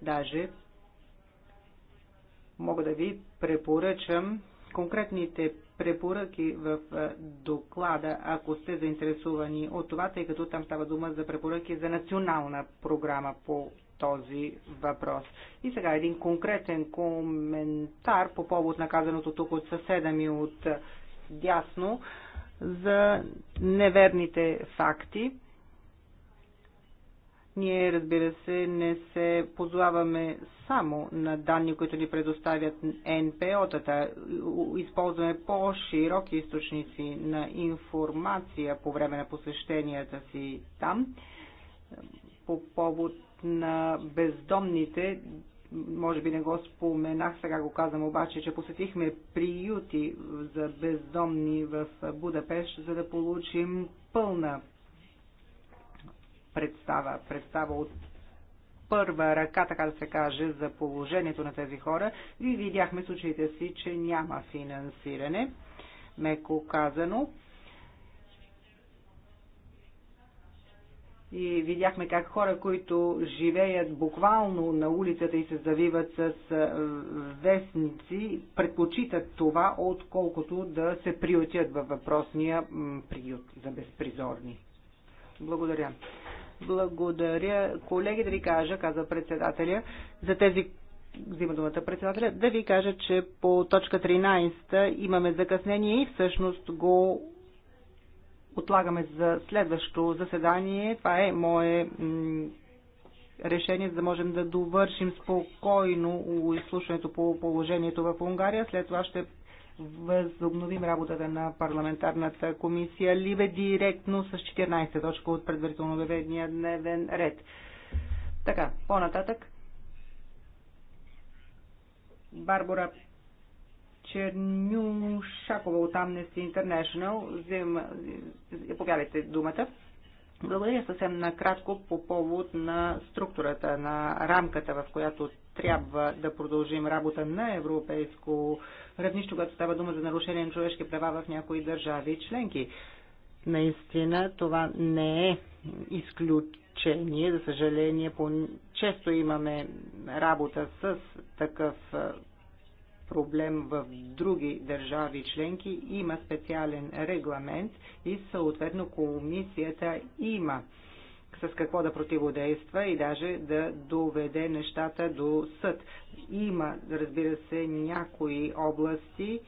D: Даже мога да ви препоръчам конкретните препоръки в е, доклада, ако сте заинтересувани от това, тъй като там става дума за препоръки за национална програма по този въпрос. И сега един конкретен коментар по повод на казаното тук от съседа ми от дясно за неверните факти. Ние, разбира се, не се позоваваме само на данни, които ни предоставят НПО-тата. Използваме по-широки източници на информация по време на посещенията си там. По повод на бездомните, може би не го споменах, сега го казвам обаче, че посетихме приюти за бездомни в Будапеш, за да получим пълна представа, представа от първа ръка, така да се каже, за положението на тези хора и видяхме случаите си, че няма финансиране, меко казано. И видяхме как хора, които живеят буквално на улицата и се завиват с вестници, предпочитат това, отколкото да се приютят във въпросния приют за безпризорни. Благодаря. Благодаря. Колеги, да ви кажа, каза председателя, за тези, взима думата председателя, да ви кажа, че по точка 13 имаме закъснение и всъщност го отлагаме за следващо заседание. Това е мое решение, за да можем да довършим спокойно изслушването по положението в Унгария. След това ще възобновим работата на парламентарната комисия Либе директно с 14 точка от предварително обявения дневен ред. Така, по-нататък. Барбара Чернюшакова от Amnesty International. Взема, заповядайте е, думата. Благодаря съвсем накратко по повод на структурата, на рамката, в която трябва да продължим работа на европейско равнище, когато става дума за нарушение на човешки права в някои държави членки. Наистина това не е изключение. За съжаление, по- често имаме работа с такъв проблем в други държави членки. Има специален регламент и съответно комисията има с какво да противодейства и даже да доведе нещата до съд. Има, разбира се, някои области,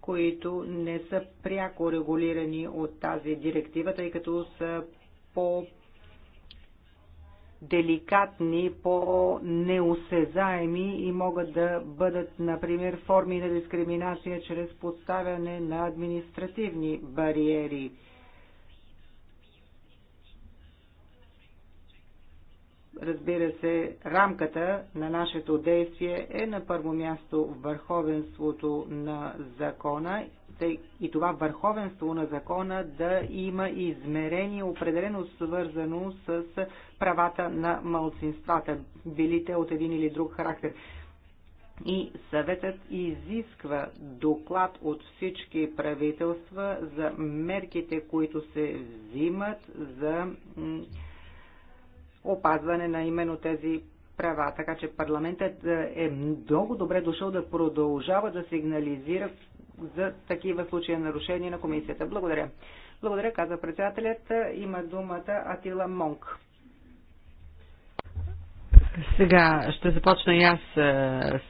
D: които не са пряко регулирани от тази директива, тъй като са по деликатни, по-неосезаеми и могат да бъдат, например, форми на дискриминация чрез поставяне на административни бариери. разбира се, рамката на нашето действие е на първо място върховенството на закона и това върховенство на закона да има измерение, определено свързано с правата на малцинствата, били те от един или друг характер. И съветът изисква доклад от всички правителства за мерките, които се взимат за опазване на именно тези права. Така че парламентът е, е много добре дошъл да продължава да сигнализира за такива случаи на нарушения на комисията. Благодаря. Благодаря, каза председателят. Има думата Атила Монк.
B: Сега ще започна и аз е,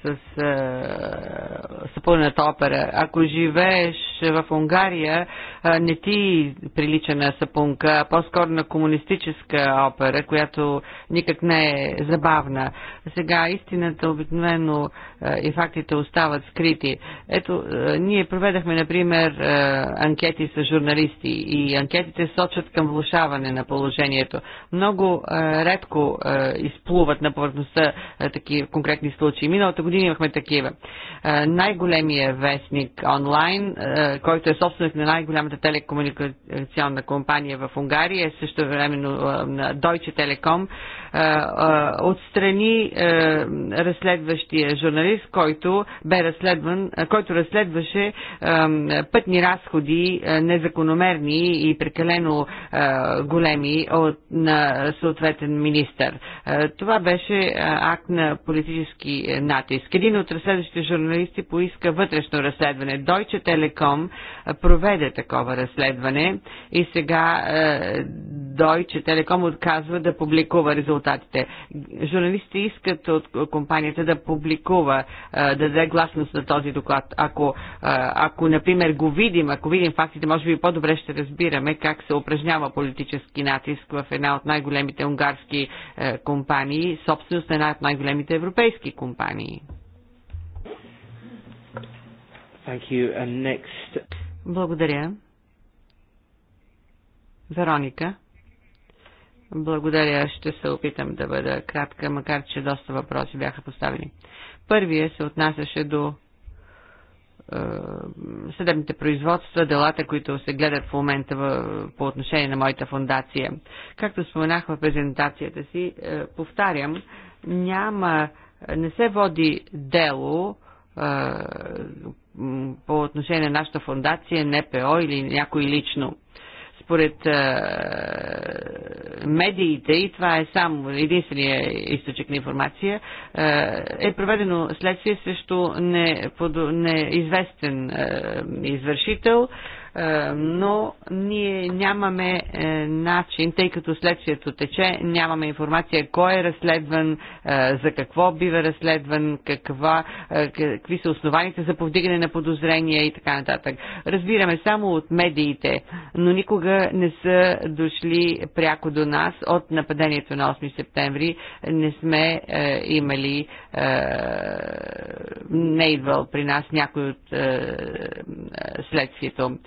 B: с, е, съпълнената съпълната опера. Ако живееш в Унгария, е, не ти прилича на сапунка, а по-скоро на комунистическа опера, която никак не е забавна. Сега истината обикновено е, и фактите остават скрити. Ето, е, ние проведахме, например, е, анкети с журналисти и анкетите сочат към влушаване на положението. Много редко изплуват на повърхността такива конкретни случаи. Миналата година имахме такива. Най-големия вестник онлайн, който е собственик на най-голямата телекомуникационна компания в Унгария, също времено на Deutsche Telekom, отстрани разследващия журналист, който бе разследван, който разследваше пътни разходи, незакономерни и прекалено големи от, на съответен министър. Това беше акт на политически натиск. Един от разследващите журналисти поиска вътрешно разследване. Deutsche Telekom проведе такова разследване и сега Deutsche Telekom отказва да публикува резултатите резултатите. Журналистите искат от компанията да публикува, да даде гласност на този доклад. Ако, ако например, го видим, ако видим фактите, може би по-добре ще разбираме как се упражнява политически натиск в една от най-големите унгарски е, компании, собственост на една от най-големите европейски компании.
A: Thank you. And next...
B: Благодаря. Вероника. Благодаря, ще се опитам да бъда кратка, макар че доста въпроси бяха поставени. Първия се отнасяше до е, съдебните производства, делата, които се гледат в момента в, по отношение на моята фундация. Както споменах в презентацията си, е, повтарям, няма, не се води дело е, по отношение на нашата фундация, НПО или някой лично според а, медиите, и това е само единствения източник на информация, а, е проведено следствие срещу неподо... неизвестен а, извършител. А, е, но ние нямаме е, начин, тъй като следствието тече, нямаме информация кой е разследван, е, за какво бива разследван, каква, какви са основаните за повдигане на подозрения и така нататък. Разбираме само от медиите, но никога не са дошли пряко до нас от нападението на 8 септември. Не сме имали, не идвал при нас някой от следствието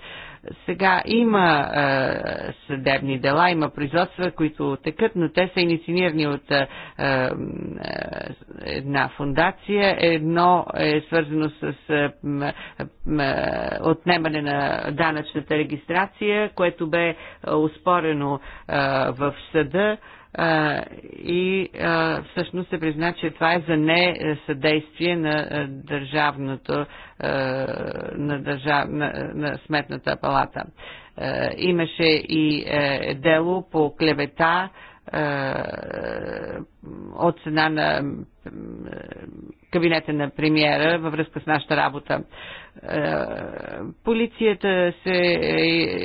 B: сега има е, съдебни дела, има производства, които текат, но те са инициирани от е, е, една фундация. Едно е свързано с е, е, е, отнемане на данъчната регистрация, което бе оспорено е, е, в съда и всъщност се призна, че това е за не съдействие на държавното на, държав, на, на сметната палата. Имаше и е, дело по клевета от цена на кабинета на премиера във връзка с нашата работа. Полицията се е,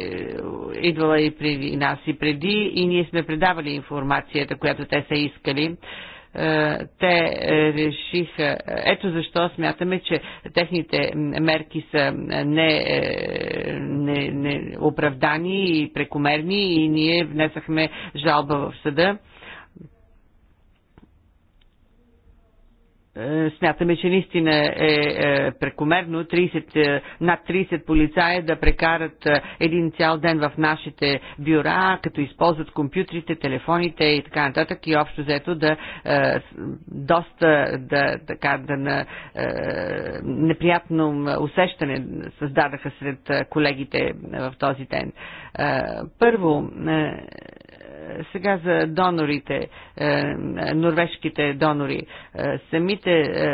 B: идвала и при нас и преди и ние сме предавали информацията, която те са искали е, те е, решиха. Ето защо смятаме, че техните мерки са неоправдани е, не, не, и прекомерни и ние внесахме жалба в съда Е, смятаме, че наистина е, е прекомерно 30, е, над 30 полицаи да прекарат един цял ден в нашите бюра, като използват компютрите, телефоните и така нататък и общо взето да доста да, така, да на, неприятно усещане създадаха сред колегите в този ден. Първо, сега за донорите, е, норвежките донори, е, самите, е,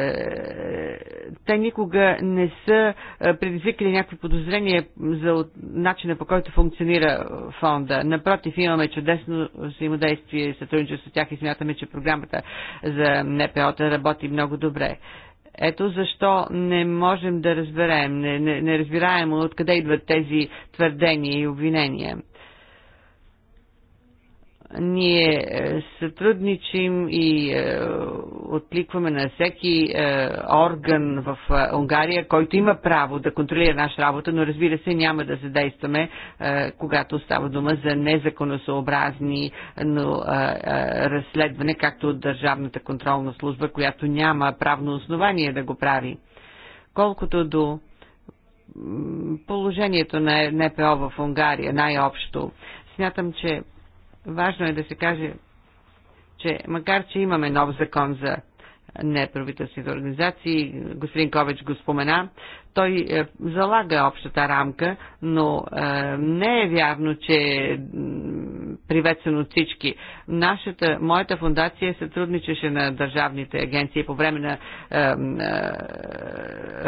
B: те никога не са предизвикали някакви подозрения за начина по който функционира фонда. Напротив, имаме чудесно взаимодействие и сътрудничество с тях и смятаме, че програмата за нпо работи много добре. Ето защо не можем да разберем, не, не, не разбираем откъде идват тези твърдения и обвинения ние е, сътрудничим и е, откликваме на всеки е, орган в Унгария, който има право да контролира наша работа, но разбира се няма да задействаме, когато става дума за незаконосообразни но, разследване, както от Държавната контролна служба, която няма правно основание да го прави. Колкото до положението на НПО в Унгария най-общо, смятам, че Важно е да се каже, че макар, че имаме нов закон за неправителствените организации, господин Ковеч го спомена, той е, залага общата рамка, но е, не е вярно, че е приветствен от всички. Нашата, моята фундация сътрудничеше на държавните агенции по време на е,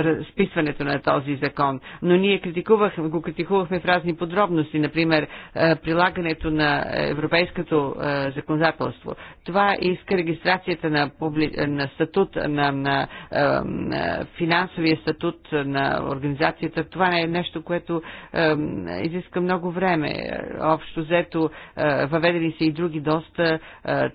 B: разписването на този закон. Но ние критикувахме, го критикувахме в разни подробности, например прилагането на европейското законодателство. Това иска регистрацията на, публи... на статут на, на, на финансовия статут на на организацията. Това е нещо, което е, изиска много време. Общо взето е, въведени са и други доста е,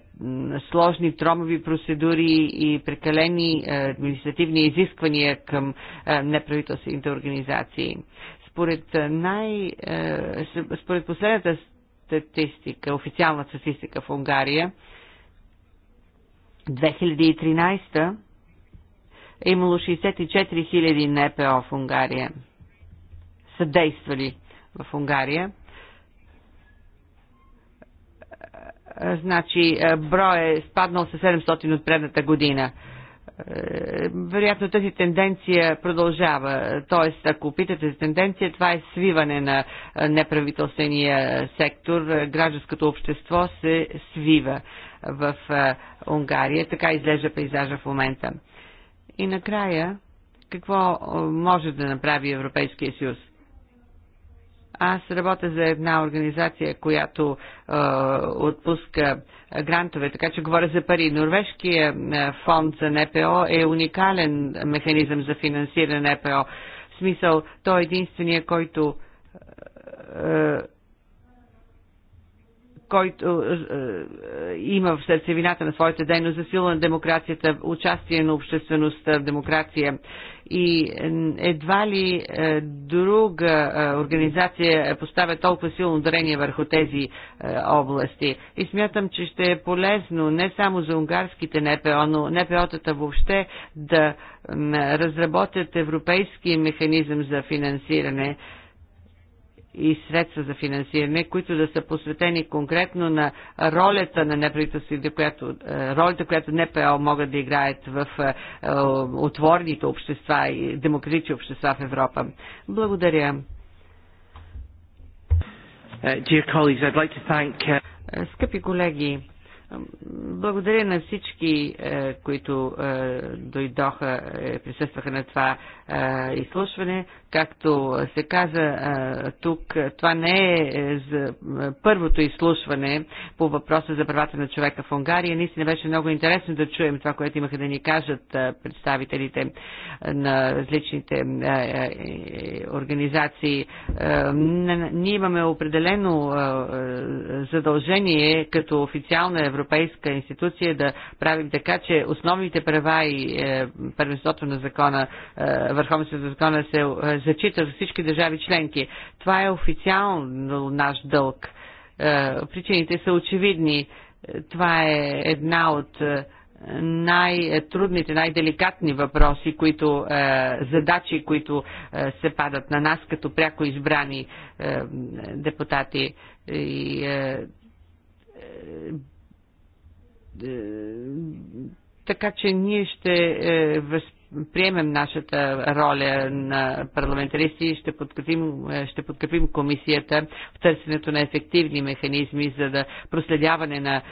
B: сложни тромови процедури и прекалени е, административни изисквания към е, неправителствените организации. Според, е, най, според последната статистика, официална статистика в Унгария, 2013 е имало 64 000 НПО в Унгария. Са действали в Унгария. Значи, броя е спаднал със 700 от предната година вероятно тази тенденция продължава. Тоест, ако питате за тенденция, това е свиване на неправителствения сектор. Гражданското общество се свива в Унгария. Така изглежда пейзажа в момента. И накрая, какво може да направи Европейския съюз? Аз работя за една организация, която е, отпуска грантове, така че говоря за пари. Норвежкия фонд за НПО е уникален механизъм за финансиране на НПО. В смисъл, той е единствения, който е, който е, е, има в сърцевината на своята дейност за сила на демокрацията, участие на обществеността в демокрация и е, едва ли друга организация поставя толкова силно дарение върху тези области. И смятам, че ще е полезно не само за унгарските НПО, но НПО-тата въобще да разработят европейски механизъм за финансиране и средства за финансиране, които да са посветени конкретно на ролята на неправителствените, която, е, ролята, която НПО могат да играят в е, е, отворните общества и демократични общества в Европа. Благодаря. Uh, uh, скъпи колеги, благодаря на всички, които дойдоха, присъстваха на това изслушване. Както се каза тук, това не е, е за е, първото изслушване по въпроса за правата на човека в Унгария. Наистина беше много интересно да чуем това, което имаха да ни кажат представителите на различните е, организации. Ние имаме определено задължение като официална европейска институция да правим така, че основните права и първенството на закона в върховенството на закона се е, зачита за всички държави членки. Това е официално наш дълг. Е, причините са очевидни. Е, това е една от най-трудните, най-деликатни въпроси, които, е, задачи, които е, се падат на нас като пряко избрани е, депутати. И, е, е, така че ние ще е, приемем нашата роля на парламентаристи и ще подкрепим, ще подкрепим комисията в търсенето на ефективни механизми за да проследяване на е,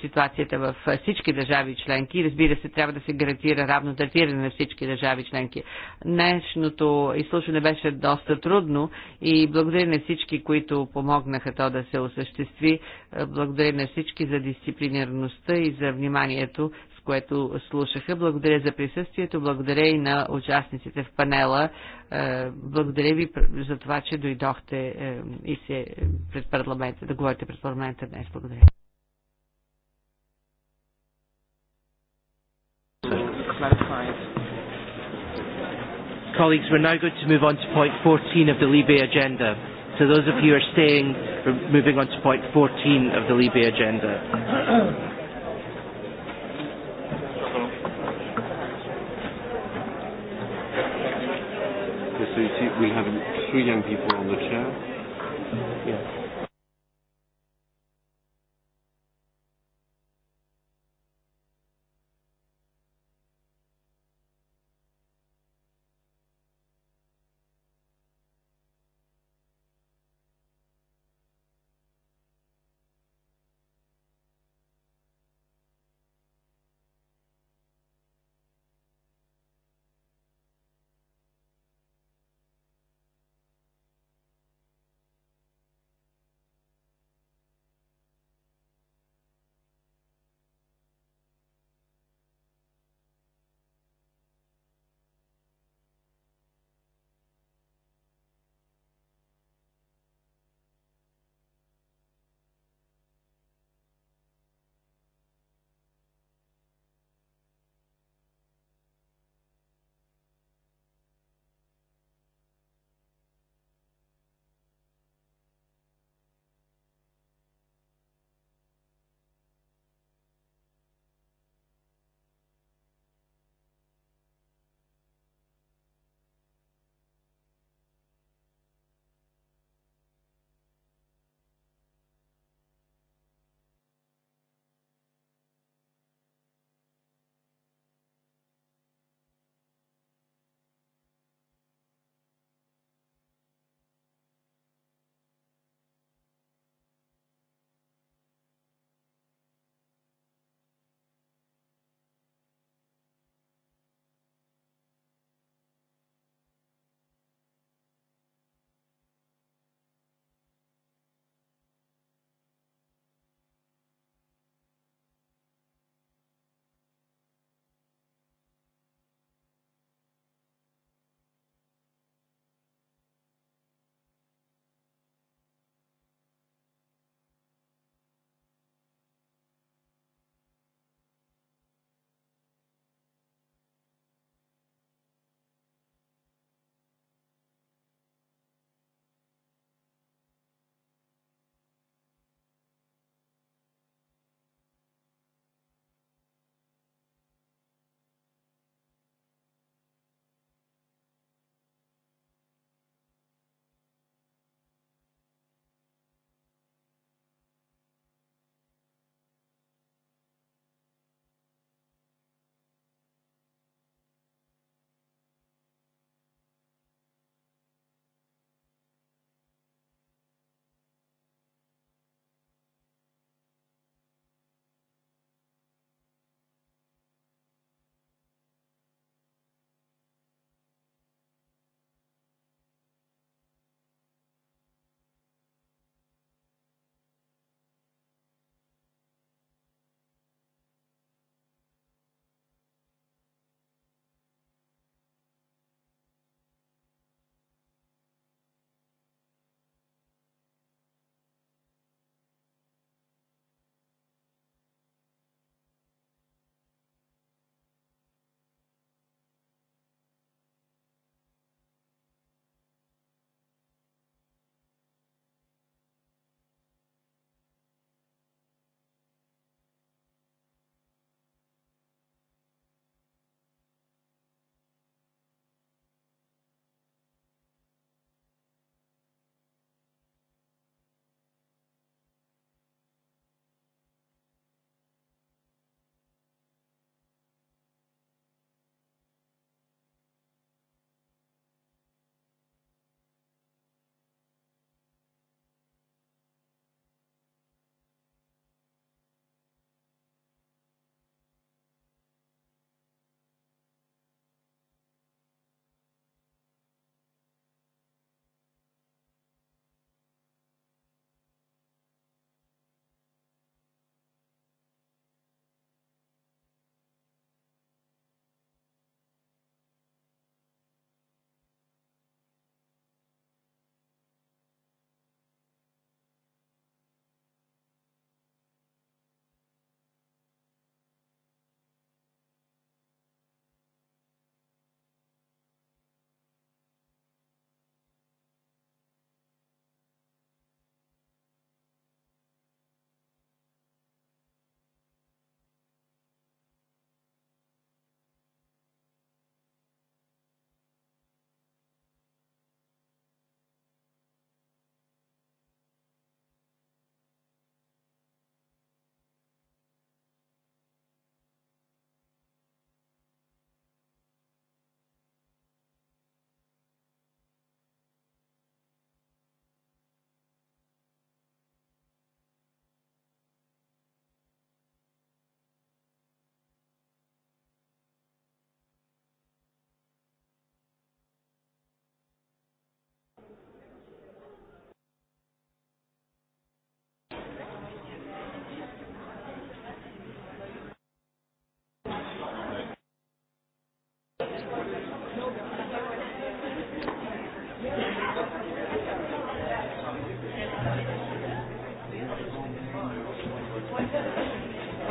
B: ситуацията в всички държави членки. Разбира се, трябва да се гарантира равно третиране на всички държави членки. Днешното изслушване беше доста трудно и благодаря на всички, които помогнаха то да се осъществи. Е, благодаря на всички за дисциплинираността и за вниманието което слушаха. Благодаря за присъствието, благодаря и на участниците в панела. Е, благодаря ви за това, че дойдохте е, и се е, пред парламента, да говорите пред парламента днес.
A: Благодаря. Colleagues, we're now going to move on to point 14 of the Libe agenda. So those of you who are staying, we're moving on to point 14 of the Libe agenda. we have
E: three young people on the chair. Yes.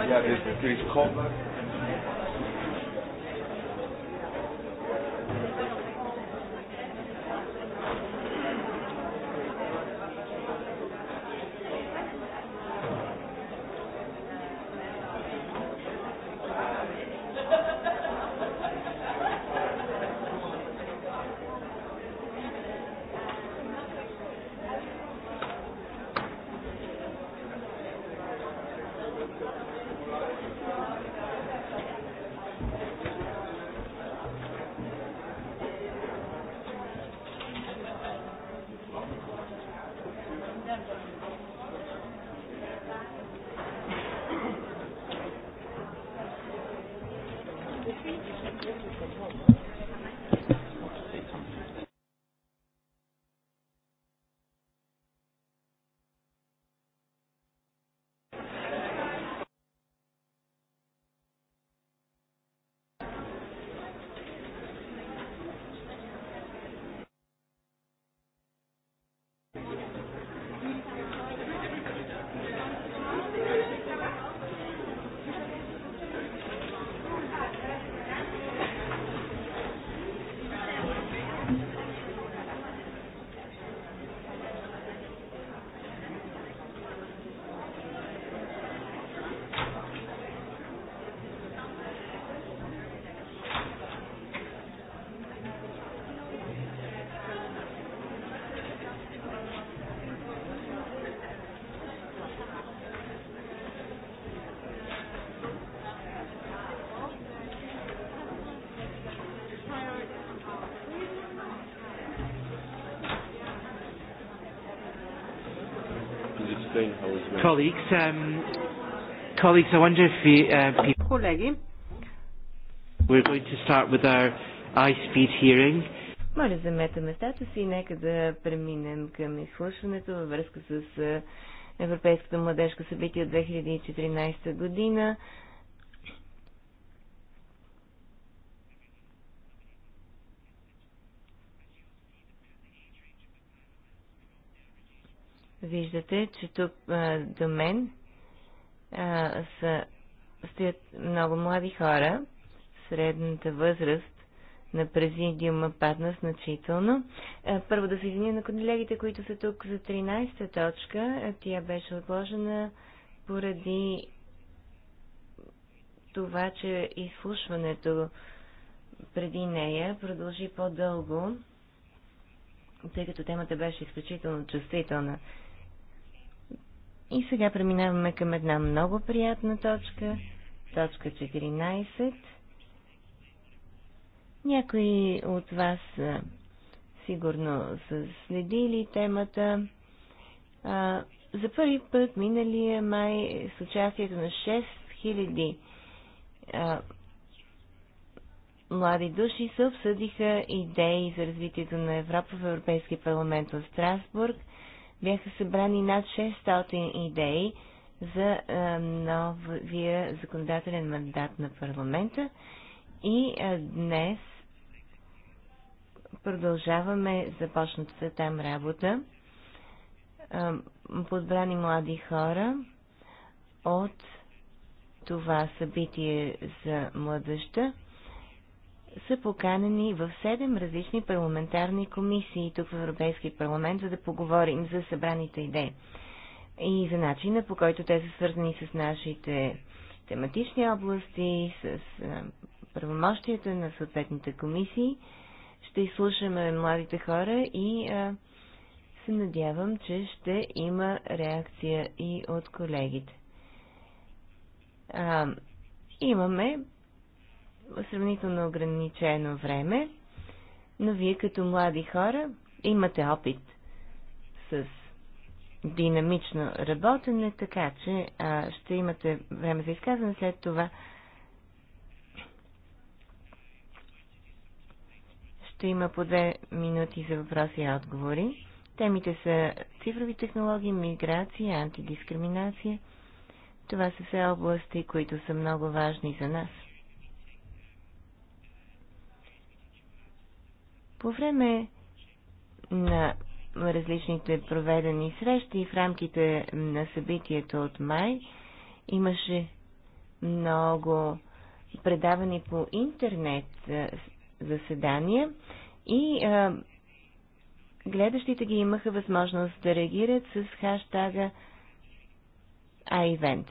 E: Yeah, there's, there's
A: colleagues. Um, colleagues, I wonder if you, uh, people. Колеги. We're going to start with our high-speed hearing.
C: Моля, замете местата си и нека да преминем към изслушването във връзка с е, Европейското младежко събитие от 2014 година. Виждате, че тук а, до мен а, са, стоят много млади хора. Средната възраст на президиума падна значително. А, първо да се извиня на колегите, които са тук за 13-та точка. Тя беше отложена поради това, че изслушването преди нея продължи по-дълго, тъй като темата беше изключително чувствителна. И сега преминаваме към една много приятна точка, точка 14. Някои от вас сигурно са следили темата. А, за първи път миналия май с участието на 6000 а, млади души се обсъдиха идеи за развитието на Европа в Европейския парламент в Страсбург бяха събрани над 600 идеи за е, новия законодателен мандат на парламента и е, днес продължаваме започнатата там работа. Е, подбрани млади хора от това събитие за младеща са поканени в 7 различни парламентарни комисии тук в Европейския парламент, за да поговорим за събраните идеи и за начина по който те са свързани с нашите тематични области, с правомощията на съответните комисии. Ще изслушаме младите хора и а, се надявам, че ще има реакция и от колегите. А, имаме сравнително ограничено време, но вие като млади хора имате опит с динамично работене, така че а, ще имате време за изказване след това. Ще има по две минути за въпроси и отговори. Темите са цифрови технологии, миграция, антидискриминация. Това са все области, които са много важни за нас. По време на различните проведени срещи в рамките на събитието от май имаше много предавани по интернет заседания и а, гледащите ги имаха възможност да реагират с хаштага iEvent.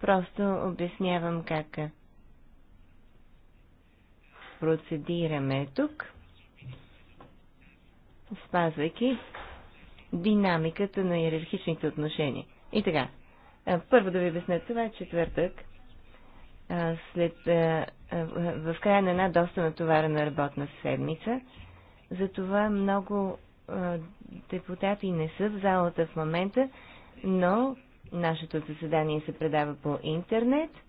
C: Просто обяснявам как процедираме тук, спазвайки динамиката на иерархичните отношения. И така, първо да ви обясня това, е четвъртък, след, в края на една доста натоварена работна седмица, затова много депутати не са в залата в момента, но нашето заседание се предава по интернет –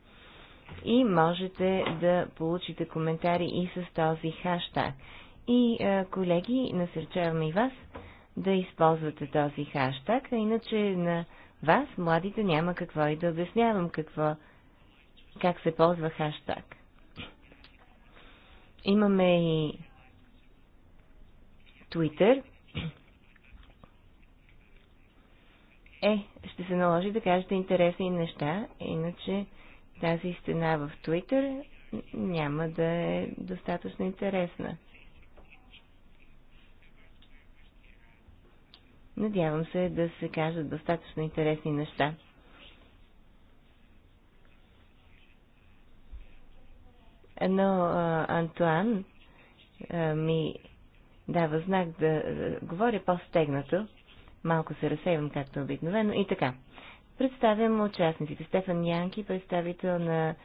C: и можете да получите коментари и с този хаштаг. И е, колеги, насърчавам и вас да използвате този хаштаг, а иначе на вас, младите, няма какво и да обяснявам какво, как се ползва хаштаг. Имаме и Twitter. Е, ще се наложи да кажете интересни неща, иначе тази стена в Твитър няма да е достатъчно интересна. Надявам се да се кажат достатъчно интересни неща. Но а, Антуан а, ми дава знак да а, говоря по-стегнато. Малко се разсейвам, както обикновено. И така. Представям участниците. Стефан Янки, представител на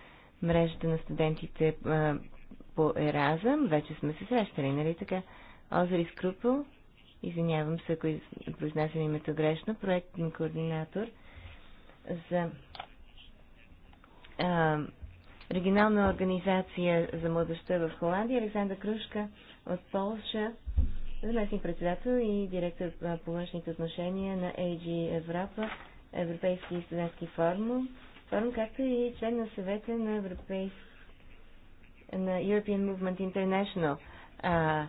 C: мрежата на студентите по Еразъм. Вече сме се срещали, нали така? Озри Скрупо, извинявам се, ако произнасям името грешно, проектен координатор за а, регионална организация за младеща в Холандия, Александър Крушка от Полша, заместник председател и директор по външните отношения на AG Европа, Европейски студентски форум, форум както и член на съвета на, Европейс... на European Movement International. А,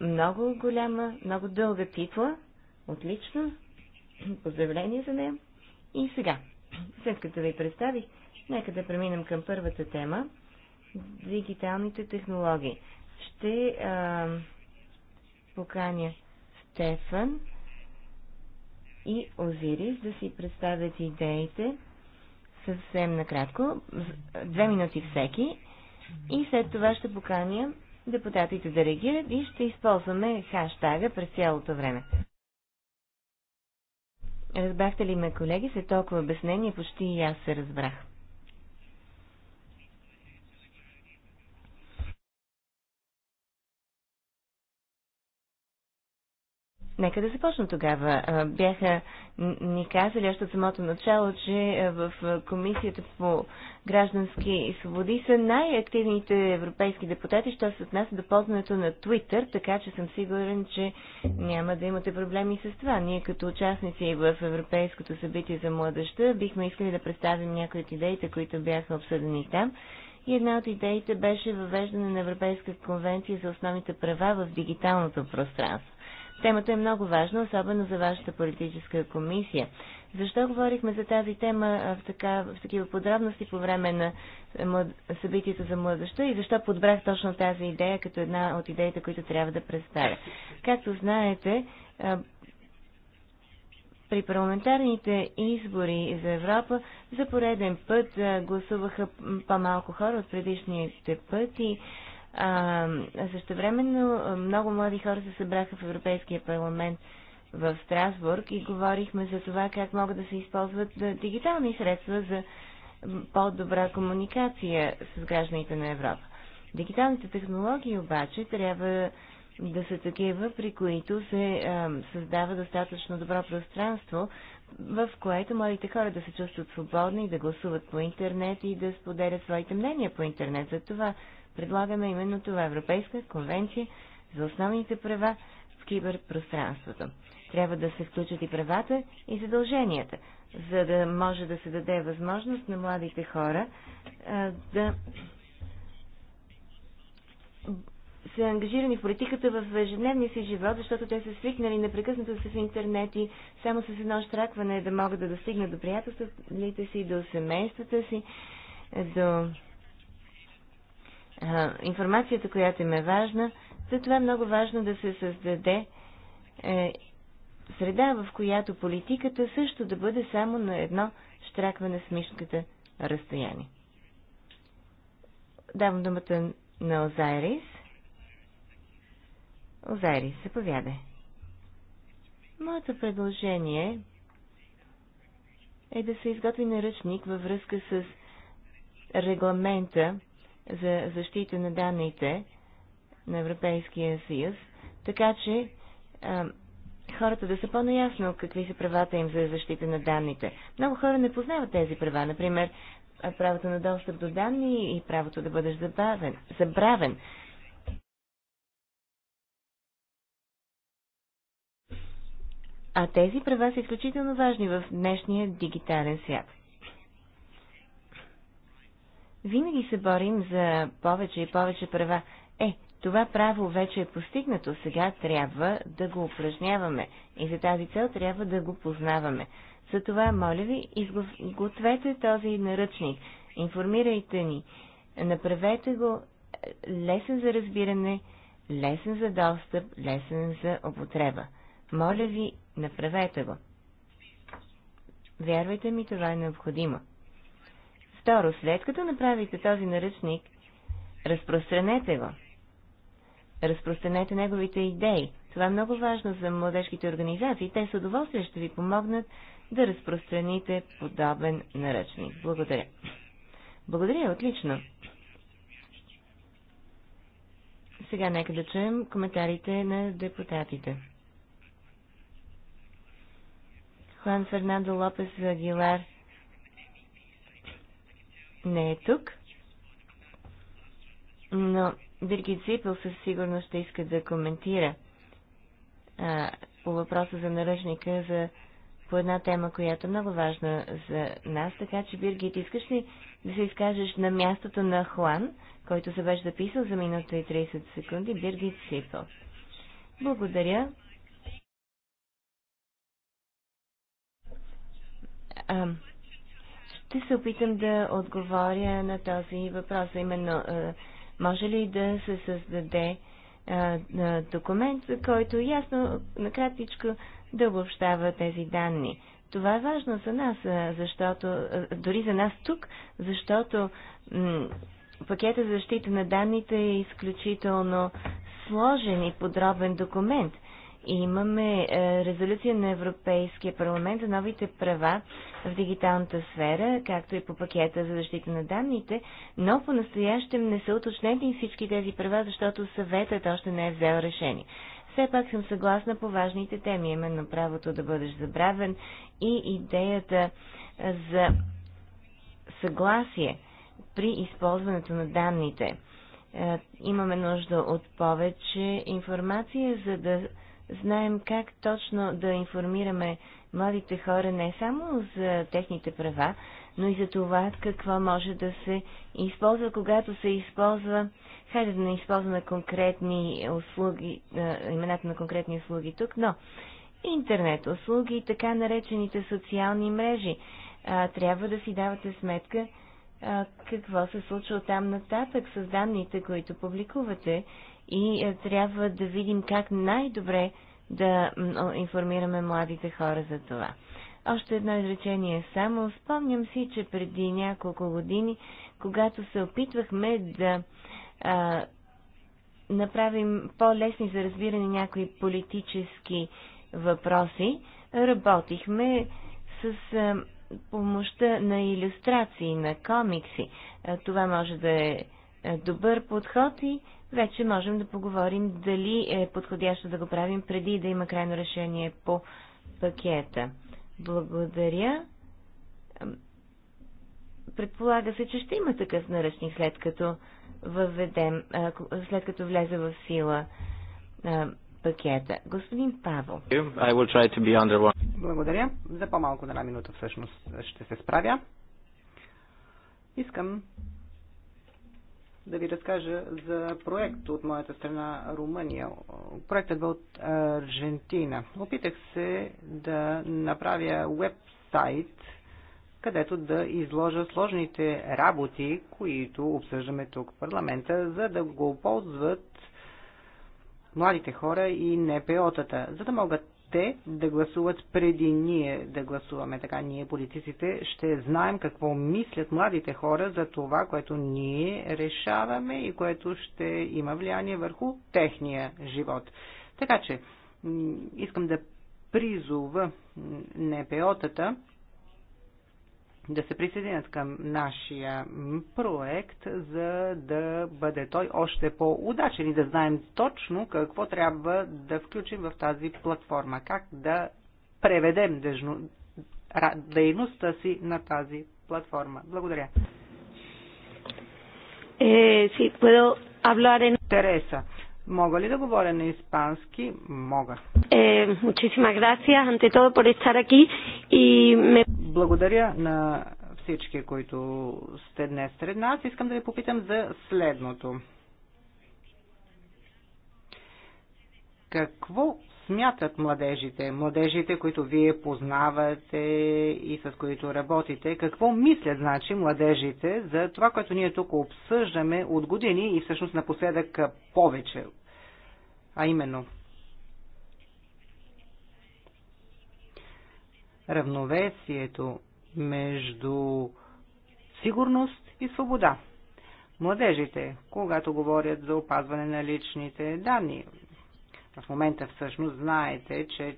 C: много голяма, много дълга титла. Отлично. Поздравление за нея. И сега, след като ви представих, нека да преминем към първата тема дигиталните технологии. Ще а, поканя Стефан и Озирис да си представят идеите съвсем накратко, две минути всеки, и след това ще поканя депутатите да реагират и ще използваме хаштага през цялото време. Разбрахте ли ме, колеги? След толкова обяснение почти и аз се разбрах. Нека да започна тогава. Бяха ни казали още от самото начало, че в Комисията по граждански свободи са най-активните европейски депутати, що се отнася до ползването на Твитър, така че съм сигурен, че няма да имате проблеми с това. Ние като участници в Европейското събитие за младеща бихме искали да представим някои от идеите, които бяха обсъдени там. И една от идеите беше въвеждане на Европейска конвенция за основните права в дигиталното пространство. Темата е много важна, особено за вашата политическа комисия. Защо говорихме за тази тема в, така, в такива подробности по време на събитието за младеща и защо подбрах точно тази идея като една от идеите, които трябва да представя? Както знаете, при парламентарните избори за Европа за пореден път гласуваха по-малко хора от предишните пъти. А, също времено много млади хора се събраха в Европейския парламент в Страсбург и говорихме за това как могат да се използват дигитални средства за по-добра комуникация с гражданите на Европа. Дигиталните технологии обаче трябва да са такива, при които се а, създава достатъчно добро пространство, в което младите хора да се чувстват свободни, да гласуват по интернет и да споделят своите мнения по интернет. За това предлагаме именно това Европейска конвенция за основните права в киберпространството. Трябва да се включат и правата и задълженията, за да може да се даде възможност на младите хора а, да са ангажирани в политиката в ежедневния си живот, защото те са свикнали непрекъснато с интернет и само с едно штракване да могат да достигнат до приятелствата си, до семействата си, до информацията, която им е важна. Затова е много важно да се създаде е, среда, в която политиката също да бъде само на едно штракване с мишката разстояние. Давам думата на Озайрис. Озайрис, заповядай. Моето предложение е да се изготви наръчник във връзка с регламента за защита на данните на Европейския съюз, така че а, хората да са по-наясно какви са правата им за защита на данните. Много хора не познават тези права, например правото на достъп до данни и правото да бъдеш забавен, забравен. А тези права са изключително важни в днешния дигитален свят. Винаги се борим за повече и повече права. Е, това право вече е постигнато, сега трябва да го упражняваме и за тази цел трябва да го познаваме. Затова, моля ви, изгответе този наръчник, информирайте ни, направете го лесен за разбиране, лесен за достъп, лесен за употреба. Моля ви, направете го. Вярвайте ми, това е необходимо. Второ, след като направите този наръчник, разпространете го. Разпространете неговите идеи. Това е много важно за младежките организации. Те с удоволствие ще ви помогнат да разпространите подобен наръчник. Благодаря. Благодаря, отлично. Сега нека да чуем коментарите на депутатите. Хуан Фернандо Лопес Агилар – не е тук, но Биргит Зипел със сигурност ще иска да коментира а, по въпроса за наръчника за, по една тема, която е много важна за нас. Така че, Биргит, искаш ли да се изкажеш на мястото на Хуан, който се беше записал за минута и 30 секунди, Биргит Зипел? Благодаря. А, ще се опитам да отговоря на този въпрос. Именно, може ли да се създаде документ, който ясно, накратичко да обобщава тези данни? Това е важно за нас, защото, дори за нас тук, защото пакета за защита на данните е изключително сложен и подробен документ имаме е, резолюция на Европейския парламент за новите права в дигиталната сфера, както и по пакета за защита на данните, но по-настоящем не са уточнени всички тези права, защото съветът още не е взел решение. Все пак съм съгласна по важните теми, именно правото да бъдеш забравен и идеята е, за съгласие при използването на данните. Е, имаме нужда от повече информация, за да знаем как точно да информираме младите хора не само за техните права, но и за това какво може да се използва, когато се използва, хайде да не използваме конкретни услуги, имената на конкретни услуги тук, но интернет услуги и така наречените социални мрежи. трябва да си давате сметка какво се случва там нататък с данните, които публикувате и е, трябва да видим как най-добре да информираме младите хора за това. Още едно изречение само. Спомням си, че преди няколко години, когато се опитвахме да а, направим по-лесни за разбиране някои политически въпроси, работихме с а, помощта на иллюстрации, на комикси. А, това може да е, е добър подход и вече можем да поговорим дали е подходящо да го правим преди да има крайно решение по пакета. Благодаря. Предполага се, че ще има такъв наръчник след като въведем, след като влезе в сила пакета. Господин Павел.
D: Благодаря. За по-малко на една минута всъщност ще се справя. Искам да ви разкажа за проект от моята страна Румъния. Проектът бе от Аржентина. Опитах се да направя веб-сайт, където да изложа сложните работи, които обсъждаме тук в парламента, за да го ползват младите хора и НПО-тата, за да могат те да гласуват преди ние да гласуваме. Така ние, политиците, ще знаем какво мислят младите хора за това, което ние решаваме и което ще има влияние върху техния живот. Така че, искам да призова НПО-тата да се присъединят към нашия проект, за да бъде той още по-удачен и да знаем точно какво трябва да включим в тази платформа, как да преведем дейността си на тази платформа. Благодаря. Е, си, en... Тереса, мога ли да говоря на испански? Мога.
C: Е, muchísimas gracias, ante todo, por estar aquí y me...
D: Благодаря на всички, които сте днес сред нас. Искам да ви попитам за следното. Какво смятат младежите, младежите, които вие познавате и с които работите, какво мислят, значи, младежите за това, което ние тук обсъждаме от години и всъщност напоследък повече, а именно равновесието между сигурност и свобода. Младежите, когато говорят за опазване на личните данни, в момента всъщност знаете, че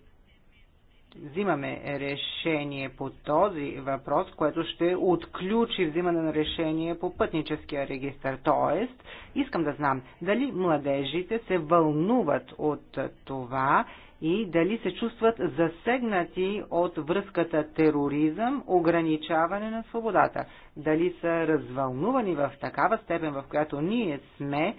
D: взимаме решение по този въпрос, което ще отключи взимане на решение по пътническия регистр. Тоест, искам да знам дали младежите се вълнуват от това и дали се чувстват засегнати от връзката тероризъм, ограничаване на свободата. Дали са развълнувани в такава степен, в която ние сме,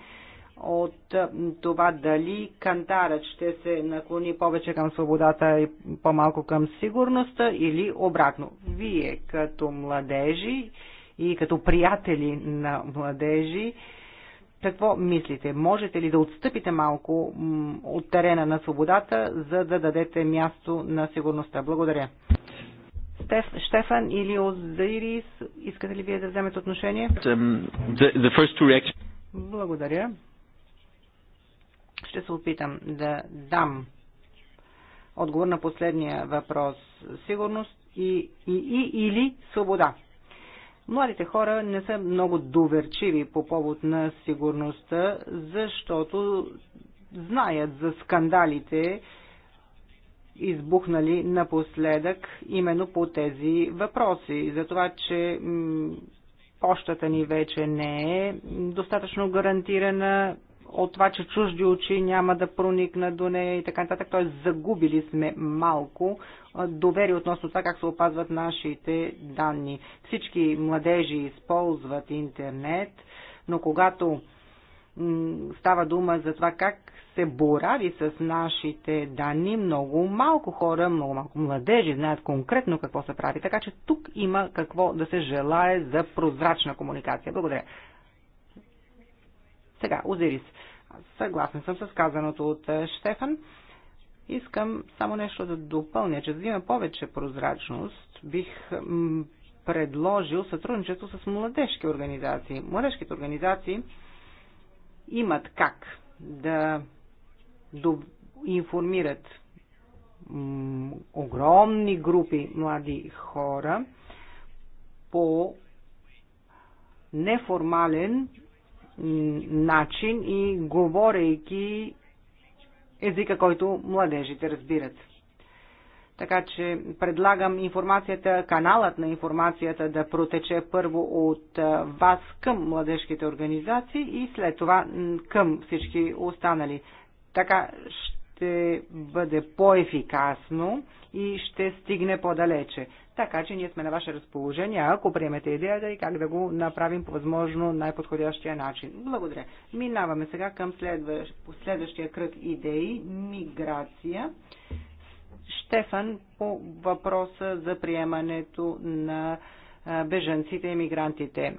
D: от това дали кантарът ще се наклони повече към свободата и по-малко към сигурността или обратно. Вие като младежи и като приятели на младежи, какво мислите? Можете ли да отстъпите малко от терена на свободата, за да дадете място на сигурността? Благодаря. Стеф, Штефан или Озирис, искате ли вие да вземете отношение? Um, Благодаря. Ще се опитам да дам отговор на последния въпрос. Сигурност и, и, и или свобода. Младите хора не са много доверчиви по повод на сигурността, защото знаят за скандалите, избухнали напоследък именно по тези въпроси. За това, че пощата ни вече не е достатъчно гарантирана, от това, че чужди очи няма да проникнат до нея и така нататък. Т.е. загубили сме малко доверие относно това как се опазват нашите данни. Всички младежи използват интернет, но когато става дума за това как се борави с нашите данни, много малко хора, много малко младежи знаят конкретно какво се прави. Така че тук има какво да се желае за прозрачна комуникация. Благодаря. Сега, Озирис. Съгласен съм с казаното от е, Штефан. Искам само нещо да допълня, че за да има повече прозрачност, бих предложил сътрудничество с младежки организации. Младежките организации имат как да, да информират огромни групи млади хора по неформален начин и говорейки езика, който младежите разбират. Така че предлагам информацията, каналът на информацията да протече първо от вас към младежките организации и след това към всички останали. Така ще ще бъде по-ефикасно и ще стигне по-далече. Така че ние сме на ваше разположение, ако приемете идеята и как да го направим по възможно най-подходящия начин. Благодаря. Минаваме сега към следващия кръг идеи миграция. Штефан по въпроса за приемането на беженците и мигрантите.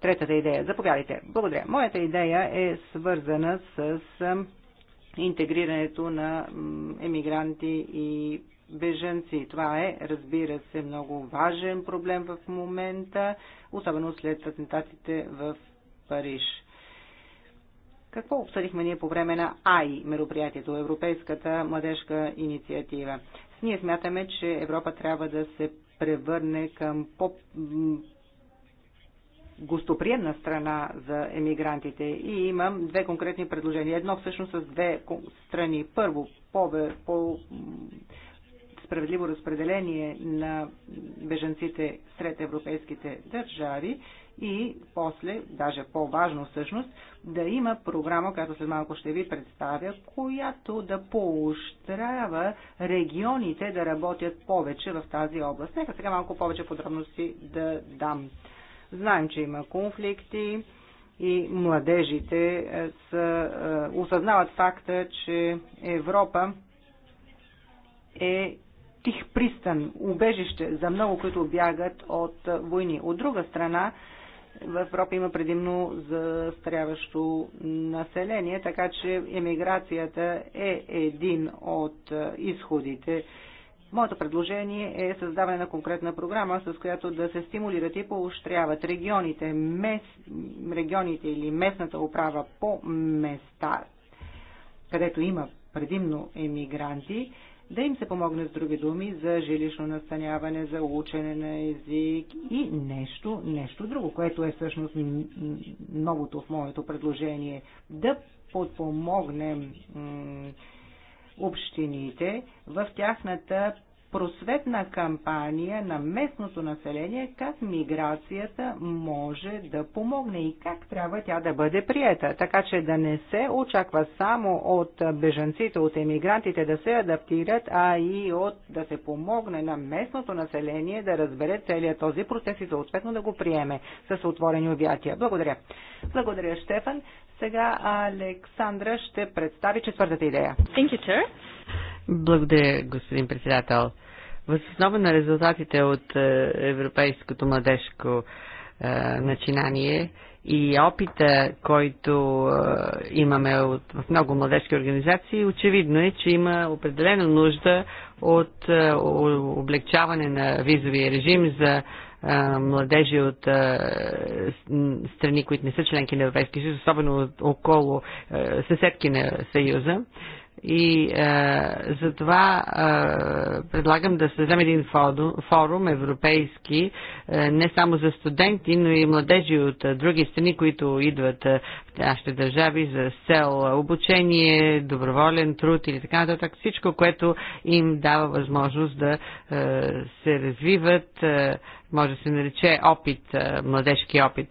D: Третата идея. Заповядайте. Благодаря. Моята идея е свързана с интегрирането на емигранти и беженци. Това е, разбира се, много важен проблем в момента, особено след атентатите в Париж. Какво обсъдихме ние по време на АИ мероприятието, Европейската младежка инициатива? Ние смятаме, че Европа трябва да се превърне към по гостоприемна страна за емигрантите. И имам две конкретни предложения. Едно всъщност с две страни. Първо, пове, по справедливо разпределение на беженците сред европейските държави и после, даже по-важно всъщност, да има програма, която след малко ще ви представя, която да поощрява регионите да работят повече в тази област. Нека сега малко повече подробности да дам. Знаем, че има конфликти и младежите е, са, е, осъзнават факта, че Европа е тих пристан, убежище за много, които бягат от войни. От друга страна, в Европа има предимно застряващо население, така че емиграцията е един от е, изходите Моето предложение е създаване на конкретна програма, с която да се стимулират и поощряват регионите, мес, регионите или местната управа по места, където има предимно емигранти, да им се помогне с други думи за жилищно настаняване, за учене на език и нещо, нещо друго, което е всъщност новото в моето предложение. Да подпомогнем общините в тяхната просветна кампания на местното население, как миграцията може да помогне и как трябва тя да бъде приета, така че да не се очаква само от бежанците, от емигрантите да се адаптират, а и от да се помогне на местното население да разбере целият този процес и съответно да го приеме с отворени обятия. Благодаря. Благодаря, Штефан. Сега Александра ще представи четвъртата идея. Thank you, sir.
B: Благодаря, господин председател. Въз основа на резултатите от е, Европейското младежко е, начинание и опита, който е, имаме от, в много младежки организации, очевидно е, че има определена нужда от облегчаване на визовия режим за младежи от страни, които не са членки на Европейския съюз, особено около съседки на Съюза и е, затова е, предлагам да създадем един форум, форум европейски, е, не само за студенти, но и младежи от е, други страни, които идват е, в нашите държави за цел обучение, доброволен труд или така нататък. Всичко, което им дава възможност да е, се развиват, е, може да се нарече опит, е, младежки опит. Е,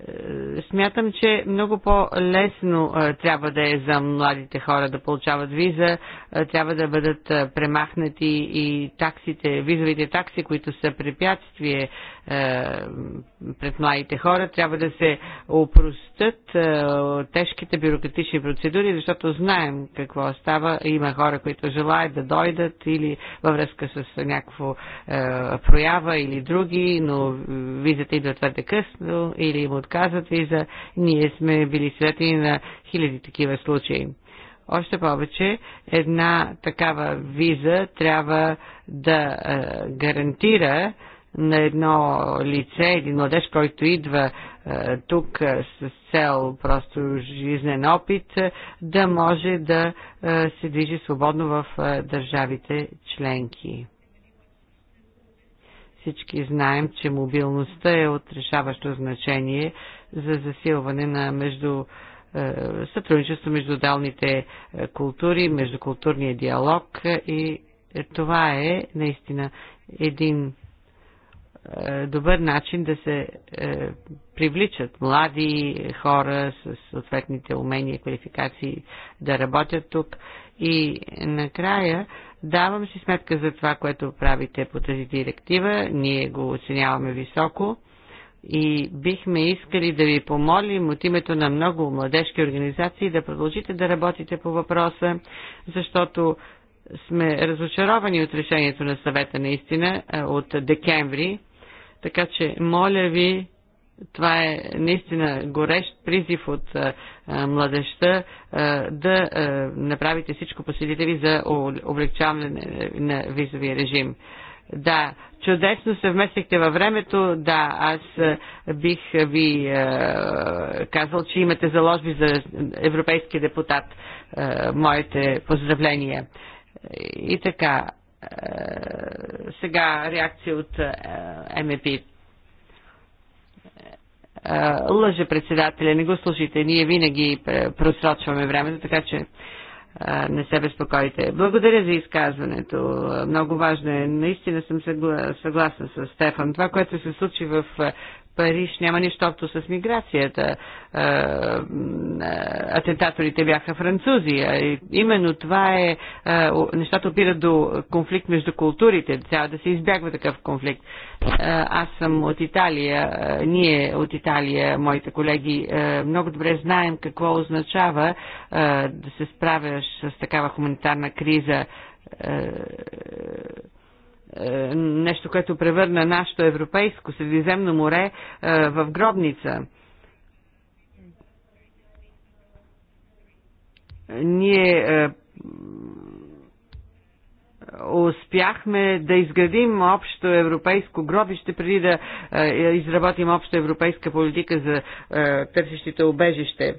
B: е, смятам, че много по-лесно е, трябва да е за младите хора да получават виза, е, трябва да бъдат премахнати и таксите, визовите такси, които са препятствие е, пред младите хора. Трябва да се опростат е, тежките бюрократични процедури, защото знаем какво става. Има хора, които желаят да дойдат или във връзка с някакво е, проява или други, но визата идва твърде късно или им отказват виза. Ние сме били свети на хиляди такива случаи. Още повече, една такава виза трябва да гарантира на едно лице, един младеж, който идва е, тук е, с цел просто жизнен опит, е, да може да се движи свободно в държавите членки. Всички знаем, че мобилността е от решаващо значение за засилване на между сътрудничество между отделните култури, междукултурния диалог и това е наистина един е, добър начин да се е, привличат млади хора с съответните умения, и квалификации да работят тук. И накрая давам си сметка за това, което правите по тази директива. Ние го оценяваме високо и бихме искали да ви помолим от името на много младежки организации да продължите да работите по въпроса, защото сме разочаровани от решението на съвета наистина е, от декември така че, моля ви, това е наистина горещ призив от а, младеща а, да а, направите всичко по силите ви за облегчаване на, на визовия режим. Да, чудесно се вместихте във времето. Да, аз бих ви а, казал, че имате заложби за европейски депутат. А, моите поздравления. И така, е, сега реакция от е, МЕП. Е, лъже председателя, не го слушайте. Ние винаги просрочваме времето, така че не се безпокойте. Благодаря за изказването. Много важно е. Наистина съм съгласна с Стефан. Това, което се случи в Париж няма нищо общо с миграцията. Е, е, атентаторите бяха французи. Е, именно това е... Нещата опират до конфликт между културите. Трябва да се избягва такъв конфликт. Аз съм от Италия. Ние от Италия, моите колеги, много добре знаем какво означава да се справяш с такава хуманитарна криза е, нещо, което превърна нашето европейско Средиземно море е, в гробница. Ние е, успяхме да изградим общо европейско гробище, преди да изработим общо европейска политика за търсещите обежище.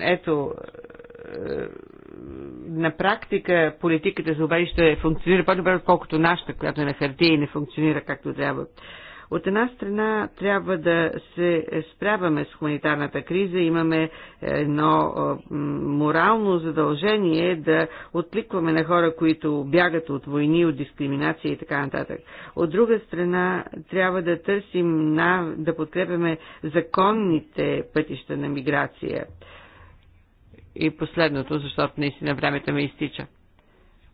B: Ето, на практика политиката за убежище функционира по-добре, отколкото нашата, която е на хартия и не функционира както трябва. От една страна трябва да се справяме с хуманитарната криза, имаме едно морално задължение да откликваме на хора, които бягат от войни, от дискриминация и така нататък. От друга страна трябва да търсим, на, да подкрепяме законните пътища на миграция и последното, защото наистина времето ми изтича.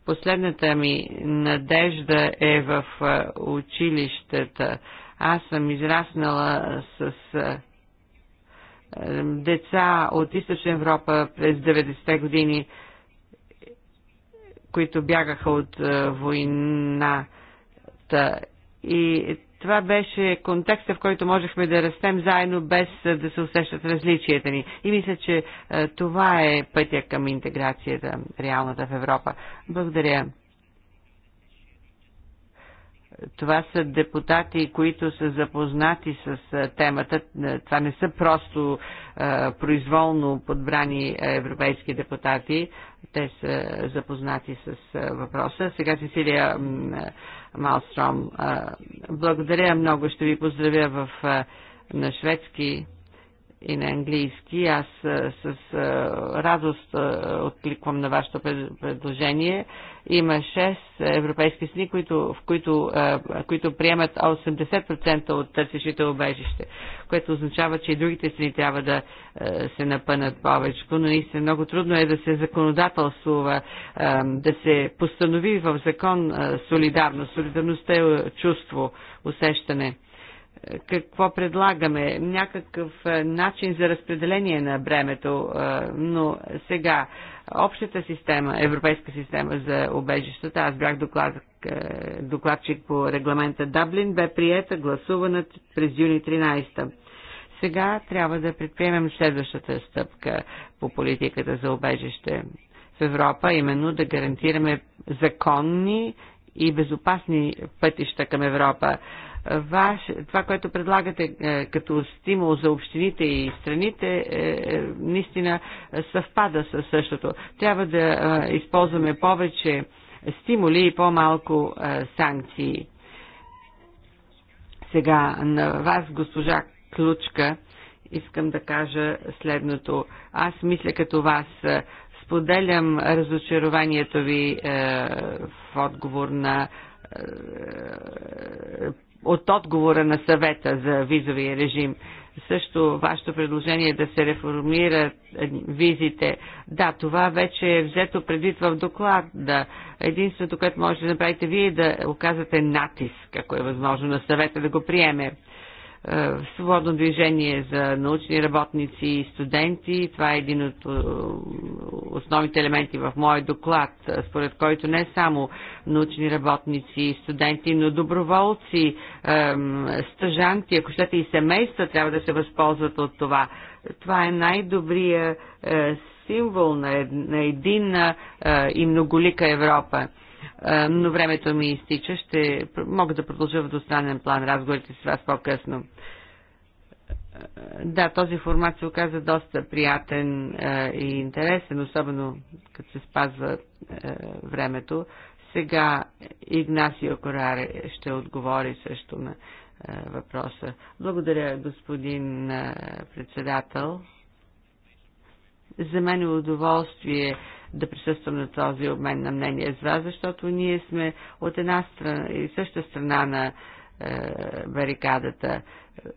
B: Последната ми надежда е в училищата. Аз съм израснала с деца от Източна Европа през 90-те години, които бягаха от войната. И това беше контекста, в който можехме да растем заедно, без да се усещат различията ни. И мисля, че е, това е пътя към интеграцията, реалната в Европа. Благодаря. Това са депутати, които са запознати с е, темата. Е, това не са просто произволно подбрани европейски депутати. Те са запознати с въпроса. Сега Сесилия Малстром. Благодаря много, ще ви поздравя в, на шведски и на английски. Аз с радост откликвам на вашето предложение. Има 6 европейски СНИ, които, в които, които приемат 80% от търсещите обежище, което означава, че и другите страни трябва да се напънат повече. Но наистина много трудно е да се законодателствува, да се постанови в закон солидарност. Солидарността е чувство, усещане какво предлагаме, някакъв е, начин за разпределение на бремето, е, но сега общата система, европейска система за обежищата, аз бях доклад, е, докладчик по регламента Даблин, бе приета, гласувана през юни 13 Сега трябва да предприемем следващата стъпка по политиката за обежище в Европа, именно да гарантираме законни и безопасни пътища към Европа ваш, това, което предлагате е, като стимул за общините и страните, е, е, наистина съвпада с същото. Трябва да използваме повече стимули и по-малко санкции. Сега на вас, госпожа Ключка, искам да кажа следното. Аз мисля като вас, споделям разочарованието ви е, в отговор на от отговора на съвета за визовия режим. Също вашето предложение е да се реформират визите. Да, това вече е взето предвид в доклад. Да. Единственото, което можете да направите вие е да оказате натиск, ако е възможно, на съвета да го приеме. Е, свободно движение за научни работници и студенти. Това е един от е, основните елементи в мой доклад, според който не само научни работници и студенти, но доброволци, е, стъжанти, ако щете и семейства трябва да се възползват от това. Това е най-добрия символ на единна и многолика Европа но времето ми изтича. Ще мога да продължа в двустранен план разговорите с вас по-късно да, този формат се оказа доста приятен е, и интересен, особено като се спазва е, времето. Сега Игнасио Кораре ще отговори също на е, въпроса. Благодаря, господин е, председател. За мен е удоволствие да присъствам на този обмен на мнение с вас, защото ние сме от една страна и съща страна на е, барикадата. Е,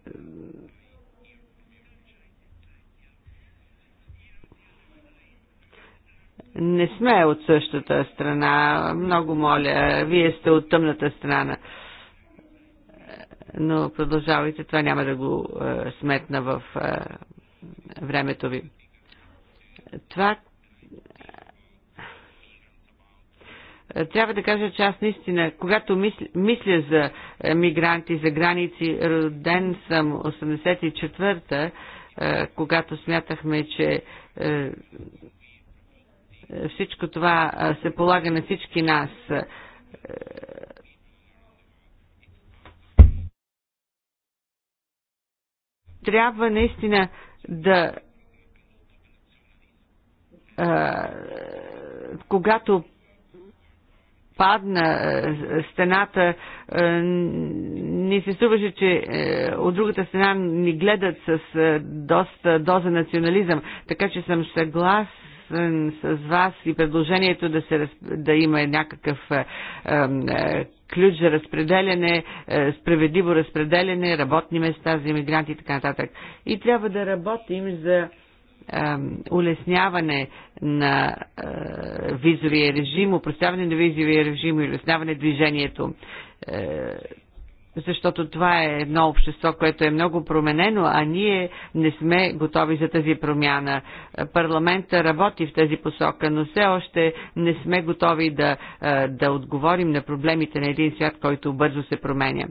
B: не сме от същата страна. Много моля, вие сте от тъмната страна. Но продължавайте, това няма да го е, сметна в е, времето ви. Това е, трябва да кажа, че аз наистина, когато мисля, мисля за е, мигранти, за граници, роден съм 84-та, е, когато смятахме, че всичко това се полага на всички нас. Трябва наистина да когато падна стената, ни се струваше, че от другата страна ни гледат с доста доза национализъм. Така че съм съгласен с, с вас и предложението да, се, да има някакъв е, е, ключ за разпределяне, е, справедливо разпределяне, работни места за иммигранти и така нататък. И трябва да работим за е, улесняване на е, визовия режим, упростяване на визовия режим и улесняване движението е, защото това е едно общество, което е много променено, а ние не сме готови за тази промяна. Парламента работи в тази посока, но все още не сме готови да, да отговорим на проблемите на един свят, който бързо се променя.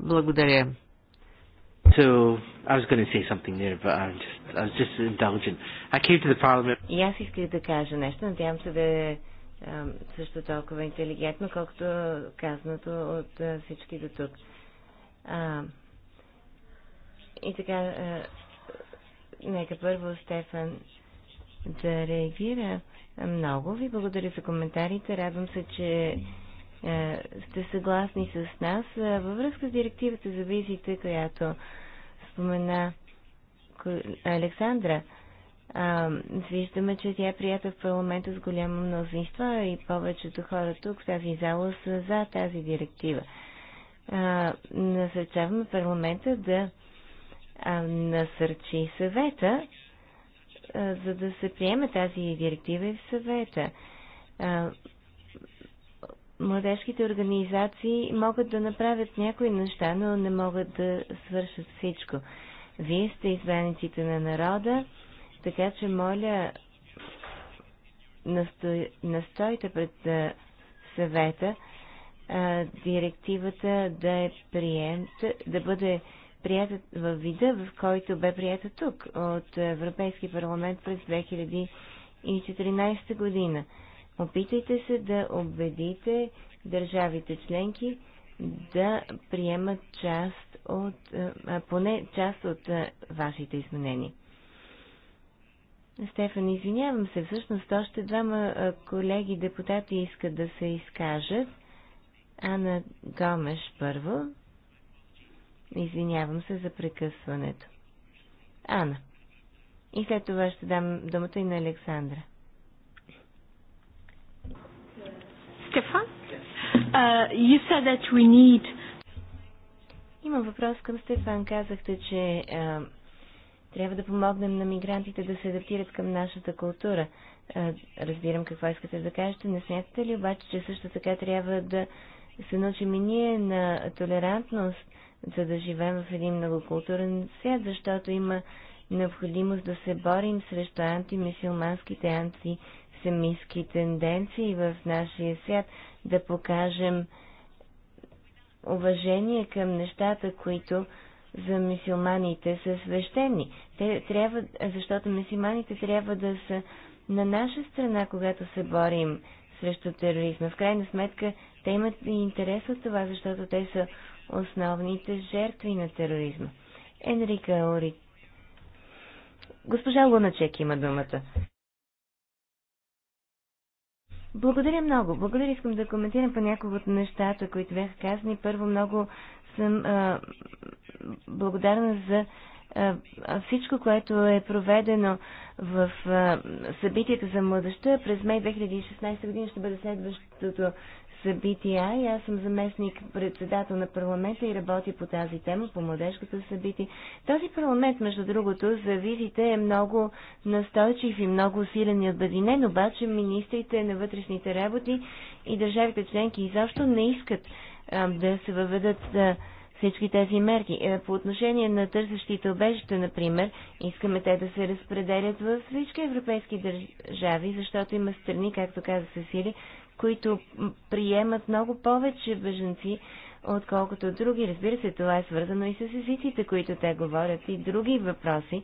B: Благодаря.
A: So I was going to say something there, but I'm just I was just indulgent. I came to the parliament.
C: И аз исках да кажа нещо. Надявам се да е също толкова интелигентно, колкото казаното от всички до тук. А, и така, а, нека първо Стефан да реагира. Много ви благодаря за коментарите. Радвам се, че а, сте съгласни с нас във връзка с директивата за визите, която спомена Александра. А, виждаме, че тя е прията в парламента с голямо мнозинство и повечето хора тук в тази зала са за тази директива а, насърчаваме парламента да а, насърчи съвета, а, за да се приеме тази директива и в съвета. А, младежките организации могат да направят някои неща, но не могат да свършат всичко. Вие сте избраниците на народа, така че моля настойте пред съвета директивата да, е приемта, да бъде прията в вида, в който бе прията тук от Европейски парламент през 2014 година. Опитайте се да убедите държавите членки да приемат част от, а, поне част от а, вашите изменения. Стефан, извинявам се, всъщност още двама колеги депутати искат да се изкажат. Ана Гомеш първо. Извинявам се за прекъсването. Ана. И след това ще дам думата и на Александра. Стефан? Uh, you said that we need... Имам въпрос към Стефан. Казахте, че uh, трябва да помогнем на мигрантите да се адаптират към нашата култура. Uh, разбирам какво искате да кажете. Не смятате ли обаче, че също така трябва да uh, се научим и ние на толерантност, за да живеем в един многокултурен свят, защото има необходимост да се борим срещу антимисилманските, антисемитски тенденции в нашия свят, да покажем уважение към нещата, които за мисилманите са свещени. Те трябва, защото мисилманите трябва да са на наша страна, когато се борим срещу тероризма. В крайна сметка те имат и интерес от това, защото те са основните жертви на тероризма. Енрика Ори. Госпожа Луначек има думата. Благодаря много. Благодаря, искам да коментирам по няколко от нещата, които бяха казани. Първо, много съм а, благодарна за а, всичко, което е проведено в а, събитията за младеща. През май 2016 година ще бъде следващото събития. И аз съм заместник председател на парламента и работя по тази тема, по младежкото събитие. Този парламент, между другото, за визите е много настойчив и много силен и обединен, обаче министрите на вътрешните работи и държавите членки изобщо не искат а, да се въведат а, всички тези мерки. Е, по отношение на търсещите обежища, например, искаме те да се разпределят във всички европейски държави, защото има страни, както каза Сесили, които приемат много повече беженци, отколкото други. Разбира се, това е свързано и с езиците, които те говорят и други въпроси.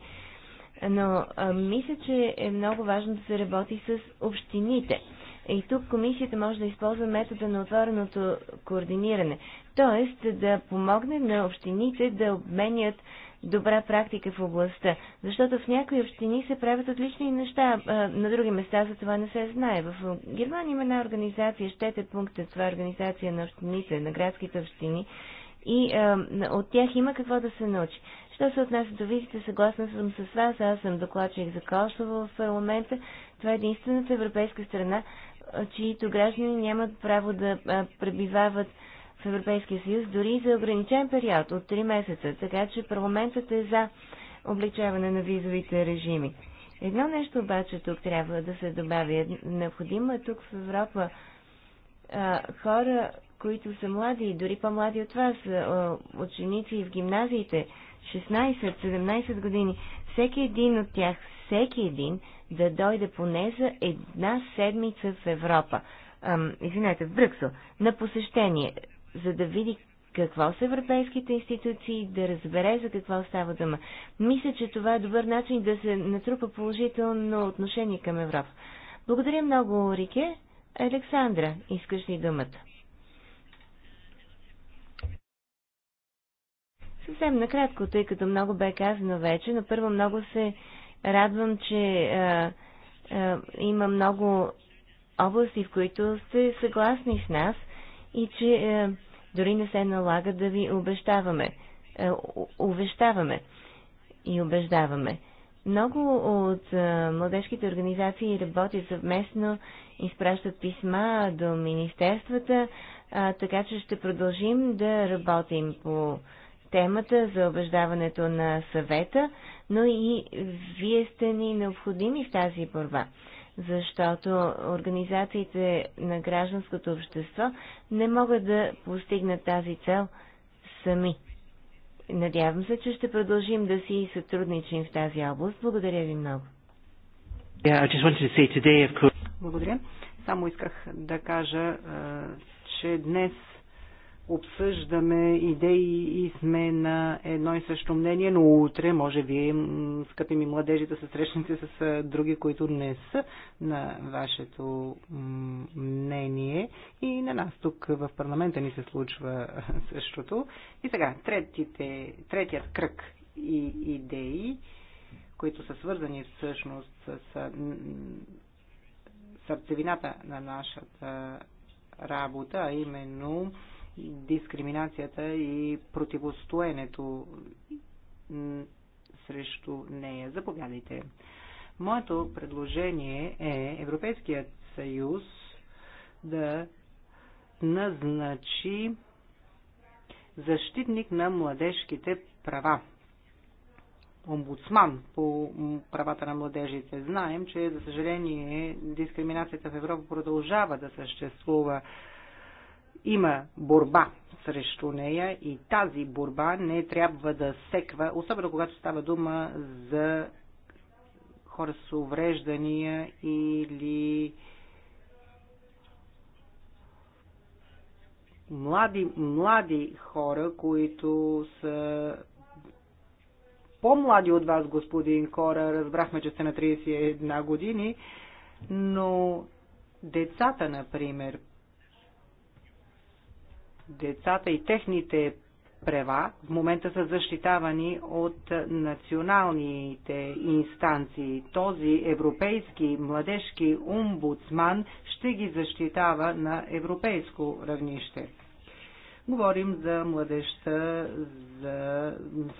C: Но а, мисля, че е много важно да се работи с общините. И тук комисията може да използва метода на отвореното координиране. Тоест да помогне на общините да обменят добра практика в областта. Защото в някои общини се правят отлични неща, на други места за това не се знае. В Германия има една организация, щете пункта, това е организация на общините, на градските общини. И а, от тях има какво да се научи. Що се отнася до визите, съгласна съм с вас. Аз съм докладчик за Косово в парламента. Това е единствената европейска страна, чието граждани нямат право да пребивават в Европейския съюз, дори за ограничен период от 3 месеца, така че парламентът е за обличаване на визовите режими. Едно нещо обаче тук трябва да се добави. Е необходимо е тук в Европа а, хора, които са млади, дори по-млади от вас, а, ученици в гимназиите, 16-17 години, всеки един от тях, всеки един да дойде поне за една седмица в Европа. Ам, извинете, в Брюксел, на посещение за да види какво са европейските институции, да разбере за какво става дума. Мисля, че това е добър начин да се натрупа положително отношение към Европа. Благодаря много, Рике. Александра, искаш ли думата? Съвсем накратко, тъй като много бе казано вече, но първо много се радвам, че а, а, има много области, в които сте съгласни с нас и че а, дори не се налага да ви обещаваме. Обещаваме. увещаваме и убеждаваме. Много от е, младежките организации работят съвместно, изпращат писма до министерствата, е, така че ще продължим да работим по темата за убеждаването на съвета, но и вие сте ни необходими в тази борба защото организациите на гражданското общество не могат да постигнат тази цел сами. Надявам се, че ще продължим да си сътрудничим в тази област. Благодаря ви много. Благодаря.
D: Само исках да кажа, че днес обсъждаме идеи и сме на едно и също мнение, но утре може вие, скъпи ми младежи, да се срещнете с други, които не са на вашето мнение. И на нас тук в парламента ни се случва същото. И сега, третите, третият кръг и идеи, които са свързани всъщност с сърцевината на нашата работа, а именно дискриминацията и противостоенето срещу нея. Заповядайте. Моето предложение е Европейският съюз да назначи защитник на младежките права. Омбудсман по правата на младежите. Знаем, че, за съжаление, дискриминацията в Европа продължава да съществува има борба срещу нея и тази борба не трябва да секва, особено когато става дума за хора с увреждания или млади, млади хора, които са по-млади от вас, господин Кора, разбрахме, че сте на 31 години, но децата, например, Децата и техните права в момента са защитавани от националните инстанции. Този европейски младежки омбудсман ще ги защитава на европейско равнище. Говорим за младежта, за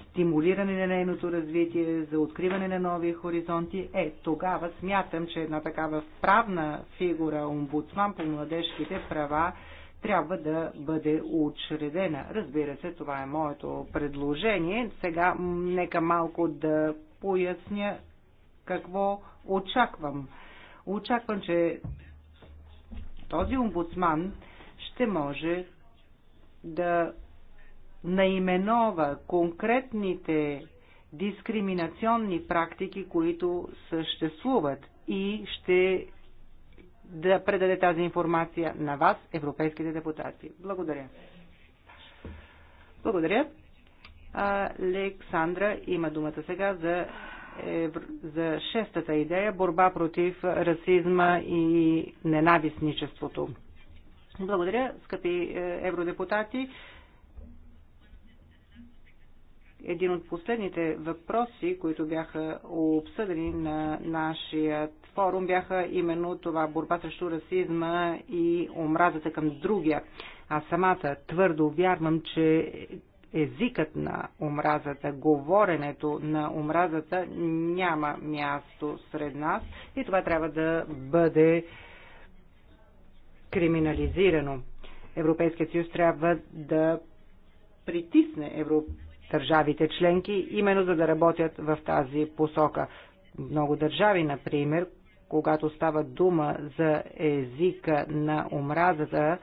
D: стимулиране на нейното развитие, за откриване на нови хоризонти. Е, тогава смятам, че една такава правна фигура, омбудсман по младежките права, трябва да бъде учредена. Разбира се, това е моето предложение. Сега нека малко да поясня какво очаквам. Очаквам, че този омбудсман ще може да наименова конкретните дискриминационни практики, които съществуват и ще да предаде тази информация на вас, европейските депутати. Благодаря. Благодаря. Александра има думата сега за, за шестата идея борба против расизма и ненавистничеството. Благодаря, скъпи е, евродепутати един от последните въпроси, които бяха обсъдени на нашия форум, бяха именно това борба срещу расизма и омразата към другия. А самата твърдо вярвам, че езикът на омразата, говоренето на омразата няма място сред нас и това трябва да бъде криминализирано. Европейският съюз трябва да притисне Европейския държавите членки, именно за да работят в тази посока. Много държави, например, когато става дума за езика на омразата,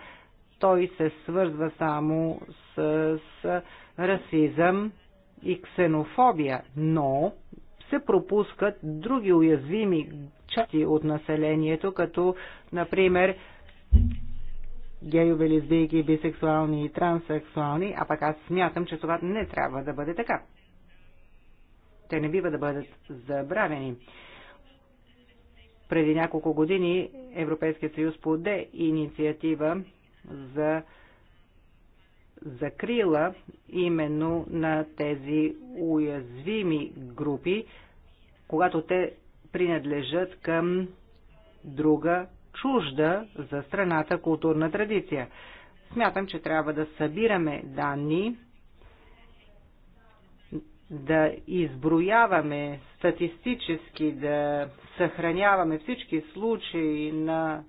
D: той се свързва само с, с расизъм и ксенофобия, но се пропускат други уязвими части от населението, като, например, гейове, лесбийки, бисексуални и транссексуални, а пък аз смятам, че това не трябва да бъде така. Те не бива да бъдат забравени. Преди няколко години Европейският съюз поде инициатива за закрила именно на тези уязвими групи, когато те принадлежат към друга чужда за страната културна традиция. Смятам, че трябва да събираме данни, да изброяваме статистически, да съхраняваме всички случаи на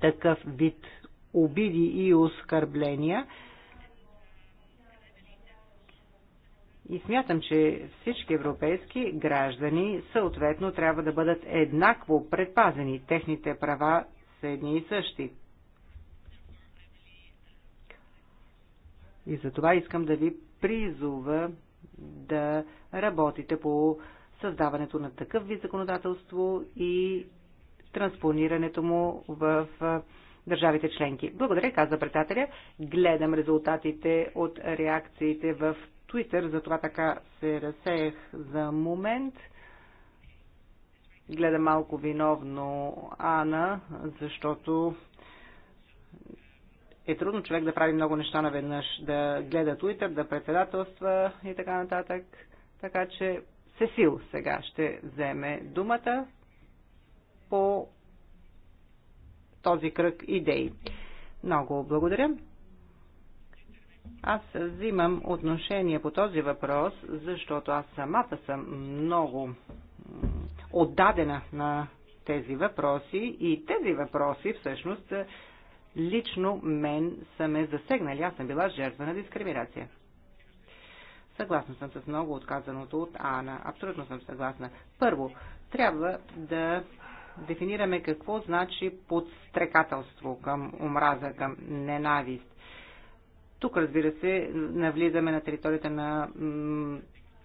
D: такъв вид обиди и оскърбления – И смятам, че всички европейски граждани съответно трябва да бъдат еднакво предпазени. Техните права са едни и същи. И за това искам да ви призова да работите по създаването на такъв вид законодателство и транспонирането му в държавите членки. Благодаря, каза председателя. Гледам резултатите от реакциите в Twitter, затова така се разсеях за момент. Гледа малко виновно Ана, защото е трудно човек да прави много неща наведнъж, да гледа Twitter, да председателства и така нататък. Така че Сесил сега ще вземе думата по този кръг идеи. Много благодаря. Аз взимам отношение по този въпрос, защото аз самата съм много отдадена на тези въпроси и тези въпроси всъщност е, лично мен са ме засегнали. Аз съм била жертва на дискриминация. Съгласна съм с много отказаното от Ана. Абсолютно съм съгласна. Първо, трябва да дефинираме какво значи подстрекателство към омраза, към ненавист. Тук, разбира се, навлизаме на територията на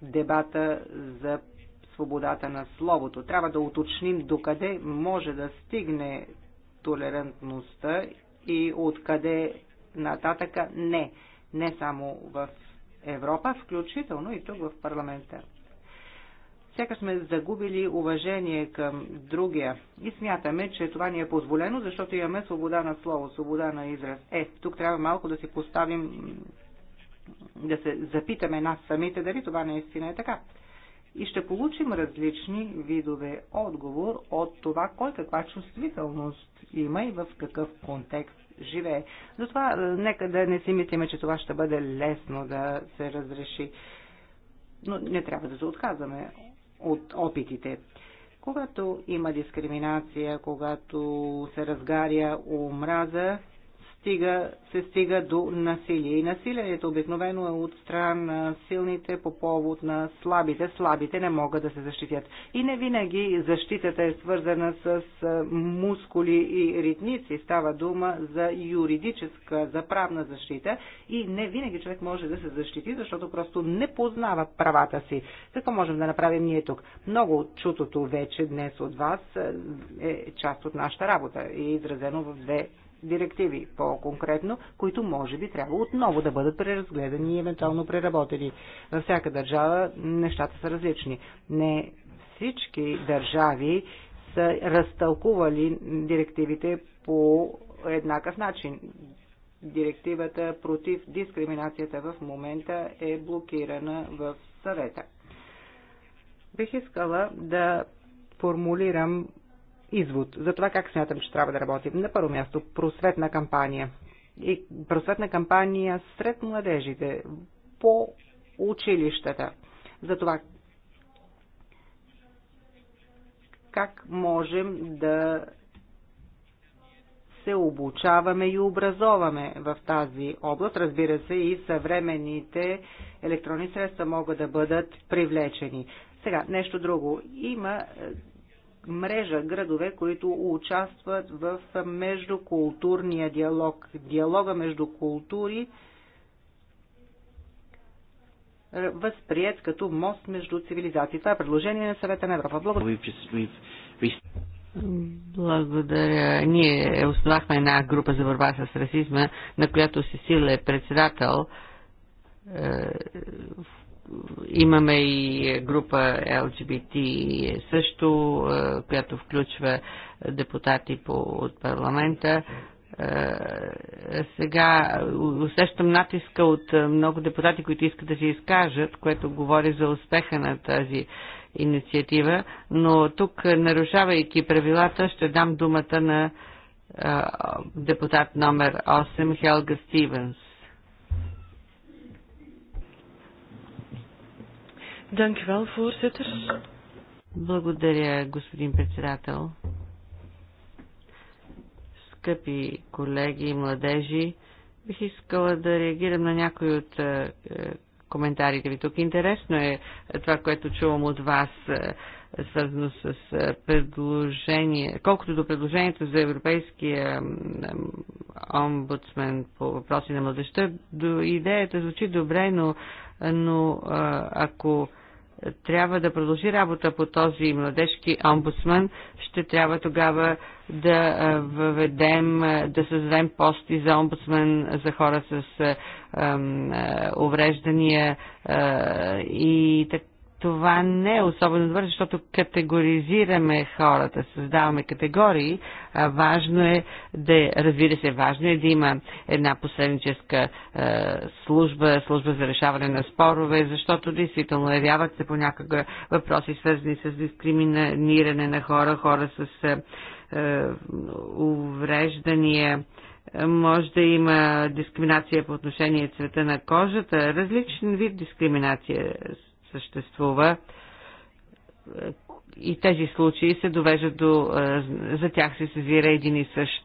D: дебата за свободата на словото. Трябва да уточним докъде може да стигне толерантността и откъде нататъка не. Не само в Европа, включително и тук в парламента сякаш сме загубили уважение към другия и смятаме, че това ни е позволено, защото имаме свобода на слово, свобода на израз. Е, тук трябва малко да си поставим, да се запитаме нас самите дали това наистина е така. И ще получим различни видове отговор от това кой каква чувствителност има и в какъв контекст живее. Затова е, нека да не си мислиме, че това ще бъде лесно да се разреши но не трябва да се отказваме от опитите. Когато има дискриминация, когато се разгаря омраза, стига, се стига до насилие. И насилието обикновено е от страна на силните по повод на слабите. Слабите не могат да се защитят. И не винаги защитата е свързана с мускули и ритници. Става дума за юридическа, за правна защита. И не винаги човек може да се защити, защото просто не познава правата си. Какво можем да направим ние тук? Много от чутото вече днес от вас е част от нашата работа и изразено в две директиви по-конкретно, които може би трябва отново да бъдат преразгледани и евентуално преработени. Във всяка държава нещата са различни. Не всички държави са разтълкували директивите по еднакъв начин. Директивата против дискриминацията в момента е блокирана в съвета. Бих искала да формулирам извод за това как смятам, че трябва да работим. На първо място, просветна кампания. И просветна кампания сред младежите, по училищата. За това как можем да се обучаваме и образоваме в тази област. Разбира се, и съвременните електронни средства могат да бъдат привлечени. Сега, нещо друго. Има мрежа градове, които участват в междукултурния диалог. Диалога между култури възприят като мост между цивилизации. Това е предложение на съвета на Европа. Благодаря.
B: Благодаря. Ние основахме една група за борба с расизма, на която Сесил е председател е, имаме и група LGBT също, е, която включва депутати по, от парламента. Е, сега усещам натиска от много депутати, които искат да се изкажат, което говори за успеха на тази инициатива, но тук, нарушавайки правилата, ще дам думата на е, депутат номер 8 Хелга Стивенс. Dank u wel, voorzitter. Благодаря, господин председател. Скъпи колеги и младежи, бих искала да реагирам на някои от е, е, коментарите ви тук. Интересно е това, което чувам от вас, е, свързано с предложение, колкото до предложението за Европейския омбудсмен по въпроси на младеща, до идеята звучи добре, но, но ако трябва да продължи работа по този младежки омбудсман, ще трябва тогава да въведем, да създадем пости за омбудсман за хора с увреждания и така това не е особено добре, защото категоризираме хората, създаваме категории. Важно е да, разбира се, важно е да има една посредническа е, служба, служба за решаване на спорове, защото действително явяват се понякога въпроси, свързани с дискриминиране на хора, хора с е, е, увреждания може да има дискриминация по отношение цвета на кожата, различен вид дискриминация съществува и тези случаи се довеждат до... За тях се сезира един и същ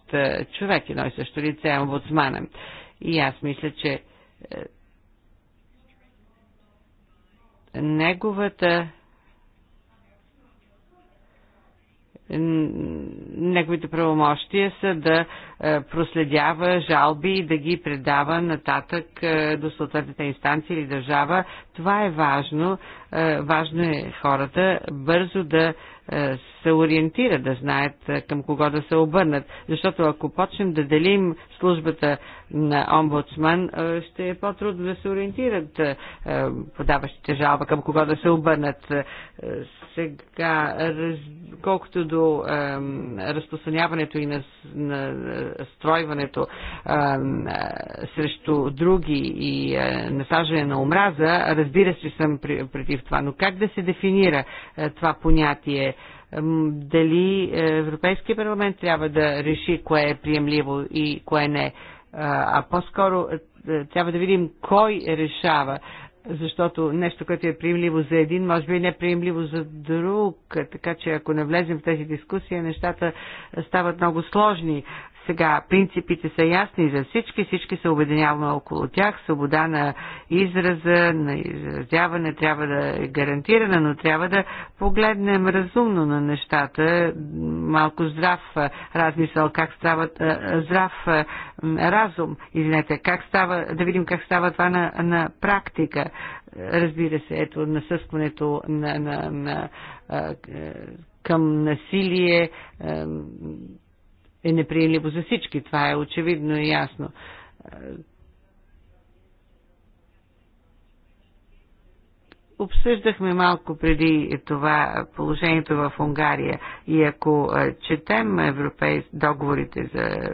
B: човек, едно и също лице, омбудсмана. И аз мисля, че неговата неговите правомощия са да е, проследява жалби и да ги предава нататък е, до съответната инстанция или държава. Това е важно. Е, важно е хората бързо да се ориентират, да знаят към кого да се обърнат. Защото ако почнем да делим службата на омбудсман, ще е по-трудно да се ориентират подаващите жалба към кого да се обърнат. Сега, раз... колкото до разпространяването и на, на стройването срещу други и насаждане на омраза, разбира се, съм против това, но как да се дефинира това понятие? дали е, Европейския парламент трябва да реши кое е приемливо и кое не. Е, а по-скоро е, трябва да видим кой решава, защото нещо, което е приемливо за един, може би не е приемливо за друг. Така че ако не влезем в тези дискусии, нещата стават много сложни. Сега, принципите са ясни за всички, всички се обединяваме около тях. Свобода на израза, на изразяване трябва да е гарантирана, но трябва да погледнем разумно на нещата, малко здрав размисъл, как става здрав разум, извинете, как става, да видим как става това на, на практика. Разбира се, ето насъскването на, на, на, е, към насилие е неприемливо за всички. Това е очевидно и ясно. Обсъждахме малко преди това положението в Унгария и ако четем европейс... договорите за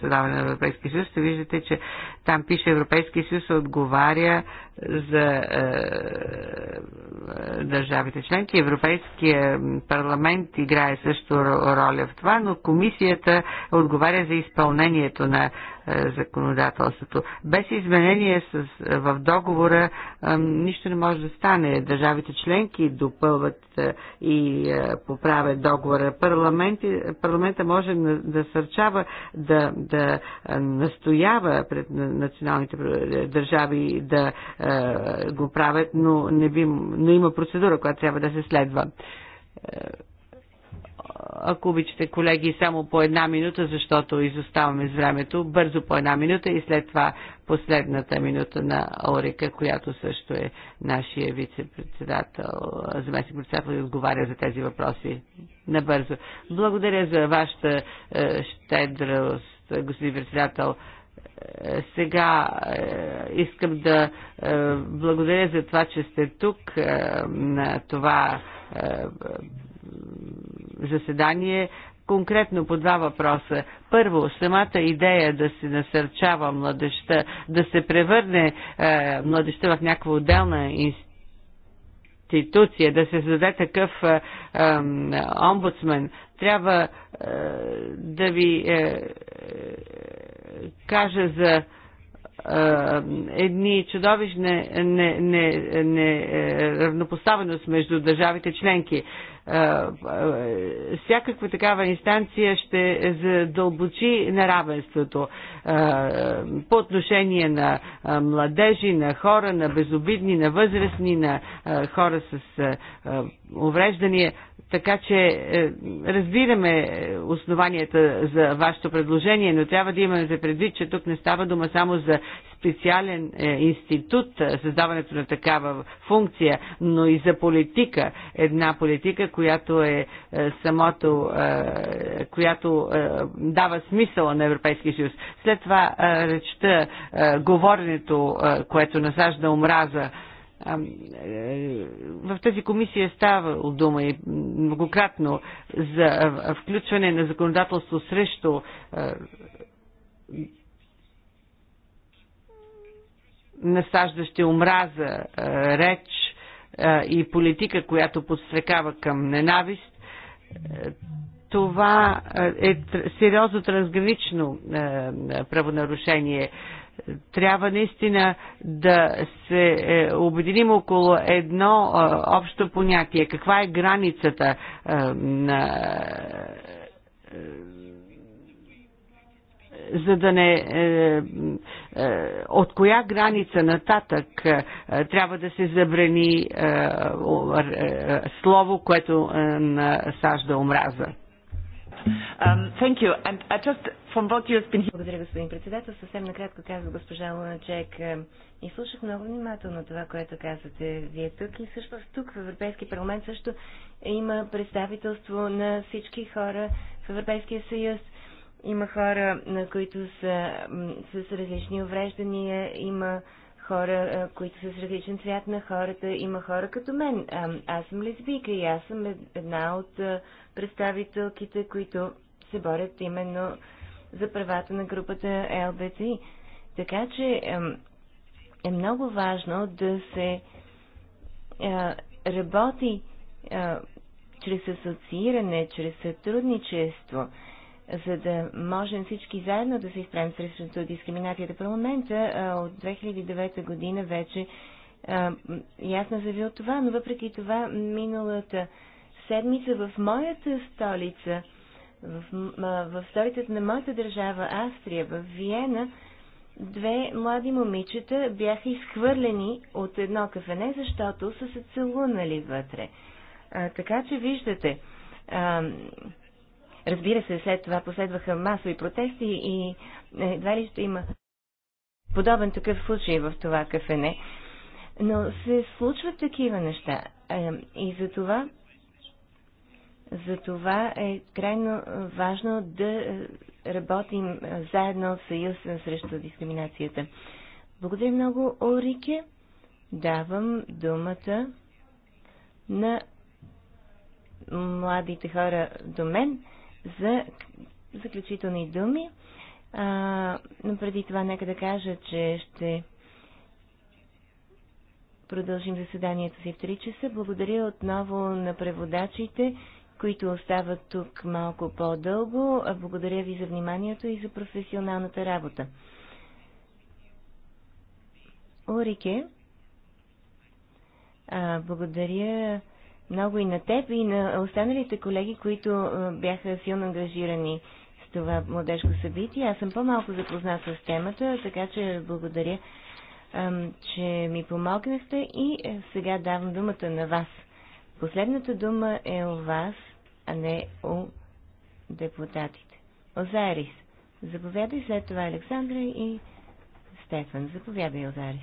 B: създаване на Европейския съюз, ще виждате, че там пише Европейския съюз отговаря за е, държавите членки. Европейския парламент играе също роля в това, но комисията отговаря за изпълнението на е, законодателството. Без изменение с, е, в договора е, нищо не може да стане. Държавите членки допълват и поправят договора. Парламент, парламента може да сърчава, да, да настоява пред националните държави да го правят, но, не би, но има процедура, която трябва да се следва ако обичате, колеги, само по една минута, защото изоставаме с времето. Бързо по една минута и след това последната минута на Орика, която също е нашия вице-председател, заместник председател и отговаря за тези въпроси. Набързо. Благодаря за вашата е, щедрост, господин председател е, сега е, искам да благодаря за това, че сте тук на това заседание конкретно по два въпроса. Първо, самата идея да се насърчава младеща, да се превърне е, младеща в някаква отделна институция, да се създаде такъв е, е, омбудсмен, трябва е, да ви е, е, кажа за е, едни чудовищни неравнопоставеност не, не, не е, между държавите членки. Е, е, всякаква такава инстанция ще задълбочи неравенството е, по отношение на младежи, на хора, на безобидни, на възрастни, на хора с увреждания. Така че е, разбираме основанията за вашето предложение, но трябва да имаме за предвид, че тук не става дума само за специален е, институт, е, създаването на такава функция, но и за политика. Една политика, която е самото, която дава смисъла на Европейския съюз. След това речта, говоренето, което насажда омраза, е, в тази комисия става дума и многократно за включване на законодателство срещу е, насаждащи омраза е, реч и политика, която подстрекава към ненавист. Това е сериозно трансгранично правонарушение трябва наистина да се е, обединим около едно е, общо понятие. Каква е границата е, на за да не. от коя граница нататък трябва да се забрани слово, което насажда омраза.
C: Um, Благодаря, господин председател. Съвсем накратко казва госпожа Луначек. И слушах много внимателно това, което казвате вие тук. И всъщност тук в Европейския парламент също има представителство на всички хора в Европейския съюз. Има хора, на които са с различни увреждания, има хора, които са с различен цвят на хората. Има хора като мен. Аз съм лесбийка и аз съм една от представителките, които се борят именно за правата на групата ЛБТИ. Така че е много важно да се работи чрез асоцииране, чрез сътрудничество за да можем всички заедно да се изправим срещу дискриминацията. момента, от 2009 година вече ясно заявил това, но въпреки това миналата седмица в моята столица, в, в столицата на моята държава, Австрия, в Виена, две млади момичета бяха изхвърлени от едно кафене, защото са се целунали вътре. А, така че виждате, а, Разбира се, след това последваха масови протести и е, едва ли ще има подобен такъв случай в това кафене. Но се случват такива неща. Е, и за това, за това е крайно важно да е, работим заедно в съюз срещу дискриминацията. Благодаря много, Орике. Давам думата на младите хора до мен за заключителни думи. А, но преди това нека да кажа, че ще продължим заседанието си в 3 часа. Благодаря отново на преводачите, които остават тук малко по-дълго. Благодаря ви за вниманието и за професионалната работа. Орике, благодаря много и на теб, и на останалите колеги, които бяха силно ангажирани с това младежко събитие. Аз съм по-малко запознат с темата, така че благодаря, че ми помогнахте и е, сега давам думата на вас. Последната дума е у вас, а не у депутатите. Озарис. Заповядай след това Александра и Стефан. Заповядай, Озарис.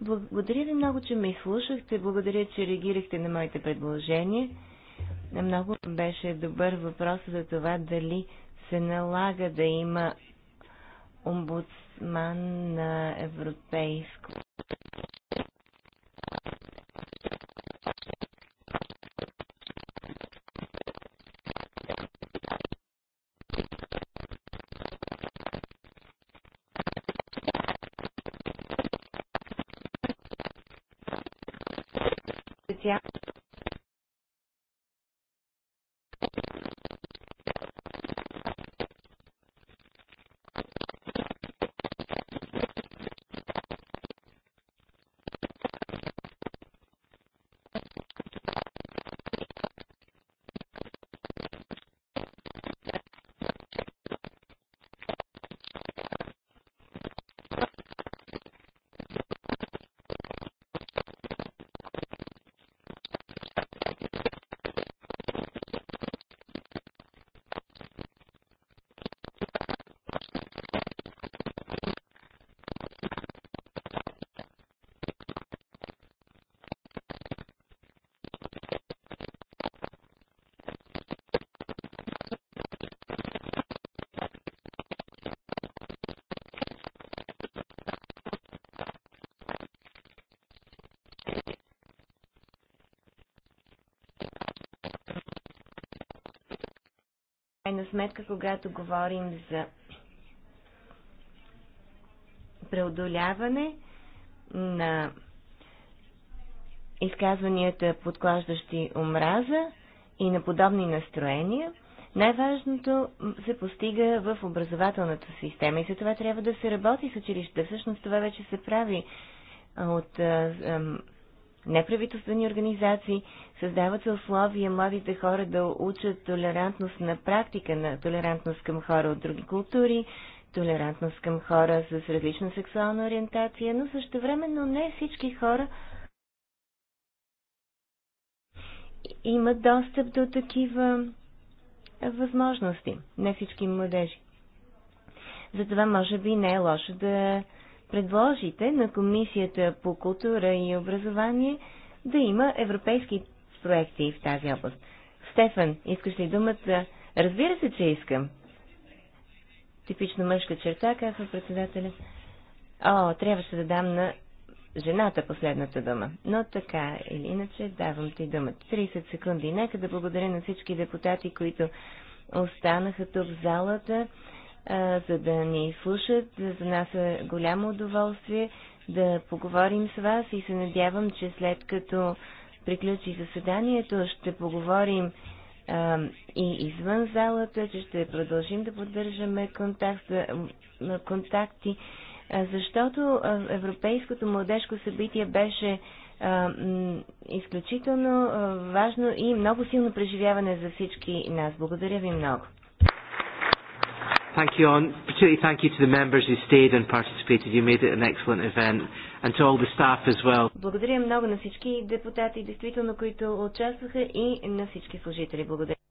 C: Благодаря ви много, че ме изслушахте. Благодаря, че реагирахте на моите предложения. Много беше добър въпрос за това дали се налага да има омбудсман на европейско сметка, когато говорим за преодоляване на изказванията, подклаждащи омраза и на подобни настроения, най-важното се постига в образователната система и за това трябва да се работи с училища. Всъщност това вече се прави от неправителствени организации Създават се условия младите хора да учат толерантност на практика, на толерантност към хора от други култури, толерантност към хора с различна сексуална ориентация, но също времено не всички хора имат достъп до такива възможности. Не всички младежи. Затова може би не е лошо да предложите на Комисията по култура и образование да има европейски проекти в тази област. Стефан, искаш ли думата? Разбира се, че искам. Типично мъжка черта, казва председателя. О, трябваше да дам на жената последната дума. Но така или иначе давам ти думата. 30 секунди. Нека да благодаря на всички депутати, които останаха тук в залата, а, за да ни слушат. За нас е голямо удоволствие да поговорим с вас и се надявам, че след като приключи заседанието, ще поговорим а, и извън залата, че ще продължим да поддържаме контакт, а, контакти, а, защото а, Европейското младежко събитие беше а, м, изключително а, важно и много силно преживяване за всички нас. Благодаря ви много.
A: Thank you, on, particularly thank you to the members who stayed and participated. You made it an excellent event and to all the staff as well.
C: Благодаря много на всички депутати, действително, които участваха и на всички служители. Благодаря.